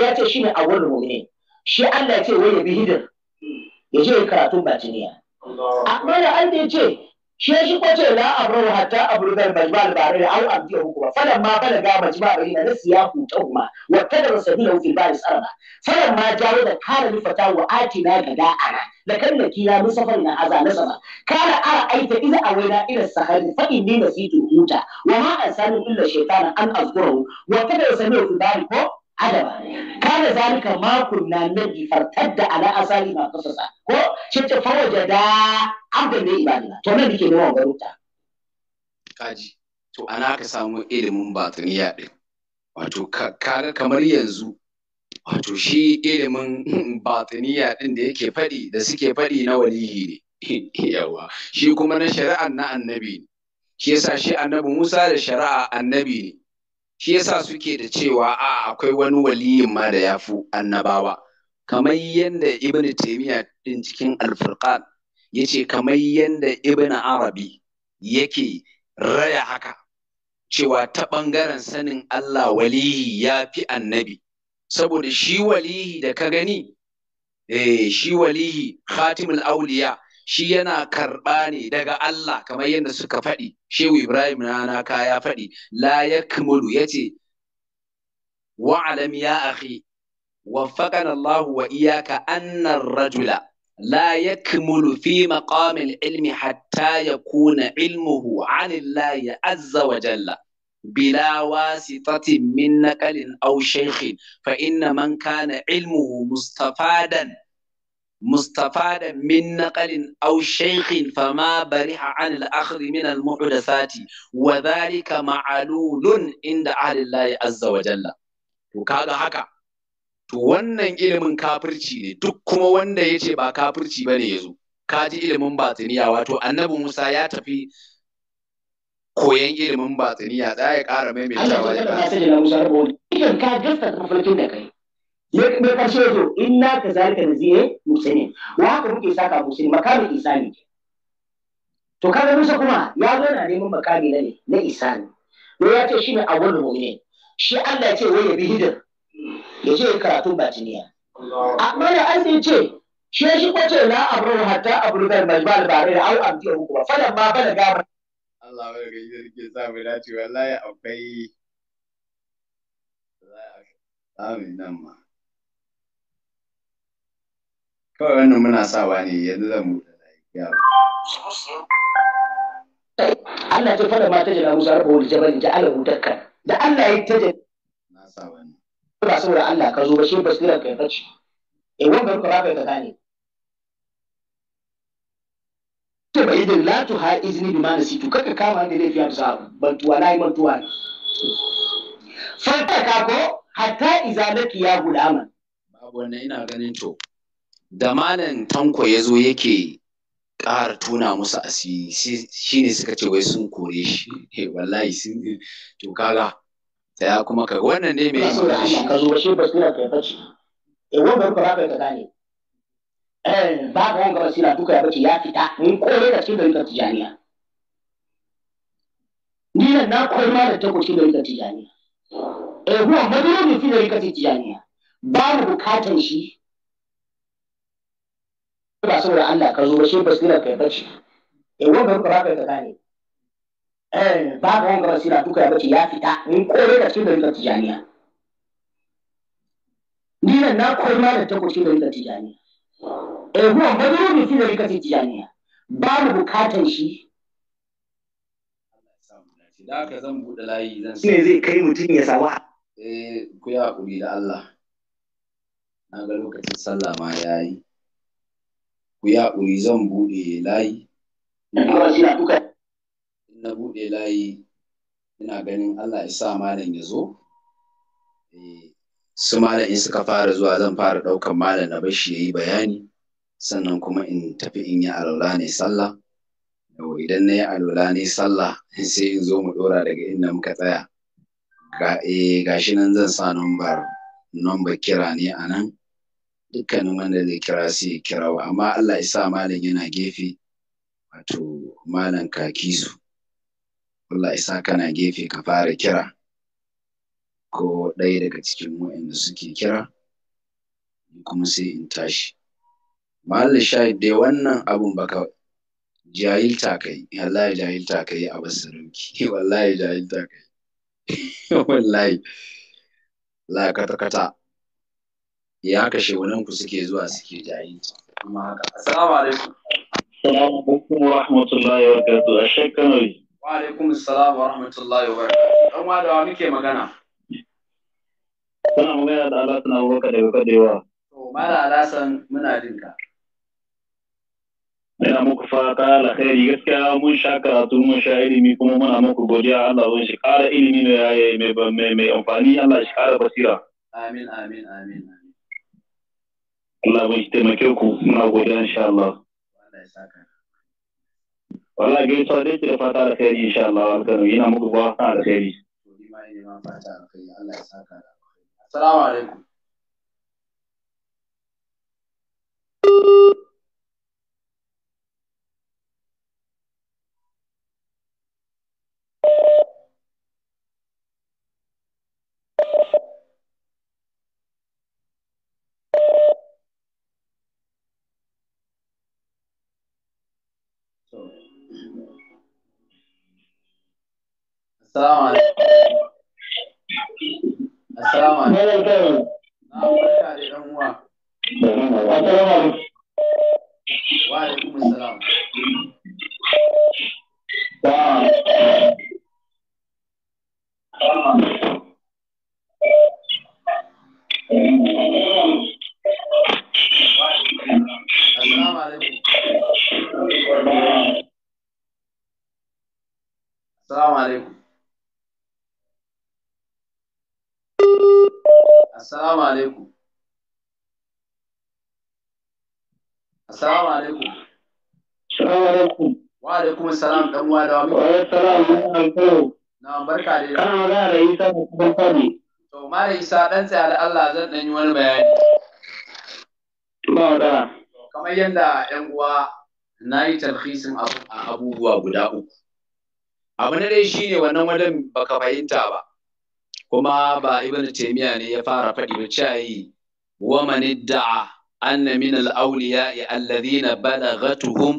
Speaker 2: ya ce shine awwalul mu'minin shi Allah ya ce wani ya bi hidir ya je karatun batiniya amma da an ya ce shi shi kwace la abrahu hatta abrudal da da aw amti hukuma Fadan ma na balaga majma bayna nasiya hutuma da kadara ba fi tsara ba. Fadan ma jawo da kare ni fata wa atina gada nan, da da kira musafar na aza sama. kara ara aita a na irin sahari fa na nasitu huta wa ma ansanu illa shekara an wata da wa kadara ba fi ko. kada kana zalika ma kunna nabi fartadda ala asali ma qasasa ko shitta da abdan ne ibadina
Speaker 1: to nan dake nawa garuta kaji to ana ka samu ilimin batiniya din wato kaga kamar yanzu wato shi ilimin batiniya din da yake faɗi da suke faɗi na walihi ne yawa shi kuma na shari'a na annabi ne shi yasa shi annabi Musa da shari'a annabi ne shi yasa suke da cewa a akwai wani waliyin ma da ya fi annabawa kamar yadda ibn taimiyya din cikin alfurqan ya ce kamar yadda ibn arabi yake raya haka cewa ta ɓangaren sanin Allah walihi ya fi annabi saboda shi walihi da ka gani eh shi walihi khatimul auliya shi yana karɓa ne daga Allah kamar yadda suka faɗi shehu Ibrahim na kaya faɗi la yakmulu yace wa alam ya akhi waffaqana Allah wa iyyaka annar rajula la yakmulu fi maqam ilmi hatta yakuna ilmuhu 'an Allah azza wa jalla بلا واسطة من نقل أو شيخ فإن من كان علمه مستفادا mustapha da Minna naqalin aw shaykhin fa ma bariha an al-akhri min al-muhdathati wa dhalika ma'lulun inda ahli Allah azza wa jalla to kaga haka to wannan ilimin kafirci ne duk kuma wanda yace ba kafirci bane yazo kaji ilimin batiniya wato annabi Musa ya tafi koyan ilimin batiniya da ya ƙara mai mai tawaye ka ka gasta mafarkin da kai ya kuma karshe zo inna
Speaker 2: ka zalika nazire eh, musulmi wa haka muke saka musulmi makamin isani to kaga musa kuma ya zo na neman makami na ne na isani to ya ce shine awwal mu'min shi Allah ya ce wai ya bi hidar ya ce karatu ba jiniya amma da an ce shi shi kwace na abru hatta abru da majbal ba da au amtiya hukuma ba ma gaba
Speaker 1: Allah ya ga yake sa mu dace wallahi akwai Amin nan ma. Kawai wannan muna sawa ne yanzu zan mu da yaro. Allah ta fara mata jana Musa rabu wani jabal ta ala hudakkan da
Speaker 2: Allah ya ta jana. Na sawa ne. Ba saboda Allah ka zo ba shi basirar kai bace. Eh wannan ba ka ka gane. Ta bai da la tu ha izni bi ma nasitu kaka kama da laifi a bisa bantuwa nayi bantuwa.
Speaker 1: Fanta ka ko hatta izalaki ya gulama. Babu wannan ina ganin to. da malam tanko ya zo yake ƙara tuna musu asiri shi ne suka ce wai sun kore shi eh, wallahi sun to kaga ya kuma ka wannan ne mai yi shi ka zo shi basira kai bace
Speaker 2: E, eh, wannan ba ka gane eh ba ga wanga basira duka ya bace ya fita mun kore da cikin dalilin tijaniya ni nan na kore ma da tako cikin dalilin tijaniya eh huwa madrubin fi dalilin tijaniya ba mu bukatan shi ba saboda Allah ka zo ba shi basirar kai bace eh wanda kuka baka ka gane eh babu wanda basira duka ya bace ya fita ni kore da cikin dalilin tijaniya ni nan na kore ma da tako cikin dalilin tijaniya eh huwa badru bi cikin dalilin tijaniya babu bukatan shi
Speaker 1: da haka zan buɗe layi zan ne zai kai mutum ya sawa. eh ku yi hakuri da Allah na ga lokacin sallah ma ya yi ku yi zan buɗe layi na buɗe layi ina ganin Allah ya sa malam ya zo eh, su malam in suka fara zuwa zan fara ɗaukan malam na bashi ya yi bayani sannan kuma in tafi in yi alwala ne sallah yau idan na yi alwala ne sallah sai in zo mu ɗora daga inda muka tsaya ga eh, shi nan zan sa nambar kira ne anan. dukkanin wanda zai kira sai ya kira wa amma Allah ya sa malam yana gefe wato malam kakisu Allah ya sa kana gefe ka fara kira ko ɗaya daga cikin waɗanda suke kira kuma sai in tashi mahalla shahid dai wannan abun baka jahilta kai wallahi jahilta kai a basirauki wallahi jahilta kai wallahi la kata kata ya kashe wannan ku suke zuwa suke jahilci kuma haka assalamu alaikum alaikum wa rahmatullahi wa barakatuh ashek kanori wa alaikum assalam wa rahmatullahi wa barakatuh dan wa da muke magana kana magana da Allah tana baka da baka da yawa to mala alasan muna jin ka ina muku fata alkhairi
Speaker 2: gaskiya mun sha karatu mun sha ilimi kuma muna muku godiya Allah wani shi kara ilimi mai mai amfani Allah shi kara basira
Speaker 1: amin amin amin
Speaker 2: Allah bai taimake ku muna godiya insha Allah. Wala ga gaisuwa dai ki da fata da kai insha Allah kano yana muku ba da kai.
Speaker 1: Assalamu
Speaker 3: alaikum. السلام عليكم
Speaker 1: السلام عليكم نعم بركة دي السلام
Speaker 2: عليكم وعليكم السلام
Speaker 1: السلام عليكم السلام عليكم Assalamu alaikum. Assalamu alaikum. Assalamu alaikum. Wa alaikum salam dan uwa da wani. Wa alaikum Na barka da Kana magana da Isa da kuma Fadi. To Malam Isa dan tsaya da Allah zan dan yi wani bayani. Ba da. Kamar yadda ƴan uwa na yi a abubuwa guda uku. Abu na dai shine wannan wajen baka fahimta ba. kuma ba ibn taymiya ne ya fara faɗi ba cayi wa man idda'a anna min al-awliya alladhina balaghatuhum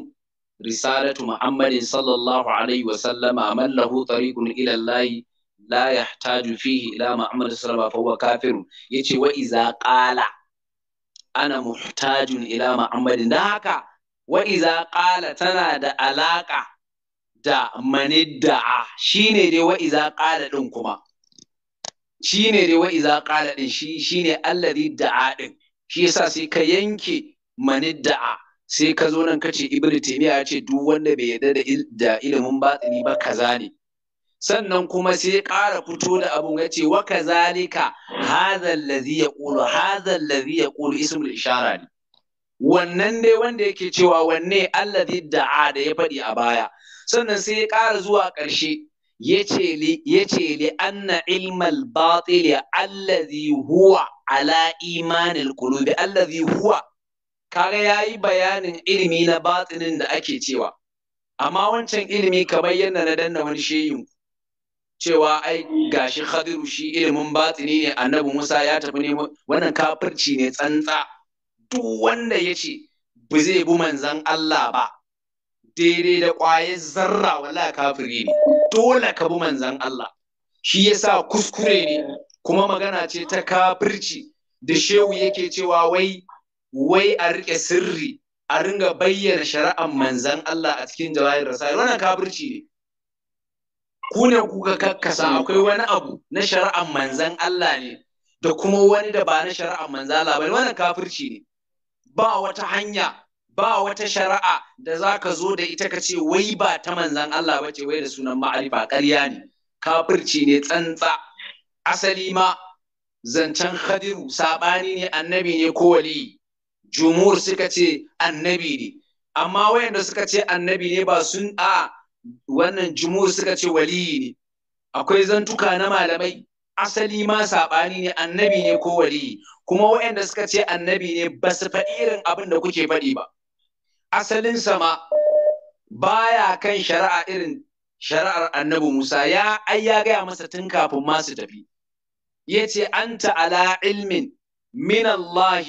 Speaker 1: risalatu muhammadin sallallahu alaihi wa sallama man lahu tariqun ila allahi la yahtaju fihi ila muhammad sallallahu alaihi wa kafir. yace wa iza qala ana muhtajun ila muhammadin dan haka wa iza qala tana da alaka da manidda'a shine dai wa iza qala din kuma shi ne dai wa iza shi ne alladhi da'a din shi yasa sai ka yanke mani da'a sai ka zo nan kace ibnu taymiya ya ce duk wanda bai yarda da ilimin batini ba kaza ne sannan kuma sai ƙara fito da abun ya ce wa kazalika hadha allazi yaqulu hadha allazi yaqulu ismul ishara ne wannan dai wanda yake cewa wanne allazi da'a da ya faɗi a baya sannan sai ya ƙara zuwa ƙarshe yace li anna ilmal batil allazi huwa ala imanil qulubi allazi huwa kaga yayi bayanin ilimi na batinin da ake cewa amma wancan ilimi kamar yadda na danna wani shehin cewa ai gashi khadiru shi ilimin batini ne annabi Musa ya tafi ne wannan kafirci ne tsantsa duk wanda yace ba zai bi manzon Allah ba daidai da ƙwayar zarra wala kafiri ne dole ka bi manzan Allah shi yasa kuskure ne kuma magana ce ta kafirci da shehu yake cewa wai wai a rike sirri a ringa bayyana shari'ar manzan Allah a cikin jawahir rasa. wannan kafirci ne ku ne kuka kakkasa akwai wani abu na shari'ar manzan Allah ne da kuma wani da ba na shari'ar manzan Allah ba wannan kafirci ne ba wata hanya ba wata shari'a da za ka zo da ita ka ce wai ba ta manzan Allah ba ce wai da sunan ma'arifa ƙarya ne kafirci ne tsantsa asali ma zancen khadiru saɓani ne annabi ne ko wali jumur suka ce annabi ne amma wayanda suka ce annabi ne ba sun a wannan jumur suka ce wali ne akwai zantuka na malamai asali ma saɓani ne annabi ne ko wali kuma wayanda suka ce annabi ne ba su faɗi irin abin da kuke faɗi ba asalin sama baya kan shari'a irin shari'ar annabi Musa ya ai ya gaya masa tun kafin ma su tafi yace anta ala ilmin min Allah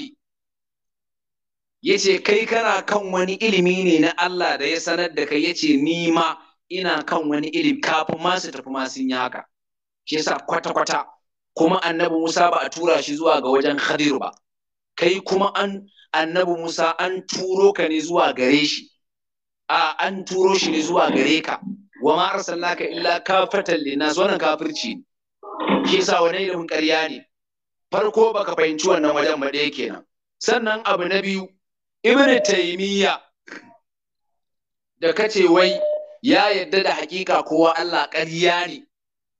Speaker 1: yace kai kana kan wani ilimi ne na Allah da ya sanar da kai yace ni ma ina kan wani ilimi kafin ma su tafi ma sun yi haka shi yasa kwata kwata kuma annabi Musa ba a tura shi zuwa ga wajen Khadir ba kai kuma an annabi Musa an turo ka ne zuwa gare shi a an turo shi ne zuwa gare ka wa ma ka illa kafatan linas wannan kafirci ne shi yasa da ilimin ƙarya ne farko baka fahimci wannan wajen ba ɗaya kenan sannan abu na biyu ibn taymiya da kace wai ya yadda da hakika kowa Allah ƙarya ne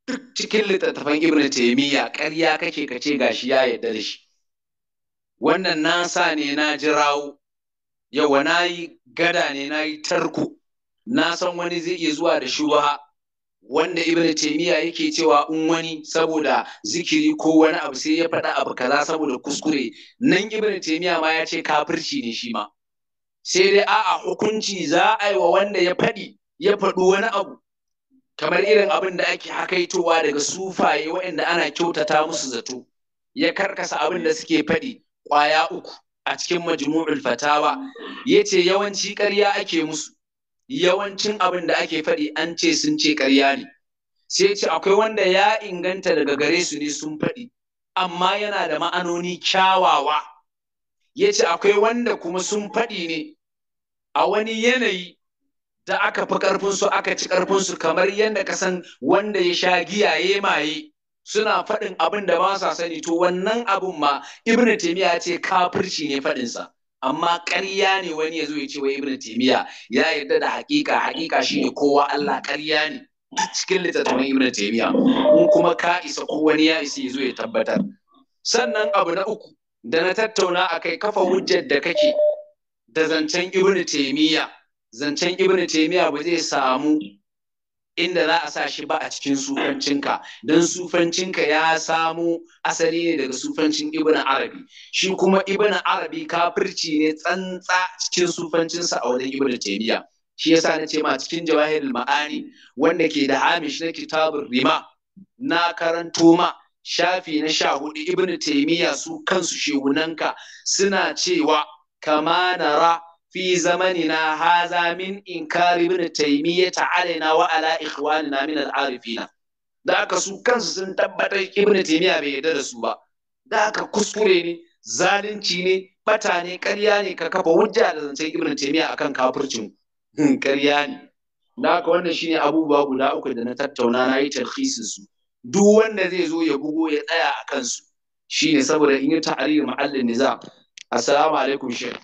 Speaker 1: duk cikin littattafan ibn taymiya ƙarya kake kace gashi ya yadda da shi wannan nasa ne na jirawo yawa na yi gada ne na yi tarko na san wani zai iya zuwa da shubaha wanda ibn taymiya yake cewa in wani saboda zikiri ko wani abu sai ya faɗa abu kaza saboda kuskure nan ibn taymiya ma ya ce kafirci ne shi ma sai dai a'a hukunci za a yi wa wanda ya faɗi ya faɗu wani abu kamar irin abin da ake hakaitowa daga sufaye waɗanda ana kyautata musu zato ya karkasa abin da suke faɗi Kwaya uku a cikin majmu'ul fatawa yace yawanci ƙarya ake musu yawancin abin da ake faɗi an ce sun ce ƙarya ne sai ce akwai wanda ya inganta daga gare su ne sun faɗi amma yana da ma'anoni kyawawa yace akwai wanda kuma sun faɗi ne a wani yanayi da aka fi ƙarfinsu aka ci ƙarfinsu kamar yadda ka san wanda ya sha giyaye maye suna faɗin abin da ba sa sani to wannan abin ma ibn taymiya ya ce kafirci ne faɗinsa amma ƙarya ne wani ya zo ya ce wa ibn taymiya ya yarda da haƙiƙa haƙiƙa shine kowa Allah ƙarya ne cikin littattafan ibn taymiya in kuma ka isa ko wani ya isa ya zo ya tabbatar sannan abu na uku da na tattauna a kai, kafa hujjar da kake da zancen ibn taymiya zancen ibn taymiya ba zai samu inda za a sa shi ba a cikin sufancinka don sufancinka ya samo asali ne daga sufancin ibn arabi shi kuma ibn arabi kafirci ne tsantsa cikin sufancinsa a wajen ibn taymiya shi yasa na ce ma cikin jawahirul ma'ani wanda ke da hamish na kitabun rima na karanto ma shafi na sha hudu ibn taymiya su kansu shegunanka suna cewa kama nara fi zamanina haza min inkar ibn taymiyyah alaina wa ala na min al-arifina da aka su kansu sun tabbatar ibn taymiyyah bai yarda da su ba da aka kuskure ne zalunci ne bata ne ƙarya ne ka kafa hujja da zancen ibn taymiyyah akan kafircin karya hmm, ne da wanda wannan shine abubuwa guda uku da na tattauna na yi tarhisin duk wanda zai zo ya bugo ya tsaya a kansu shine saboda in yi ta'arir ma'allin niza assalamu alaikum shekh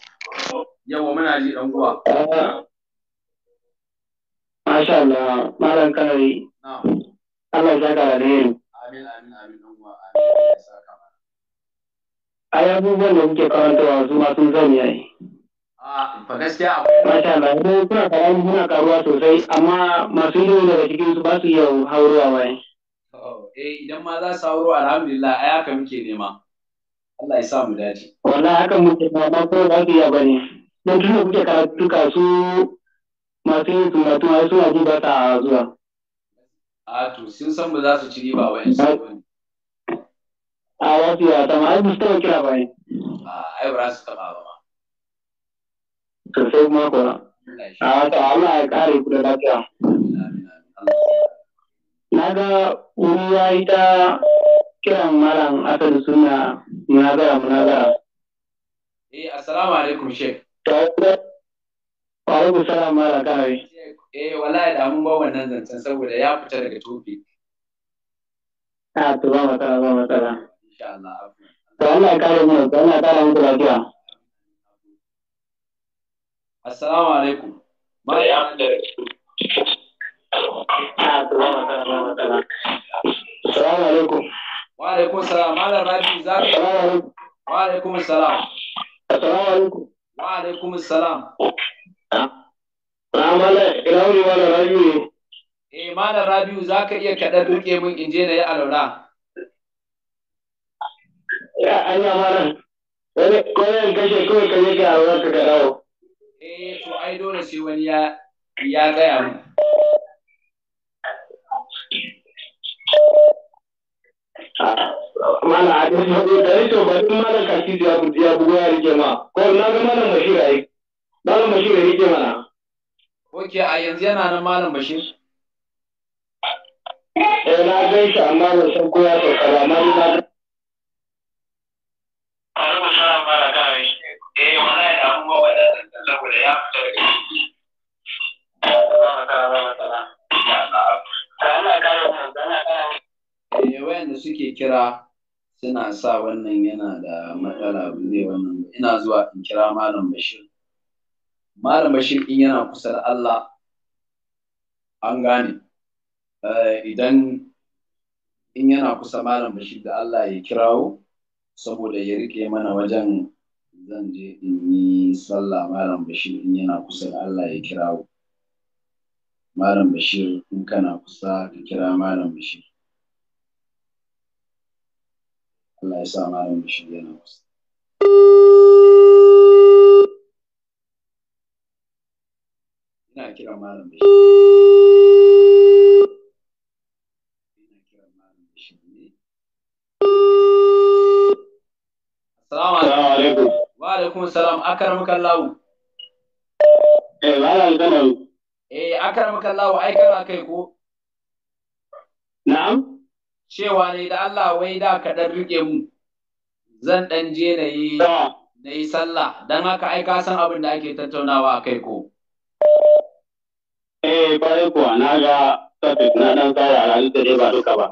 Speaker 1: yawa muna ji dan uwa
Speaker 2: Masha Allah, Malam Kari. Allah ya saka da yin. Amin, amin, amin, dan uwa, Ai abubuwan da muke karantawa su ma sun zan yayi. fa gaskiya Masha Allah, ko kuna karatu kuna karuwa sosai, amma masu ilimi daga cikin su ba su iya haurowa wai.
Speaker 1: Oh, eh, idan ma za su hauro alhamdulillah, ai haka muke nema. Allah ya sa mu dace.
Speaker 2: Wallahi haka muke nema ko ba su iya bane. don tun da kuke karatuka su masu
Speaker 1: yin sumbatu ma
Speaker 2: suna jin ba ta zuwa.
Speaker 1: A to sun san ba za su ci riba wa yansu ba A za su yi a sama ai ba su taɓa kira ba ne. A ai ba su taɓa ba ma. sai kuma kora.
Speaker 2: A to Allah ya kare ku da lafiya. Na ga wuri ya yi ta kiran malam asali suna munazara munazara.
Speaker 1: Eh, assalamu alaikum Sheikh. Alaikum salam mara kawai. Eh wallahi da mun ba wannan zancen saboda ya fita daga tofi. A ah, to ba matsala ba matsala. Insha Allah.
Speaker 2: To Allah ya kare mu, Allah ya kare mu lafiya.
Speaker 1: Assalamu alaikum. Maryam da ah, Assalamu alaikum. Wa alaikum salam. Malam Rabi za ka Wa alaikum salam. Assalamu alaikum. Wa alaikum salam. Amala, ina wuri mana Rabiu. Eh, mana Rabiu za ka iya kaɗa duke min in je na yi alaura. Ya Allah mana,
Speaker 2: wani kwanan kashe kawai ka je ka alaura ka dawo.
Speaker 1: Eh, to ai dole sai wani ya tsaya
Speaker 2: Mana a cikin haɗu da yake ba duk malam kashi ya buɗe ya ya rike ma. Ko na ga malam Bashir ai. Malam Bashir ya rike mana.
Speaker 1: Ok a yanzu yana nan malam Bashir. Eh na
Speaker 2: gan shi amma ban san ko ya sauka ba amma ni na ga. da ya
Speaker 1: eh wayanda suke kira suna sa wannan yana da matsala zai wannan ina zuwa in kira malam bashir malam bashir in yana kusa da Allah an gane eh, idan in yana kusa malam bashir da Allah ya kirawo saboda ya rike mana wajen zan je in yi sallah malam bashir in yana kusa da Allah ya kirawo malam bashir in kana kusa ka kira malam bashir Allah ya sa da shi yana musu
Speaker 3: ina kiran malamin shi ina kiran malamin
Speaker 1: shi ne assalamu alaikum wa alaikum salam akaramuka Allah eh malam kana eh akaramuka Allah ai kana kai ko na'am cewa ne da Allah wai da ka dan rike mu zan dan je na yi na yi sallah dan haka ai ka san abin da ake tattaunawa akai ko eh bai kuwa na ga topic na dan tsara ran da ba duka ba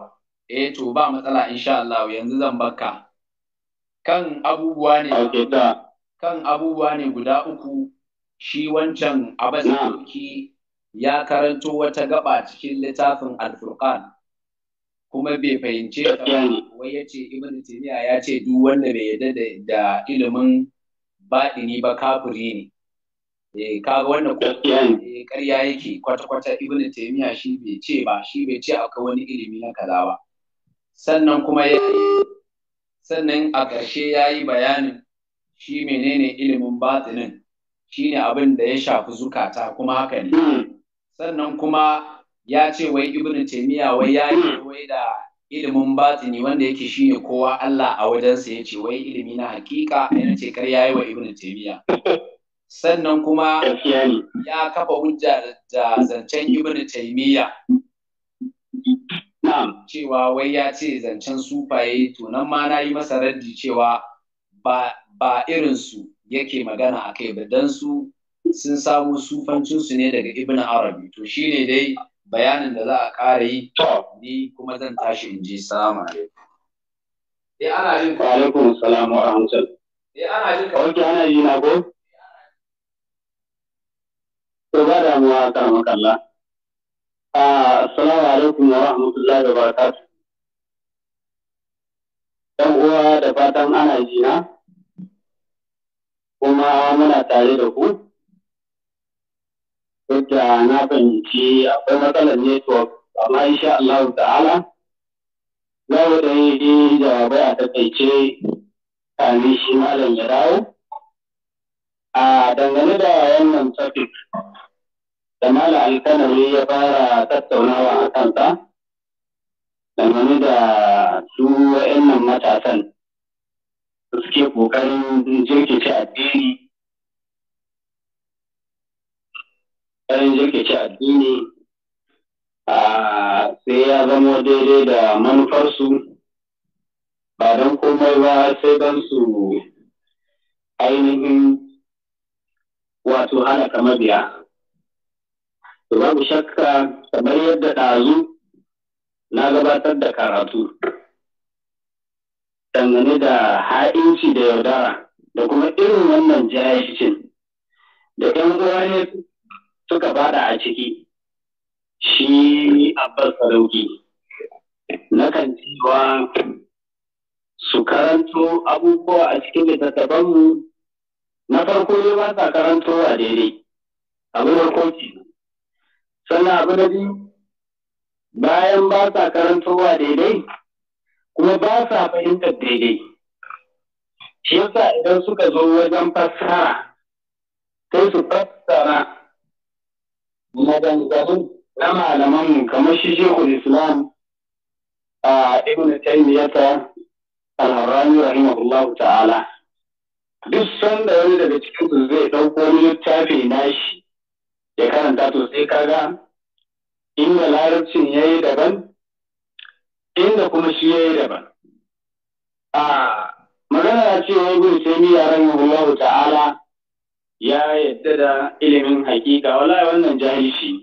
Speaker 1: eh to ba matsala insha Allah yanzu zan baka kan abubuwa ne kan abubuwa ne guda uku shi wancan abas ya karanto wata gaba cikin littafin al-Qur'an kuma bai fahimce ta ba wai ya ce ibn taymiya ya ce duk wanda bai yarda da ilimin baɗini ba kafiri ne eh kaga wannan ko eh, ƙarya yake kwata-kwata ibn taymiya shi bai ce ba shi bai ce akwai wani ilimi na kaza ba sannan kuma ya sannan a ƙarshe ya yi bayanin shi menene ilimin batinin shi ne abin da ya shafi zukata kuma haka ne hmm. sannan kuma ya ce wai Ibn taymiya wai ya yi hmm. wai da ilimin batini wanda yake shine kowa Allah a wajen ya ce wai ilimi na hakika yana ce kar yayi wa Ibn taymiya sannan kuma ya kafa hujja da zancen Ibn taymiya cewa wai ya ce zancen sufaye to nan ma na yi masa raddi cewa ba ba irin su yake magana a kai ba dan su sun samu sufancinsu ne daga Ibn arabi to shine dai bayanin da za a ƙara yi ni kuma zan tashi in ji salamu alaikum eh ana jin ka alaikum salamu wa rahmatul eh ana jin ka okay ana yi na
Speaker 2: ko to ba da mu aka makalla ah assalamu alaikum wa rahmatullahi wa barakatuh dan uwa da fatan ana jina kuma muna tare da ku yadda na fahimci akwai matsalar network amma insha Allah ta'ala za mu da yi jawabai a takaice kamin shi malam ya dawo a dangane da wannan topic da malam alkanari ya fara tattaunawa a kansa dangane da su wa'annan matasan suke ƙoƙarin jirkice addini ƙarin jirkice addini a sai ya zama daidai da manufarsu ba don komai ba sai don su ainihin wato halaka mabiya. To babu shakka kamar yadda ɗazu na gabatar da karatu dangane da ha'inci da yaudara da kuma irin wannan jayashicin da ‘yan uwa ne suka bada a ciki shi abbas sarauki nakan cewa su karanto abubuwa a cikin littattafanmu na farko ne ba sa karanto a daidai abu farko ce sannan abu na biyu bayan ba sa karantowa daidai kuma ba sa fahimtar daidai shi yasa idan suka zo wajen fassara sai su fassara maganganu na malamanmu kamar shi shekul islam a ibn taymiyata al-harrani rahimahullahu ta'ala duk sanda wani daga cikin su zai dauko wani littafi nashi ya karanta to sai kaga inda larabcin ya yi daban inda kuma shi ya yi daban a magana ce cewa ibn taymiyya rahimahullahu ta'ala ya yadda da ilimin hakika wallahi wannan jahilci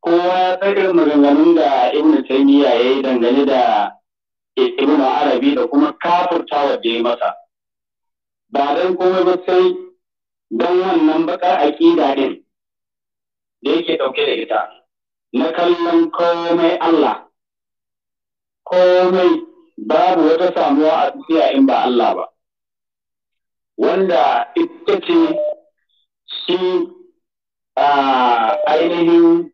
Speaker 2: kowa ya tsakar maganganun da ibn taymiya ya yi dangane da ibn arabi da kuma kafurtawa da ya masa ba dan komai ba sai dan wannan bakar aqida din da yake dauke da ita na kallon komai Allah komai babu wata samuwa a duniya in ba Allah ba wanda ita ce shi ainihin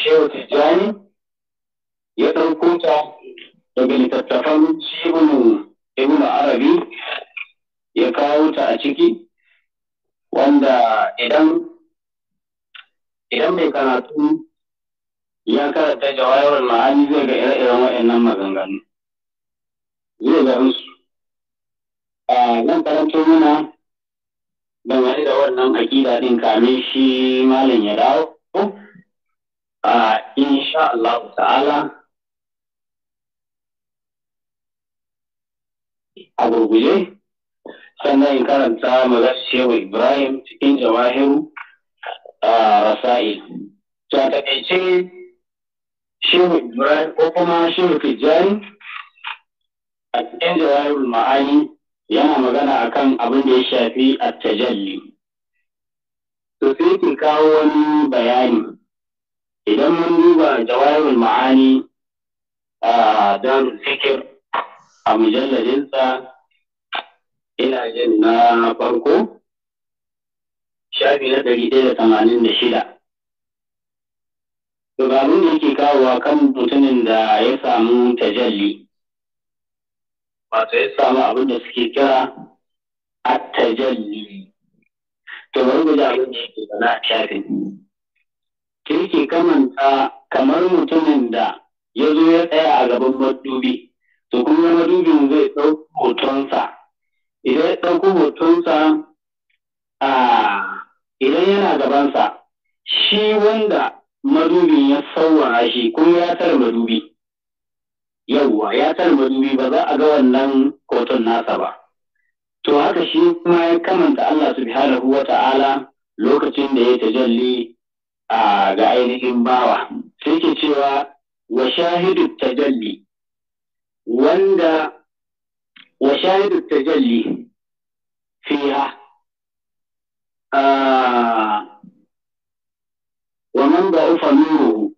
Speaker 2: shehu tijjani ya ɗauko ta daga littattafan shi ibn arabi ya kawo ta a ciki wanda idan idan mai karatu ya karanta jawayar ma'ani zai ga ire-iren waɗannan maganganu zai ga su a nan karanta muna dangane da wannan aƙida din kame shi malam ya dawo a insha Allah ta'ala a gurguje sannan in karanta magar shehu ibrahim cikin jawahiru a rasa'il ta taƙaice shehu ibrahim ko kuma shehu tijjani a cikin jawahiru ma'ani yana magana akan abin da ya shafi a tajalli to sai kin kawo wani bayani idan mun duba jawabin ma'ani a darul fikir a mujalladinsa ina jin na farko shafi na ɗari ɗaya da tamanin da shida to ga abin da yake kawowa kan mutumin da ya samu tajalli wato ya samu abin da suke kira at-tajalli to bari mu ji abin da yake zana a shafin kirki kamanta kamar mutumin da ya zo ya tsaya a gaban madubi to kuma madubin zai ɗauki hotonsa idan ya ɗauki hotonsa a idan yana gabansa shi wanda madubin ya sauwara shi kuma ya tare madubi yauwa ya tara madubi ba za a ga wannan hoton nasa ba to haka shi kuma ya kamanta Allah Su subhanahu wa ta'ala lokacin da ya tajalli a ga ainihin bawa sai ke cewa wa shahidu tajalli wanda wa shahidu tajalli fiha wa man da'ufa nuruhu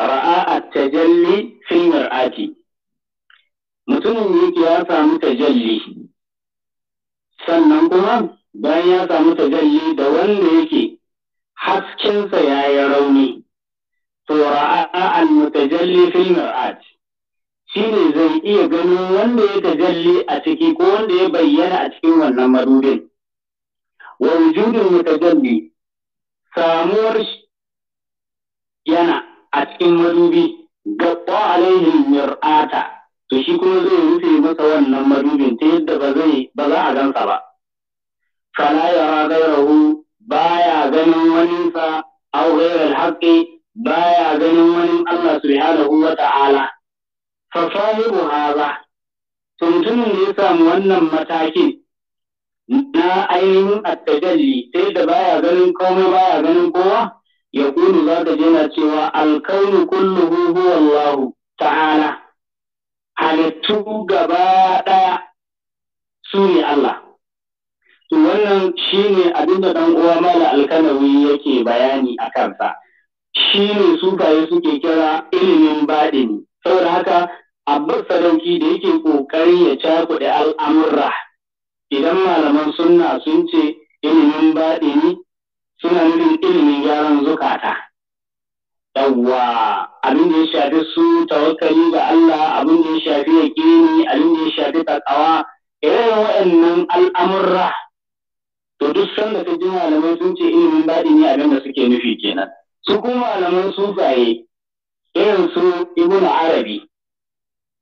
Speaker 2: ra'a tajalli fil mar'ati mutumin yake ya samu tajalli sannan kuma bayan ya samu tajalli da wanda yake haskensa ya yi rauni to ra'a al mutajalli fil mar'at shi ne zai iya ganin wanda ya tajalli a ciki ko wanda ya bayyana a cikin wannan madubin wa wujudin mutajalli samuwar yana a cikin madubi gaba alaihi mir'ata to shi kuma zai rufe masa wannan madubin ta yadda ba zai ba za a gansa ba fala yara gairahu baya ganin sa aw ghairal haqqi baya ganin wani Allah subhanahu wa ta'ala fa sahibu hadha Tuntunin da ya samu wannan matakin na ainihin attajalli sai da baya ganin komai baya ganin kowa ya kulu za ka jina cewa alkawai kulluhu huwa Allahu ta'ala halittu gaba ɗaya su ne Allah. To wannan shi ne abin da ɗan uwa mala alkanawi yake bayani a kansa. Shi ne sukaye suke kira ilimin baɗi baɗini. Saboda haka abin Sadauki da yake ƙoƙari ya cakuɗe al'amurra. Idan malaman sunna sun ce ilimin baɗini suna nufin ilimin gyaran zukata yawwa abin da ya shafi su tawakkali ga Allah abin da ya shafi yaƙini abin da ya shafi takawa irin waɗannan al'amurra to duk sanda da ji malaman sun ce ilimin daɗi ne abin da suke nufi kenan su kuma malaman sufaye irin su ibn arabi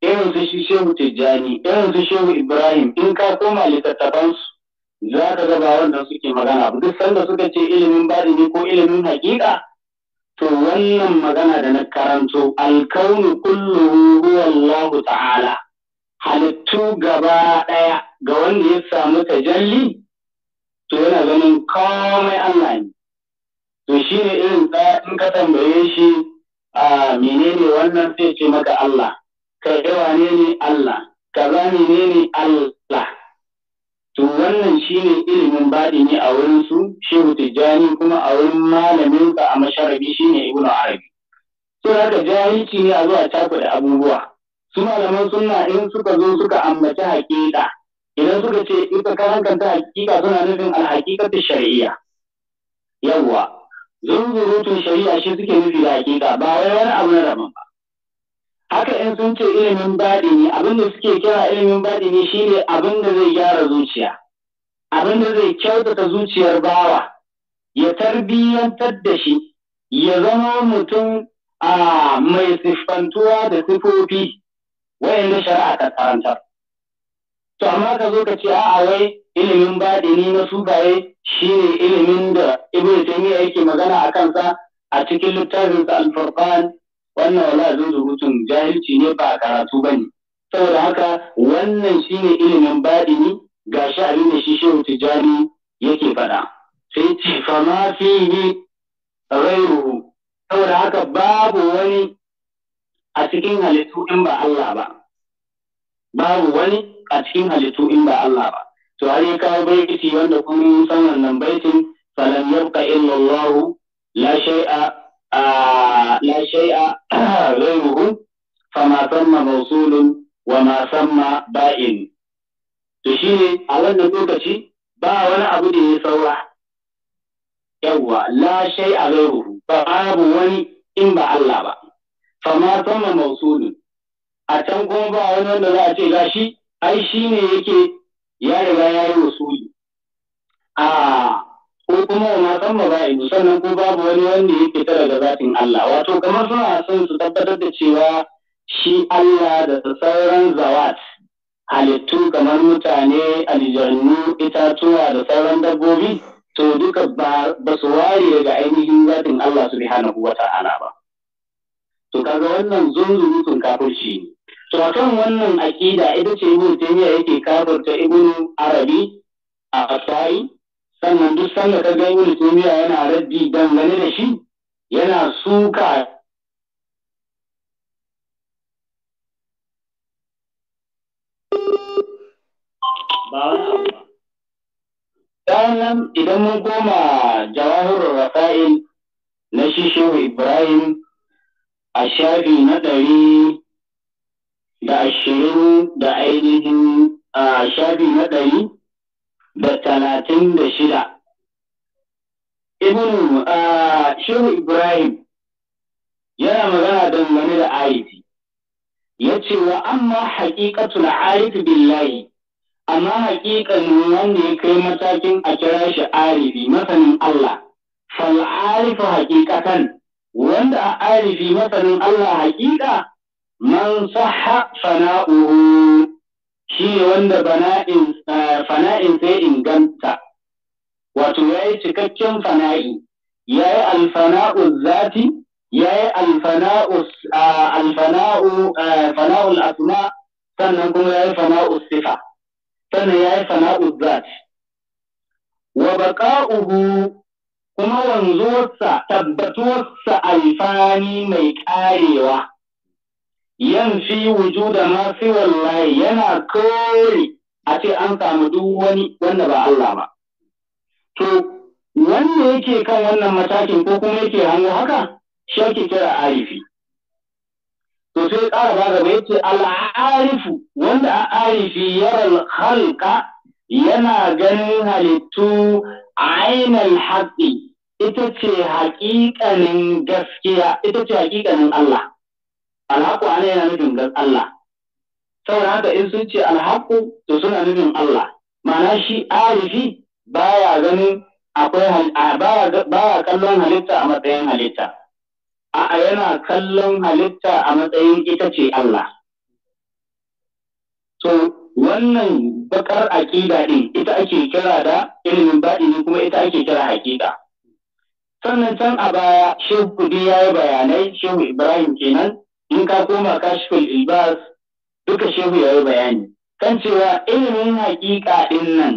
Speaker 2: irin su shehu tijjani irin su shehu ibrahim in ka koma littattafansu za ka ga ba wanda suke magana ba duk sanda suka ce ilimin ne ko ilimin haƙiƙa to wannan magana da na karanto alkaunu kulluhu huwa Allah ta'ala halittu gaba ɗaya ga wanda ya samu tajalli to yana ganin komai Allah ne to shi ne irin ɗaya in ka tambaye shi a menene wannan sai ce maka Allah kai wane ne Allah kaza menene Allah to wannan shine ilimin baɗini a wurin su shehu tijjani kuma a wurin malamin ka a masharabi shine ibnu arabi to haka jahilci ne a zuwa cakuɗa abubuwa su malaman sunna in suka zo suka ambaci haƙiƙa idan suka ce in ka karanta haƙiƙa suna nufin alhaƙiƙatu shari'a yawwa zunzurutun shari'a shi suke nufi da haƙiƙa ba wai wani abu na daban ba haka in sun ce ilimin baɗini abinda suke kira ilimin baɗini shine abinda zai gyara zuciya abinda zai kyautata zuciyar bawa ya tarbiyyantar da shi ya zama mutum a mai siffantuwa da sifofi wayanda shari'a ta karantar to amma ka zo ka ce a'a wai ilimin baɗini na shi shine ilimin da ibnu taymiya yake magana a kansa a cikin littafinsa al-furqan wannan wala rubutun jahilci ne ba karatu ba ne saboda haka wannan shine ilimin ne, ga shi abin da shi shehu tijjani yake faɗa sai ce fama fihi ghairuhu saboda haka babu wani a cikin halittu in ba Allah ba babu wani a cikin halittu in ba Allah ba to har kawo baiti wanda kun san wannan baitin falan yabqa illa Allah la shay'a لا شيء غيره فما ثم موصول وما ثم بائن to shine a wannan lokaci ba wani abu da ya saura yawwa la shay a gairuhu babu wani in ba Allah ba fa ma sama mausulun a can kuma ba wani wanda za a ce ga shi ai shine yake ya riga ya yi wasuli a ko kuma wa matan maza'ibu sannan ko babu wani wanda ya tara da zatin Allah wato kamar suna son su tabbatar da cewa shi Allah da sauran zawat halittu kamar mutane aljannu itatuwa da sauran dabbobi to duka ba su ware daga ainihin zatin Allah Su subhanahu wa ta'ala ba to kaga wannan zunzurutun kafirci ne to akan wannan aƙida ita ce ibn taymiya yake kafirta ibnu arabi a asai sannan duk sanda ka ga ibnu taymiya yana raddi dangane da shi yana suka sannan idan mun koma jawahirul rasail na shishewa ibrahim a shafi na ɗari da ashirin da ainihin a shafi na ɗari da talatin da shida. Ibn Shehu Ibrahim yana magana dangane da arifi. Ya ce wa amma haƙiƙatul arifi billahi, amma haƙiƙanin wanda ya kai matakin a kira shi arifi masanin Allah, fal arifu haƙiƙatan wanda a arifi masanin Allah haƙiƙa man saha sana'uhu shi ne wanda eh, fana'in sai inganta wato ya yi cikakken fana'i ya yi alfana'u zati ya yi alfana'u eh, asma sannan kuma ya yi fana'u sifa sannan ya yi fana'u zati wa baƙa'uhu kuma wanzuwarsa tabbatuwarsa alfani mai ƙarewa yanfi wujuda ma fi wallahi yana kore a ce an samu duk wani wanda ba Allah ba to wanda yake kan wannan matakin ko kuma yake hango haka shi ake kira arifi to sai ƙara ba gaba yace al'arifu wanda a arifi yawan halka yana ganin halittu a ainihin haƙi ita ce haƙiƙanin gaskiya ita ce haƙiƙanin Allah alhaku ana yana nufin Allah saboda haka in sun ce alhaku to suna nufin Allah ma'ana shi arifi baya ganin akwai baya kallon halitta a matsayin halitta a'a yana kallon halitta a matsayin ita ce Allah to wannan bakar aƙida ɗin ita ake kira da ilimin ne kuma ita ake kira haƙiƙa sannan can a baya shehu kudi ya yi bayanai shehu ibrahim kenan in ka koma kashful ilbas duka shehu ya yi bayani kan cewa ilimin haƙiƙa ɗin nan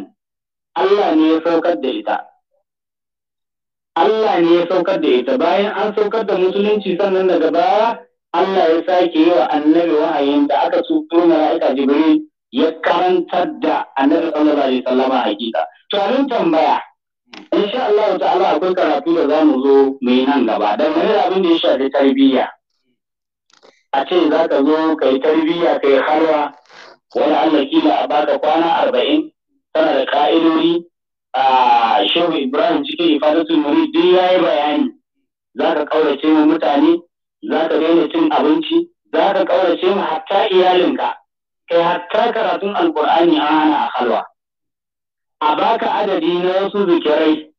Speaker 2: Allah ne ya saukar da ita Allah ne ya saukar da ita bayan an saukar da musulunci sannan daga baya Allah ya sake yi wa annabi wahayin da aka turo mala'ika Jibril ya karantar da annabi sallallahu alaihi wasallam hakika to abin tambaya insha Allah ta'ala akwai karatu da za mu zo mu nan gaba don wani abin da ya shafi tarbiyya a ce za ka zo ka yi tarbiyya ka yi harwa wani Allah kila a baka kwana arba'in tana da ka'idori a shehu ibrahim cikin ifadatu murid duk ya yi bayani za ka kaurace mu mutane za ka daina cin abinci za ka kaurace mu hatta iyalinka kai hatta karatun alkur'ani a hana halwa a baka adadi na wasu zikirai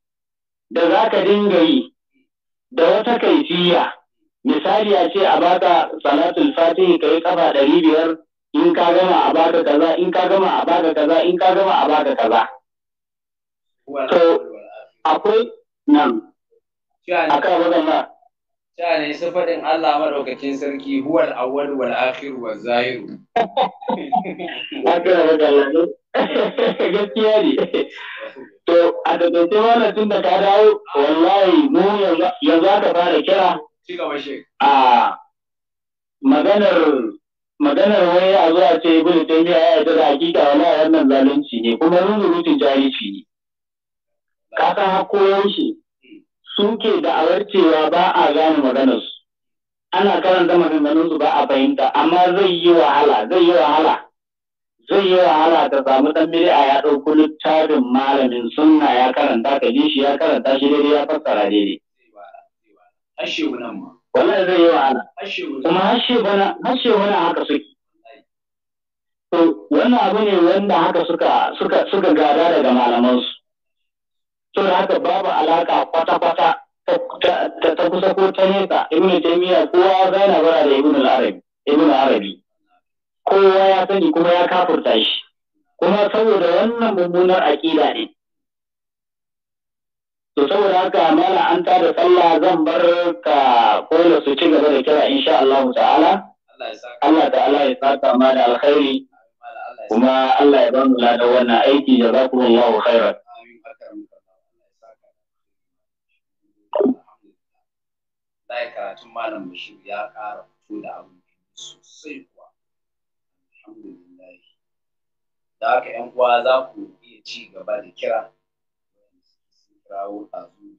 Speaker 2: da za ka dinga yi da wata kaifiya misali a ce a baka salatul fatihi kai kafa ɗari biyar in ka gama a baka kaza in ka gama a baka kaza in ka gama a baka kaza
Speaker 1: to akwai nan akan waɗanda ta ne su faɗin Allah maɗaukakin sarki huwal awwal wal akhir wal zahiru gaskiya ne
Speaker 2: to a daga sai tun da ka dawo wallahi mu yanzu aka fara kira a maganar maganar wai a zuwa ce ibn taymiya ya yarda da hakika wani a wannan zalunci ne kuma rurutun jarifi ne ka san koyaushe suke da'awar cewa ba a gane maganarsu. ana karanta maganganun ba a fahimta amma zai yi wahala zai yi wahala zai yi wahala ta samu dan bid'a ya ɗauko littafin malamin sunna ya karanta ka ji shi ya karanta shi daidai ya fassara daidai Ashe nan ma. Wallahi zai yi wahala. Kuma hashe bana hashe wani haka suke. To wannan abu ne wanda haka suka suka suka gada daga malamansu. To da haka babu alaka kwata-kwata ta kusa ko ta nesa Ibn taymiya kowa ya na bara da Ibn arabi ibnu arabi kowa ya sani kuma ya kafurta shi kuma saboda wannan mummunar aƙida ne to saboda haka mala an tada sallah zan bar ka kola su ci gaba da kira insha Allah ta'ala Allah ta'ala ya saka ma da alkhairi kuma Allah ya ba mu ladan wannan aiki da jazakumullahu khairan
Speaker 1: Lai karatun Malam Bashir ya ƙara fito da abu sosai kuwa. Alhamdulillah. Da haka ‘yan uwa za ku iya ci gaba da kira. kirawo ɗazu ne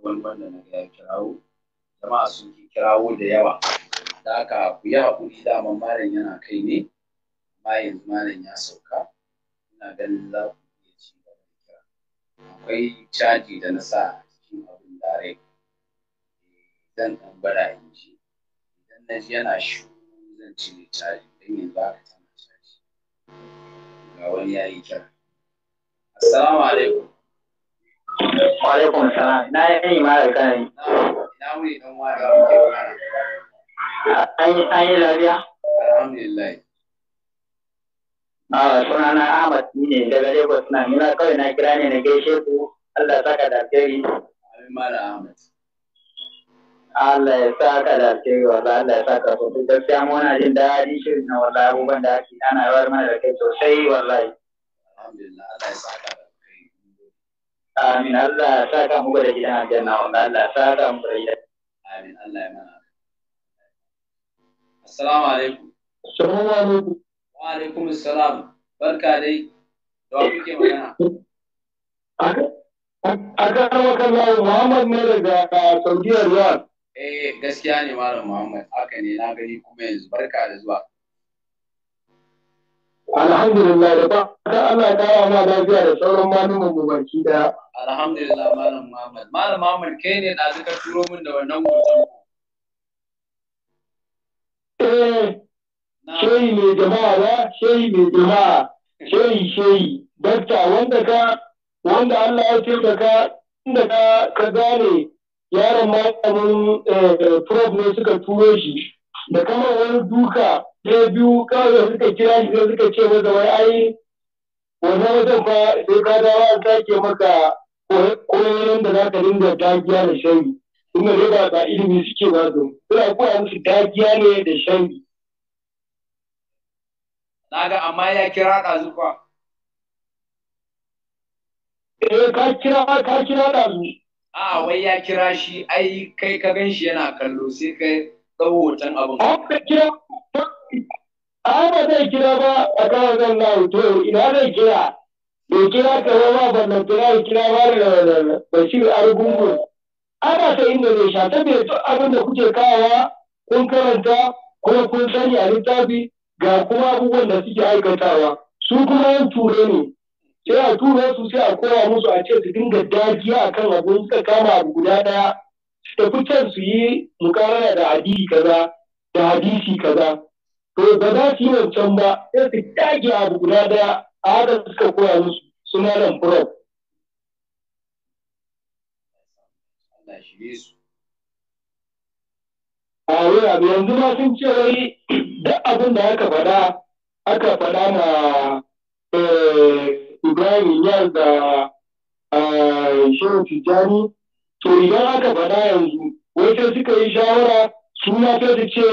Speaker 1: wannan akwai wani wanda na ga ya kirawo jama'a sun ki kirawo da yawa da haka ku yi haƙuri daman malam yana kai ne amma yanzu malam ya sauka ina ganin za ku iya ci gaba da kira akwai caji da na sa cikin abin dare eh, zan ɗan bada in ji idan na ji yana shu zan cire caji don yanzu aka tana caji ga wani ya yi kira assalamu alaikum Alaikum salam.
Speaker 2: Na yi An yi lafiya? Ah, Ahmad ne Ni kawai na kira ne na Allah saka da alheri. Allah ya saka da alheri wallahi Allah ya saka sosai gaskiya muna jin daɗin shirin na wallahi abubuwan da ake ana yawar mana da kai sosai wallahi. Alhamdulillah Allah ya Amin Allah ya ka mu da gidan aljanna wanda Allah ya ka mu da gidan. Amin Allah ya mana.
Speaker 1: Assalamu alaikum.
Speaker 2: Assalamu alaikum.
Speaker 1: Wa alaikum assalam. Barka dai. Da wa kuke magana?
Speaker 2: A kan wakan Muhammad ne daga Saudi Arabia.
Speaker 1: Eh gaskiya ne Malam Muhammad haka ne na gani kuma yanzu barka da zuwa.
Speaker 2: Alhamdulillah da fata Allah ya kawo ma lafiya da sauran malamin mu baki da.
Speaker 1: Alhamdulillah malam Muhammad. Malam Muhammad kai ne da suka turo min da wannan hoton.
Speaker 2: Eh, shehi mai jama'a ba, shehi mai jama'a, shehi shehi, dakta wanda ka wanda Allah ya taimaka inda ka ka gane yaron malamin eh, prof ne suka turo shi. da kama wani duka ɗaya biyu kawai suka kira shi sai suka ce masa wai ai wannan wajen fa sai ka dawo an sake maka koyon da za ka dinga dagiya da shari inda dai ba ba ilimi suke ba su suna koya musu dagiya ne da shari.
Speaker 1: Na ga amma ya kira ɗazu fa. Eh ka kira ka kira ɗazu. A wai ya kira shi ai kai ka gan shi yana kallo sai kai tsawotan abin. kira ba
Speaker 2: zai kira ba a kawai zan na to ina zai kira. Bai kira ka ba ba na kira kira ba da Bashir Argungun. Ana ta inda zai sha ta bai abin da kuke kawowa kun karanta ko kun sani a littafi ga kuma abubuwan da suke aikatawa. Su kuma yin ture ne. Sai a tura su sai a koya musu a ce su dinga dagiya akan abu suka kama abu guda ɗaya. ta fitar su yi mukarana da hadisi kaza da hadisi kaza to ba za su yi wancan ba sai su dage abu guda daya a haka suka koya musu suna nan prof a wura yanzu ma sun ce wai da abin da aka faɗa aka faɗa na eh, Ibrahim Yaz da eh, Shehu Tijjani to idan aka faɗa yanzu wai sai suka yi shawara su ma sai su ce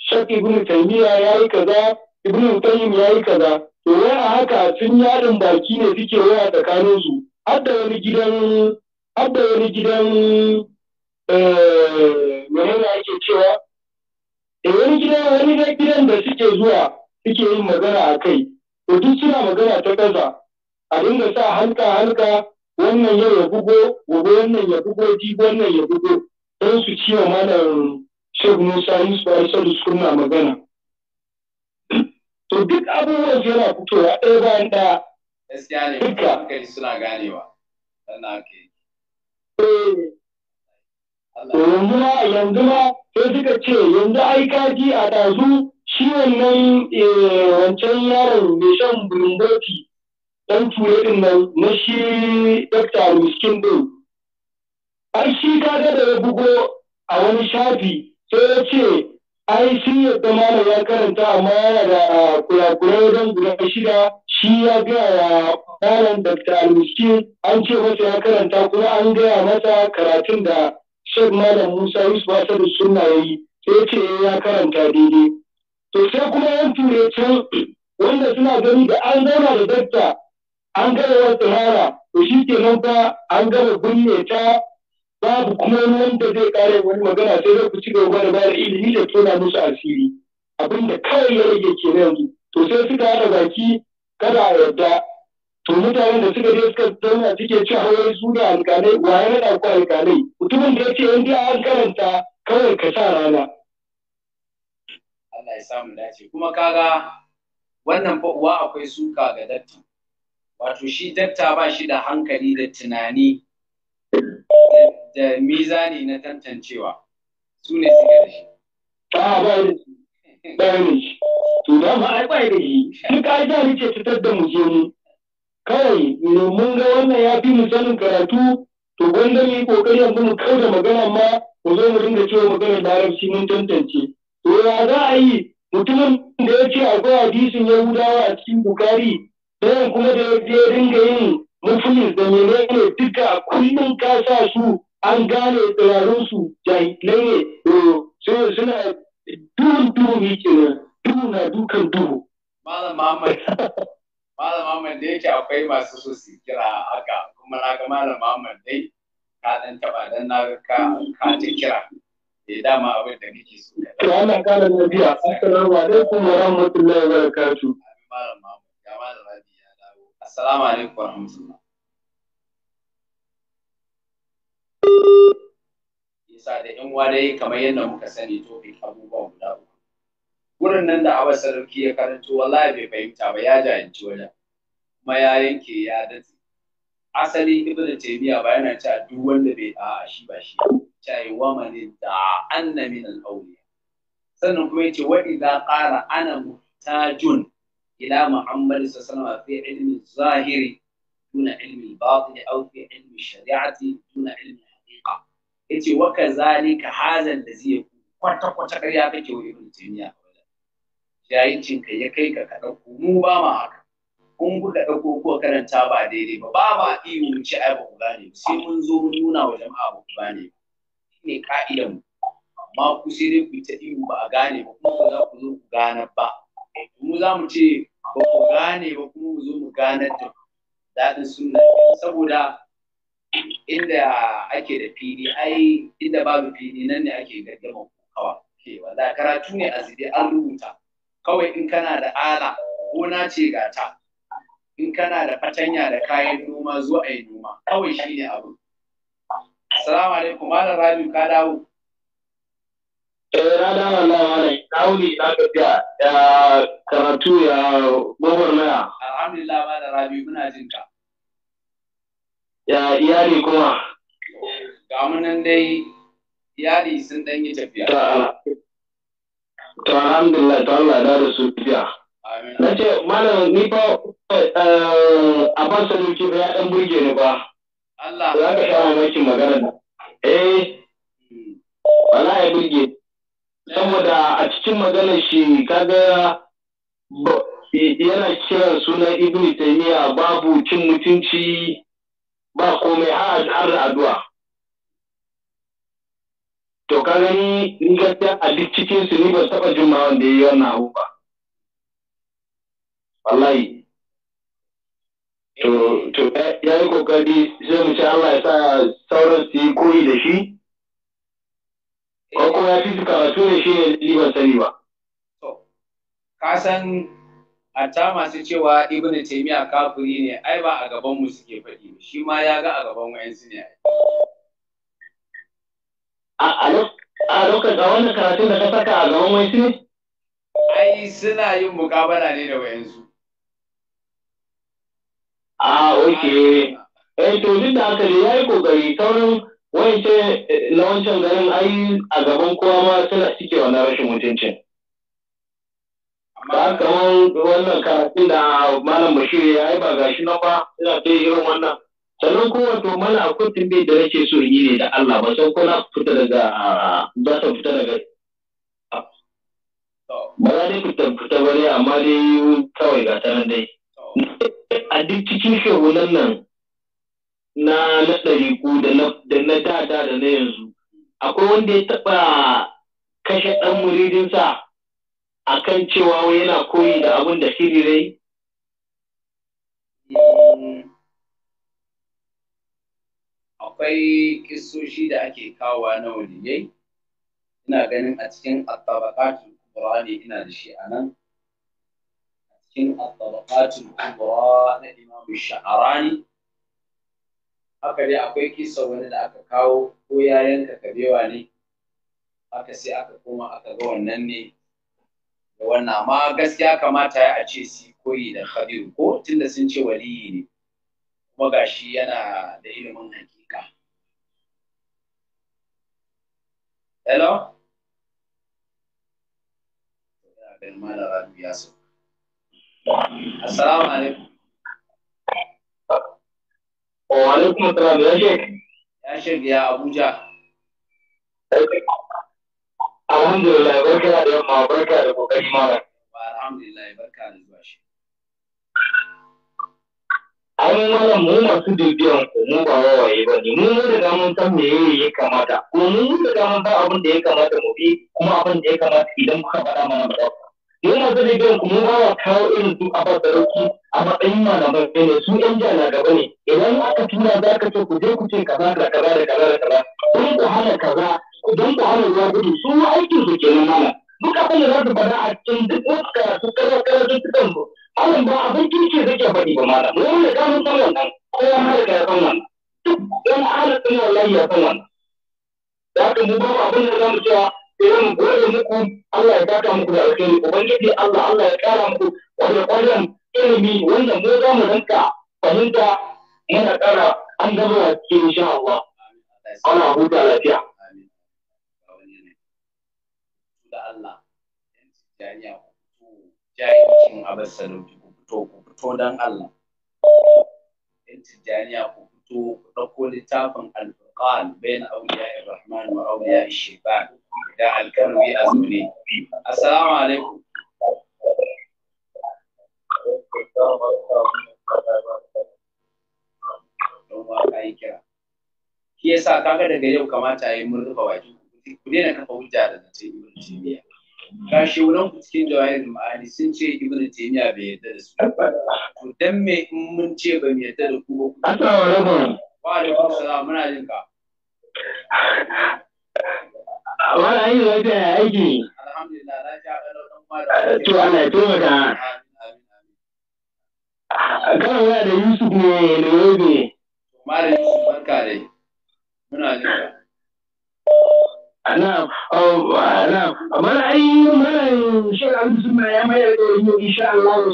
Speaker 2: shak ibn taymiya yayi kaza ibn qayyim yayi kaza to wai a haka sun yaɗin baki ne suke waya tsakanin su har da wani gidan hadda wani gidan eh, menene ake cewa eh wani gidan wani gidan da suke zuwa suke yin magana a kai to duk suna magana ta ƙasa a dinga sa halka halka wannan yau ya bugo gobe wannan ya bugo jibi wannan ya bugo don su ci wa malam shehu Musa Yusuf su suna magana to duk abubuwan yana fitowa ɗaya bayan ɗaya
Speaker 1: gaskiya ne duka suna ganewa sannan ake eh. To yanzu ma
Speaker 2: yanzu ma sai suka ce yanzu ai kaji a ɗazu shi wannan eh, wancan yaron mai shan bulumboti ɗan ture ɗin nan na shi dakta miskin ɗin. Ai shi kaga da ya bugo a wani shafi sai ya ce ai sun yadda malam ya karanta amma yana da kurakurai wajen guda shida shi ya gaya malam dakta miskin an ce masa ya karanta kuma an gaya masa karatun da shek malam musa yusuf asadu suna ya yi sai ya ce eh, ya karanta daidai to sai kuma yan ture can wanda suna gani da an zauna da dakta an gama wata rara to shi ke nan fa an gama binne ta babu kuma wanda zai kare wani magana sai zai ku ci gaba da bayar ilimi da tona musu asiri abinda kawai ya rage ke yanzu to sai suka haɗa baki kada a yarda to mutanen da suka je suka zauna suke ci hawa su da alƙalai waye na ɗauko alƙalai mutumin da ya ce in an karanta kawai ka sa rana.
Speaker 1: Allah ya samu dace kuma kaga wannan fa uwa akwai suka ga datti wato shi datta ba shi da hankali da tunani da mizani na tantancewa su ne suke da shi ba ba ba ne to da ma
Speaker 2: ai ba da shi duk ai da ni ce cutar da mu je mu kawai mun ga wannan ya fi mu sanin karatu to gwanda mu yi kokari yanzu mu kauda magana ma mu zo mu dinga cewa maganar larabci mun tantance to ya za a yi mutumin da ya ce akwai hadisin yahudawa a cikin bukari don kuma da ya dinga yin mutumin da menene duka kullum ka sa su an gane tsirarin su jahilai ne suna duhun duhu ne nan duhu na dukan duhu
Speaker 1: malam Muhammad malam Muhammad da yake akwai masu so su kira haka kuma na ga malam Muhammad dai ka dan taba dan na ka ka ta kira Ya eh, dama abin da kake so
Speaker 2: Ya Allah ka assalamu alaikum wa rahmatullahi wa barakatuh
Speaker 1: malam Muhammad ya malam Assalamu alaikum wa rahmatullah. da ‘yan uwa kamar yadda muka sani topic abubuwa guda uku. Wurin nan da Abbas Sarki ya karanto wallahi bai fahimta ba ya jahilci wajen. Kuma ya yanke ya datse. Asali Ibn Taymiyyah ba yana cewa duk wanda bai a shi ba shi. Cewa wa man da anna min al-awliya. Sannan kuma yace wa idza qala ana muhtajun إلى محمد صلى الله عليه وسلم في علم الظاهر دون علم الباطن أو في علم الشريعة دون علم الحقيقة إتي وكذلك هذا الذي يكون kwata kwata ƙarya kake wa ibn taymiya jayincin ka ya kai ka ka dauko mu ba ma haka kun ku da dauko karanta ba daidai ba ba ma iyo mu ci ai ku gane sai mun zo mun nuna wa jama'a ba ku gane ne dai ku ta iyo ba a gane ba kuma ba za ku ba za ce ba ku gane ba kuma mu zo mu ganar da daɗin suna. saboda inda ake da fili ai inda babu fili nan ne ake gaggama kawa kewa da karatu ne a zide an rubuta kawai in kana da ala ko na ce gata in kana da fatanya da kayan noma zo a yi noma kawai shi ne abu assalamu alaikum malam rabi ka dawo
Speaker 2: Eh, na da wallahi wani na wuni
Speaker 1: na tafiya ya karatu ya gobar maya. Alhamdulillah ma da rabi muna jin ka.
Speaker 3: Ya iyali kuma.
Speaker 1: Ga mu dai iyali sun dan yi tafiya. To alhamdulillah to Allah da da
Speaker 2: su tafiya. Na ce malam ni fa eh, a ban sanuki ya dan burge ni ba.
Speaker 1: Allah. Za ka sha mamakin magana.
Speaker 2: Eh. Hmm. Wallahi burge saboda a cikin maganar shi kaga yana kiran sunan ibn taymiya babu cin mutunci ba komai har da addu'a to ka gani in gaskiya a duk cikin su ni ban taba jin ma wanda yayi wannan abu ba wallahi to to eh, yi kokari sai mu ci Allah ya sa sauran su yi koyi da shi
Speaker 1: ko ya fi suka karatu ne shi ne liban ban sani ba to ka san a ta masu cewa ibn taymiya kafiri ne ai ba a gaban mu suke faɗi shi ma ya ga a gaban wayansu ne a a lokacin a wannan karatun da ka saka a gaban wayansu ne ai suna yin mukabala ne da wayansu
Speaker 2: a ah, oke eh to duk da haka ne yi sauran wance eh, na wancan garin ai a gaban kowa ma suna suke wannan rashin mutuncin ba kamar wannan karatun da malam bashir ya yi ba gashi nan ba ina ta irin wannan sannan kuma to mana akwai tambayar da nake so yi ne da Allah ba san na fita daga za ta fita daga ba za dai fita fita ba amma dai kawai ga ta nan dai a duk cikin shehunan nan na na ɗariƙu da na da na da na yanzu akwai wanda ya taɓa kashe ɗan muridinsa a kan cewa yana koyi da abin da rai.
Speaker 1: Akwai kisoshi da ake kawa na waliyai, ina ganin a cikin attabakatul kubra ne ina da shi a nan, a cikin attabakatul kubra na imamu sha'arani. haka dai akwai kisa wani da aka kawo ko ya yanka kabewa ne aka sai aka koma aka ga wannan ne da wannan amma gaskiya kamata ya a ce si koyi da khabiru ko tunda sun ce waliyi ne kuma gashi yana da ilimin hakika hello Assalamu alaikum. Wa alaikum salam ya shek. Ya shek ya Abuja. Alhamdulillah barka da yamma barka da kokari malam. Alhamdulillah barka da zuwa shi.
Speaker 2: Ai malam mu masu bibiyan ku mu ba wawaye ba ne mu riga mun san me ya kamata ko mu riga mun ba abin da ya kamata mu bi kuma abin da ya kamata idan muka faɗa mana ba yana zane gina kuma ba wa kawo irin su a basarauki a matsayin malamai ne su yan jana gaba ne idan aka tuna za ka ce ku je ku ce kaza da kaza da kaza da kaza don ku hana kaza don ku hana ruwa gudu su ma aikin su kenan mana duk abin da za su bada a cikin duk wasu karatu kaza kaza su kan su alam ba abin kirki ke faɗi ba mana. mu wanda ka mun san wannan ya har ka ya san wannan duk wani ahalin sun wallahi ya san wannan da ka mu ba abin da za mu cewa sai mu gode muku Allah ya kata muku da alkhairi ubangiji Allah Allah ya kara muku wannan ƙwarin ilimi wanda mu za mu rinka fahimta muna ƙara
Speaker 1: an gaba cikin insha Allah ana huta lafiya da Allah jami'a ku fito jami'in abin salauki ku fito ku fito don Allah yan tijjaniya ku fito ku ɗauko littafin alfurqan bayan auliya rahman wa auliya shaitan da alkalmi a zaune. Assalamu alaikum. Shi yasa kaga daga yau kamata yi mun rufe baki. Ku daina kafa hujja da zance Ibn Taymiyyah. Ga shi wurin ku cikin jawahir ma'ani sun ce Ibn Taymiyyah bai yarda da su. To dan me in mun ce ba mu yarda da ku ba ku. Assalamu alaikum. Wa alaikum salam muna jin ka. wani yi lafiya ya aiki
Speaker 3: to ana taimaka
Speaker 2: kana waya da yusuf ne da yobe
Speaker 1: mara barka dai muna jira Na'am, na'am,
Speaker 2: mana ai mana shan abin sun ya mayar da yau insha Allah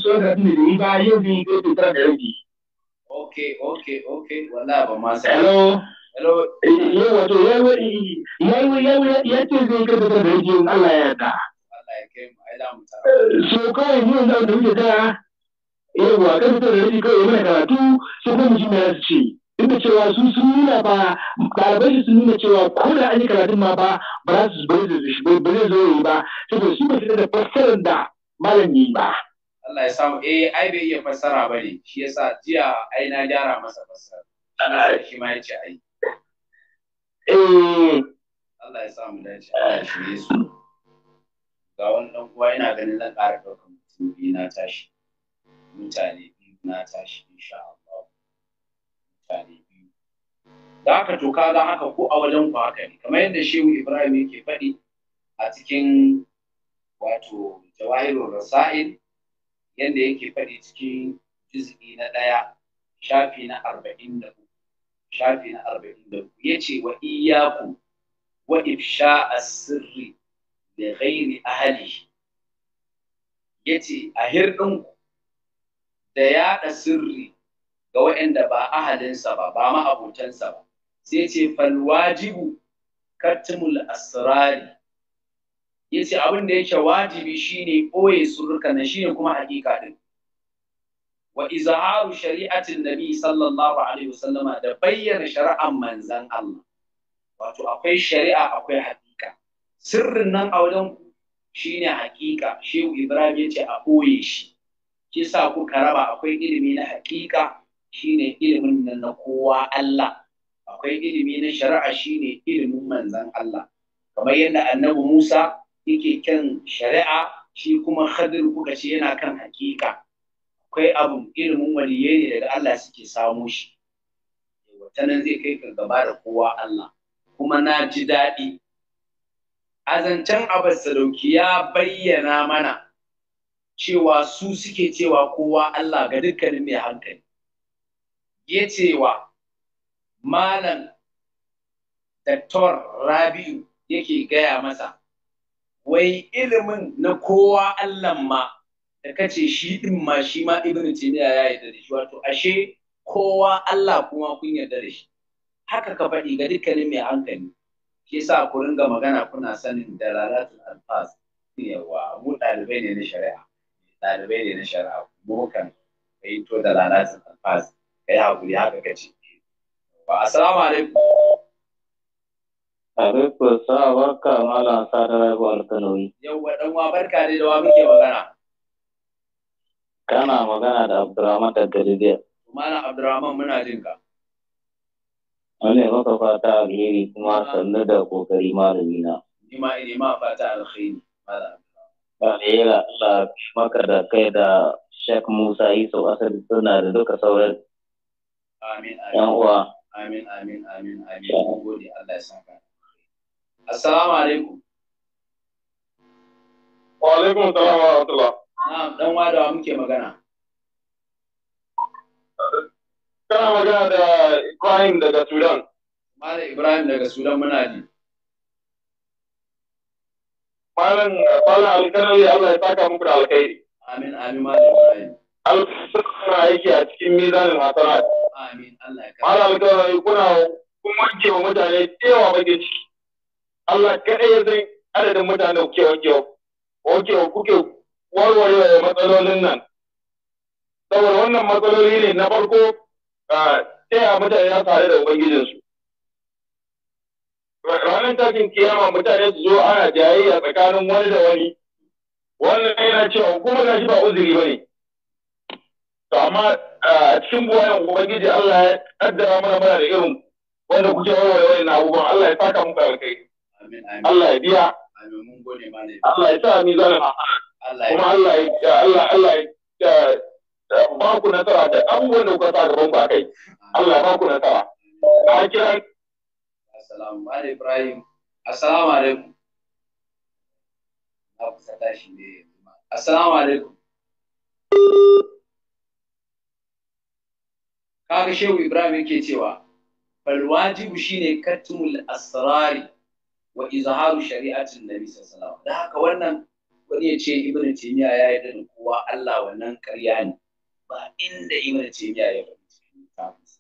Speaker 1: da yawa to
Speaker 2: ya ce zai kada
Speaker 3: da rikin Allah ya da so kawai mu
Speaker 1: da da
Speaker 2: muke da yawa kada da rikin kawai mai karatu su kuma mu ji mai ce duk da cewa su sun nuna ba ɗalibai sun nuna cewa ko da an yi karatun ma ba ba za su ba zai zo yi ba saboda su ba su da fassarar da malam yi ba
Speaker 1: Allah ya samu eh ai bai iya fassara ba ne shi yasa jiya ai na gyara masa fassara shi ma ya ce ai Eh. Allah ya samu da dace Allah ya shirye su ga wannan kuwa yana ganin zan ƙara ɗaukar mutum biyu na tashi mutane biyu na tashi insha Allah mutane biyu da haka to kaga haka ko a wajen ku haka ne kamar yadda shehu Ibrahim yake faɗi a cikin wato jawahirul rasail yadda yake faɗi cikin juz'i na ɗaya shafi na arba'in da uku shafi na arba'in da ya ce wa iyaku wa ifsha asirri da ghairi ahali ya ce a hirɗinku da yaɗa sirri ga waɗanda ba ahalinsa ba ba abotansa ba sai ce falwajibu kattumul asrari ya ce abin da yake wajibi shine ɓoye surruka nan, shine kuma hakika ɗin wa izharu shari'atin nabi sallallahu da bayyana shari'an manzan Allah wato akwai shari'a akwai hakika sirrin nan a wajen shine hakika shehu ibrahim yace a boye shi kisa kuka raba akwai ilimi na hakika shine ilimin nan na kowa Allah akwai ilimi na shari'a shine ilimin manzan Allah kamar yadda annabi Musa yake kan shari'a shi kuma Khadir kuka ce yana kan hakika akwai abu ilimin waliye ne daga Allah suke samu shi wata nan zai kai ka gaba da kowa Allah kuma na ji daɗi Azancen zancen sadauki ya bayyana mana cewa su suke cewa kowa Allah ga dukkanin mai hankali ya cewa malam Daktar Rabi'u yake gaya masa, wai ilimin na kowa allah ma da kace shi din ma shi ma ibnu taymiya ya yi da shi wato ashe kowa Allah kuma kun yarda da shi haka ka faɗi ga dukkanin mai hankali shi yasa ku ringa magana kuna sanin dalalatul alfas yawa mu ɗalibai ne na shari'a ɗalibai ne na shari'a mu kan to dalalatul alfas kai hakuri haka kace wa assalamu alaikum Alaikum sa'a barka malam sadar haihuwar kanoyi. Yau ɗan wa barka ne da wa muke magana.
Speaker 2: Kana magana da Abdurrahman da Daliliyar.
Speaker 1: Malam Abdurrahman muna jin ka. Mune maka fata
Speaker 2: alheri kuma sannu da kokari malami na.
Speaker 1: Ni ma ina ma fata alheri malam.
Speaker 2: Alhera
Speaker 1: Allah maka da kai da
Speaker 2: Sheikh Musa Yusuf asali suna da duka sauran.
Speaker 1: Amin amin. Yan uwa. Amin amin amin amin. Mun gode Allah ya saka. Assalamu alaikum. Wa alaikum salam wa rahmatullah.
Speaker 2: Na'am, dan wadawa muke magana.
Speaker 1: Kana magana da Ibrahim daga Sudan. Malam Ibrahim daga Sudan muna ji. Malam Malam Alkarari Allah ya saka muku da alkhairi. Amin amin Malam Ibrahim. Alkarari aiki a cikin mizanin hasanat. Amin Allah ya kare. Malam
Speaker 2: Alkarari kuna kun wanke wa mutane cewa bakin ciki. Allah kaɗai ya san adadin mutane kuke wanke wa. kuke warware matsalolin nan saboda wannan matsaloli ne na farko taya mutane ya tare da ubangijinsu ranar takin kiyama mutane su zo ana jayayya tsakanin wani da wani wannan yana cewa kuma na shi ba uzuri ba ne to amma a cikin buwayen ubangiji Allah ya kaddara mana mana da irin wanda kuke warware wani abubuwan Allah ya saka muku alkai Allah ya biya
Speaker 1: Allah ya sa mizanin kuma Allah ya Allah Allah
Speaker 2: ya ba ku nasara da abubuwan da kuka sa gaban ku akai Allah ba ku nasara
Speaker 1: na kira assalamu alaikum Ibrahim assalamu alaikum na kusa tashi ne assalamu alaikum kaga shehu Ibrahim yake cewa falwajibu shine katmul asrari wa izharu shari'atin nabi sallallahu alaihi wasallam da haka wannan wani ya ce ibn taymiya ya yi da kowa Allah wannan karya ne ba inda ibn taymiya ya faɗi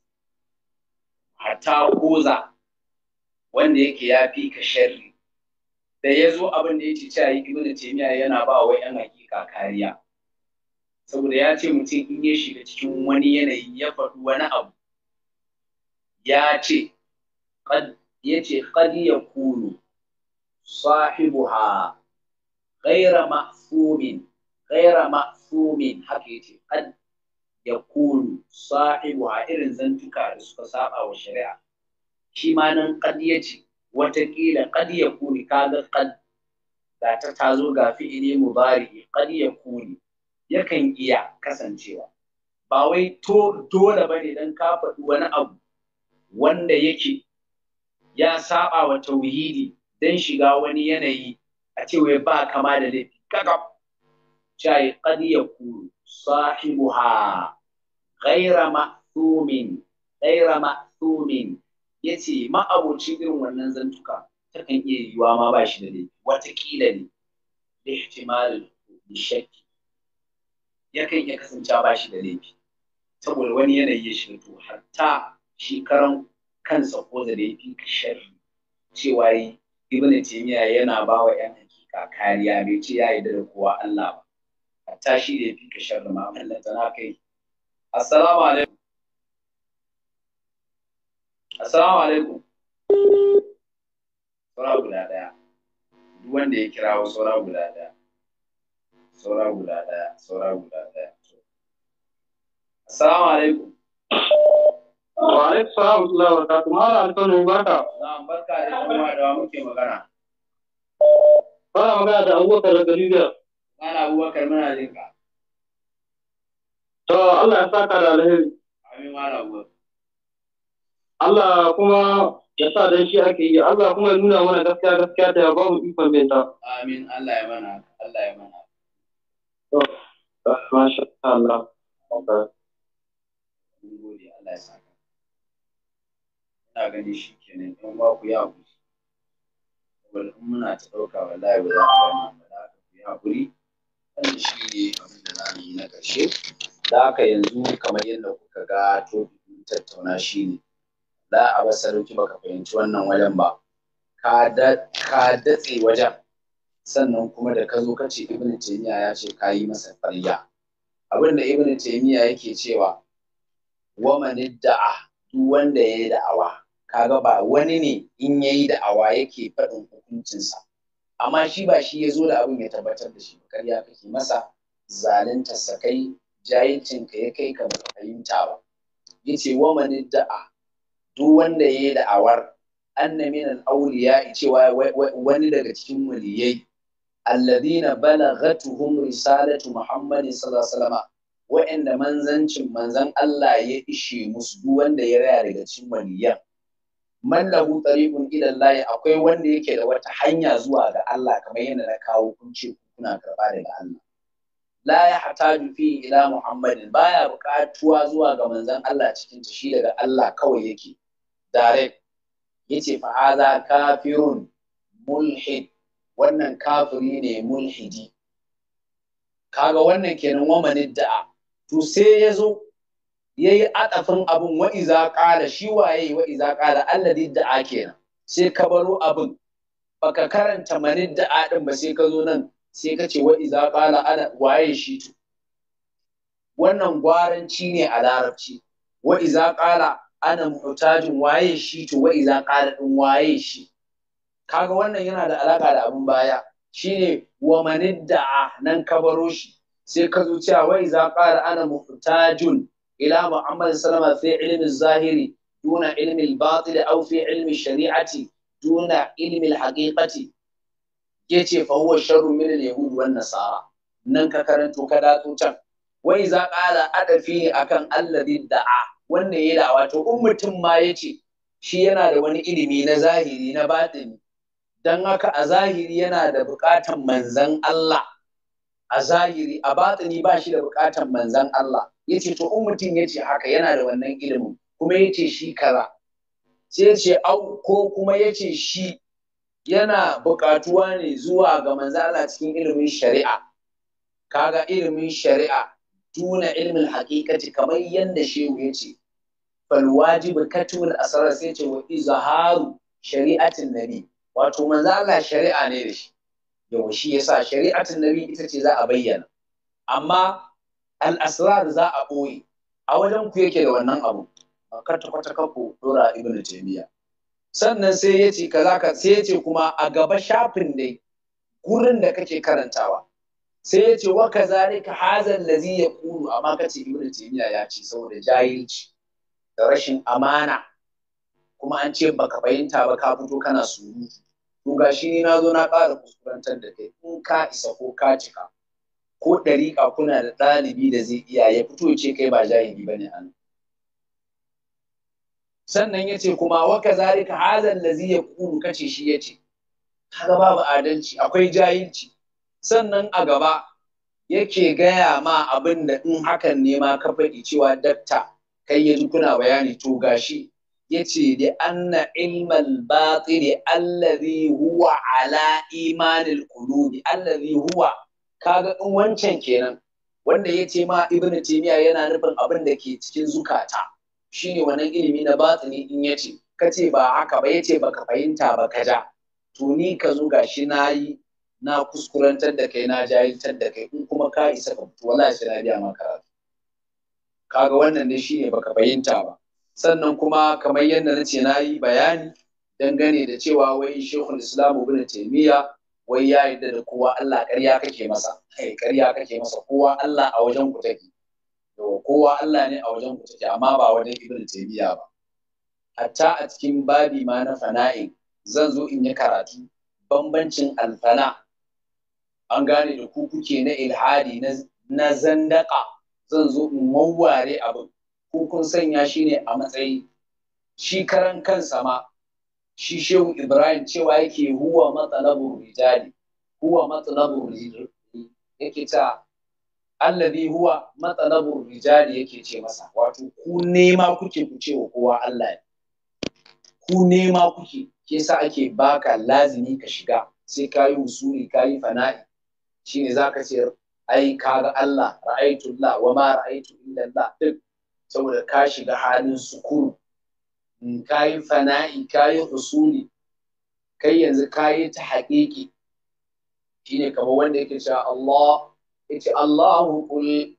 Speaker 1: hatta goza wanda yake ya fi ka sharri da ya zo abin da ya ce cewa ibn taymiya yana ba wa yan hakika kariya saboda ya ce mutum in ya shiga cikin wani yanayi ya faɗi wani abu ya ce ya ce qad sahibu sahibuha ghaira ma'fumin ghaira ma'fumin haka yace qad yakunu sahibu a irin zantuka da suka saba wa shari'a shi ma nan qad yace watakila qad yakuni kaga qad ga ta tazo ga fi'ili mubari qad yakuni yakan iya kasancewa ba wai to dole bane dan ka faɗi wani abu wanda yake ya saɓa wa tauhidi don shiga wani yanayi a cewa wai ba kama da laifi kakaf shayi qad yakunu sahibuha ghaira ma'thumin ghaira ma'thumin yace ma'abocin irin wannan zantuka takan iya yiwuwa ma ba shi da laifi watakila ne da ihtimalin shakki yakan iya kasance ba shi da laifi
Speaker 2: saboda wani yanayi ya
Speaker 1: shiga to hatta shi karan kansa ko da laifi ka shari cewa ibnu taymiya yana ba wa yan ka kariya bai ce ya yi da kowa Allah ba ka tashi da fi ka sharri ma mallanta na kai assalamu alaikum assalamu alaikum saura guda ɗaya. duk wanda ya kira wa saura guda ɗaya, saura guda ɗaya, saura guda ɗaya. assalamu alaikum wa alaikum salam
Speaker 2: wa rahmatullahi wa barakatuh mala alkanu barka na barka da kuma da muke magana Kana magana da Abubakar daga Libya. Mana Abubakar muna jin ka. To Allah ya saka da alheri.
Speaker 1: Amin mana Abubakar.
Speaker 2: Allah kuma ya sa dan shi ake yi. Allah kuma ya nuna mana gaskiya gaskiya da ba mu ikon
Speaker 1: benta. Amin Allah ya mana Allah ya mana.
Speaker 2: To masha
Speaker 1: Allah. Mun Allah ya saka. Ina ganin shi kenan ɗan ba ku ya in muna ta ɗauka wallahi ba za a gane ba da haka fi haƙuri wannan shi ne abin da yi na ƙarshe da haka yanzu kamar yadda kuka ga topic tattauna shi ne da a sarauki baka fahimci wannan wajen ba ka datse wajen sannan kuma da ka zo ka ce ibn taymiya ya ce ka yi masa farya abinda ibn taymiya yake cewa wa man duk wanda ya yi da'awa kaga ba wani ne in yayi da awa yake faɗin hukuncinsa amma shi ba shi ya zo da abin ya tabbatar da shi karya kake masa zalunta sa kai jahilcin ka ya kai ka baka fahimta ba yace wa man da'a duk wanda yayi da awar anna al-awliya cewa wani daga cikin waliyai alladhina balaghatuhum risalatu muhammadin sallallahu alaihi wasallam wa'anda manzancin manzan Allah ya ishe musu duk wanda ya raya daga cikin waliyai man lahu tariqun ila akwai wanda yake da wata hanya zuwa ga Allah kamar yadda na kawo kun ce kuna karba daga Allah la ya fi ila Muhammadin baya buƙatuwa zuwa ga manzon Allah cikin ta shi daga Allah kawai yake direct yace fa hadha kafirun mulhid wannan kafiri ne mulhidi kaga wannan kenan wamanin da'a to sai ya zo Ya yi adafin abin wa iza qala shi waye wa ƙala Allah da a kenan sai ka baro abin baka karanta manin da'a din ba sai ka zo nan sai ka ce wa iza ƙala ana waye shi tu. wannan gwaranci ne a larabci wa iza ƙala ana mutajin waye shi tu, wa iza ƙala ɗin waye shi kaga wannan yana da alaƙa da abin baya shine wa a nan ka baro shi sai ka zo cewa wa iza ƙala ana muhtajun ila muhammad sallama fi ilmin zahiri duna ilmin batil aw fi ilmin shari'ati duna ilmin haqiqati yace fa huwa sharru min al-yahud nasara nan ka karanto ka datso can wai za qala adafi akan alladhi da'a wanda ya dawa to in mutum ma ya ce. shi yana da wani ilimi na zahiri na batini dan haka a zahiri yana da manzan Allah a zahiri a batini ba shi da buƙatan manzan Allah ya ce to in mutum ya ce haka yana da wannan ilimin kuma ya ce shi kaza sai ce au ko kuma ya ce shi yana buƙatuwa ne zuwa ga manzala cikin ilimin shari'a kaga ilimin shari'a tuna ilimin haƙiƙaci kamar yadda shehu ya ce falwajibu katmul asrar sai ce wa izharu shari'atin nabi wato manzala shari'a ne da shi yawa shi yasa shari'atin nabi ita ce za a bayyana amma Al'asirar za a ɓoye a wajen ku yake da wannan abu kwata kwata kako dora ibnu taymiya sannan sai ya ce sai ya ce kuma a gaba shafin dai gurin da kake karantawa sai ya ce wa hazan hazal ladhi kuru amma ka ce ibnu taymiya ya ce saboda jahilci da rashin amana kuma an ce baka fahimta ba ka fito kana surutu to shi ne na zo na ƙara kuskurantar da kai in ka isa ko ka cika ko ɗariƙa kuna da ɗalibi da zai iya ya fito ce kai ba jahili ba ne hannu sannan ya ce kuma waka zarika hazan da zai ya kuru kace shi ya ce kaga babu adalci akwai jahilci sannan a gaba yake gaya ma abin da in hakan ne ma ka faɗi cewa dakta kai ya ji kuna bayani to gashi ya ce da anna ilmal batini allazi huwa ala imanil qulubi allazi huwa kaga in wancan kenan wanda ya ce ma ibn taymiya yana nufin abin da ke cikin zukata shine wannan ilimi na batini in ya ce ka ce ba haka ba ya ce baka fahimta ba ka ja to ni ka zo ga shi na yi na kuskurantar da kai na jahiltar da kai in kuma ka isa ka fito wallahi shi na biya maka karatu kaga wannan ne shine baka fahimta ba sannan kuma kamar yadda na ce na yi bayani dangane da cewa wai shehu islam ibn taymiya wai ya yarda da kowa Allah ƙarya kake masa kai ƙarya kake masa kowa Allah a wajen ku take to kowa Allah ne a wajen ku take amma ba wajen Ibn Taymiyyah ba hatta a cikin babi ma na fana'i zan zo in yi karatu bambancin alfana an gane da ku kuke na ilhadi na zandaka zan zo in mawware abin ku kun sanya shi ne a matsayi shi karan kansa ma shi shehu ibrahim cewa yake huwa matsalabun rijali huwa matsalabun rijali yake ta allazi huwa matsalabun rijali yake ce masa wato ku nema kuke ku ce kowa Allah ne ku nema kuke ke sa ake baka lazimi ka shiga sai ka yi usuli ka yi fana'i shine zaka ce ai ga Allah ra'aitullah wa ma ra'aitu illa Allah duk saboda ka shiga halin sukuru kayi fana'i kayi usuli kai yanzu kayi ta haƙiƙi shine kamar wanda yake cewa Allah yace Allahu qul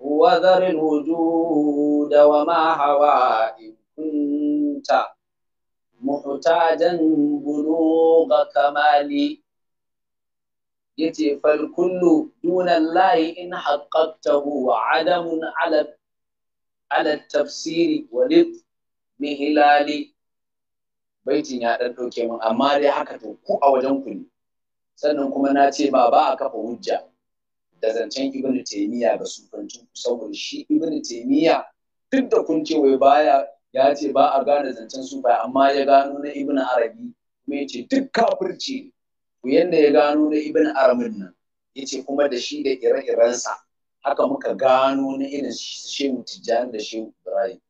Speaker 1: huwa dharil wujud wa ma hawa in kunta muhtajan bulugha kamali yace fal kullu duna Allahi in haqqaqtahu wa adamun ala ala tafsiri wa min hilali baitin ya dan dauke min amma dai haka to ku a wajen ku ne sannan kuma na ce ba ba a kafa hujja da zancen ibn taymiya ga ku saboda shi ibn taymiya duk da kun ce wai baya ya ce ba a gane zancen sufai amma ya gano na ibn arabi kuma ya ce duk kafirci ku yanda ya gano na ibn arabin nan ya ce kuma da shi da ire-irensa haka muka gano na irin shehu tijjani da shehu ibrahim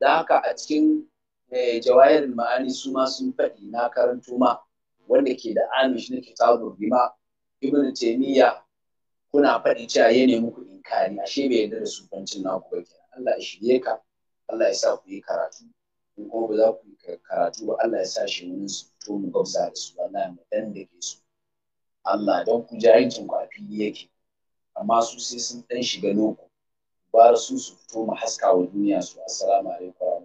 Speaker 1: da haka a cikin eh, jawayar ma'ani su ma sun faɗi na karanto ma wanda ke da amish na kitabun rima ibn taimiyya kuna faɗi cewa ya nemi ku inkari ashe bai yarda da sufancin naku ba kenan Allah ya shirye ka Allah ya sa ku yi karatu in kuma ba za ku yi karatu ba Allah ya sa shi wani su to mu gwabza da su Allah ya dan da ke su Allah don ku ku a fili yake amma su sai sun dan shiga noko bara su su fito haska wa duniya su assalamu alaikum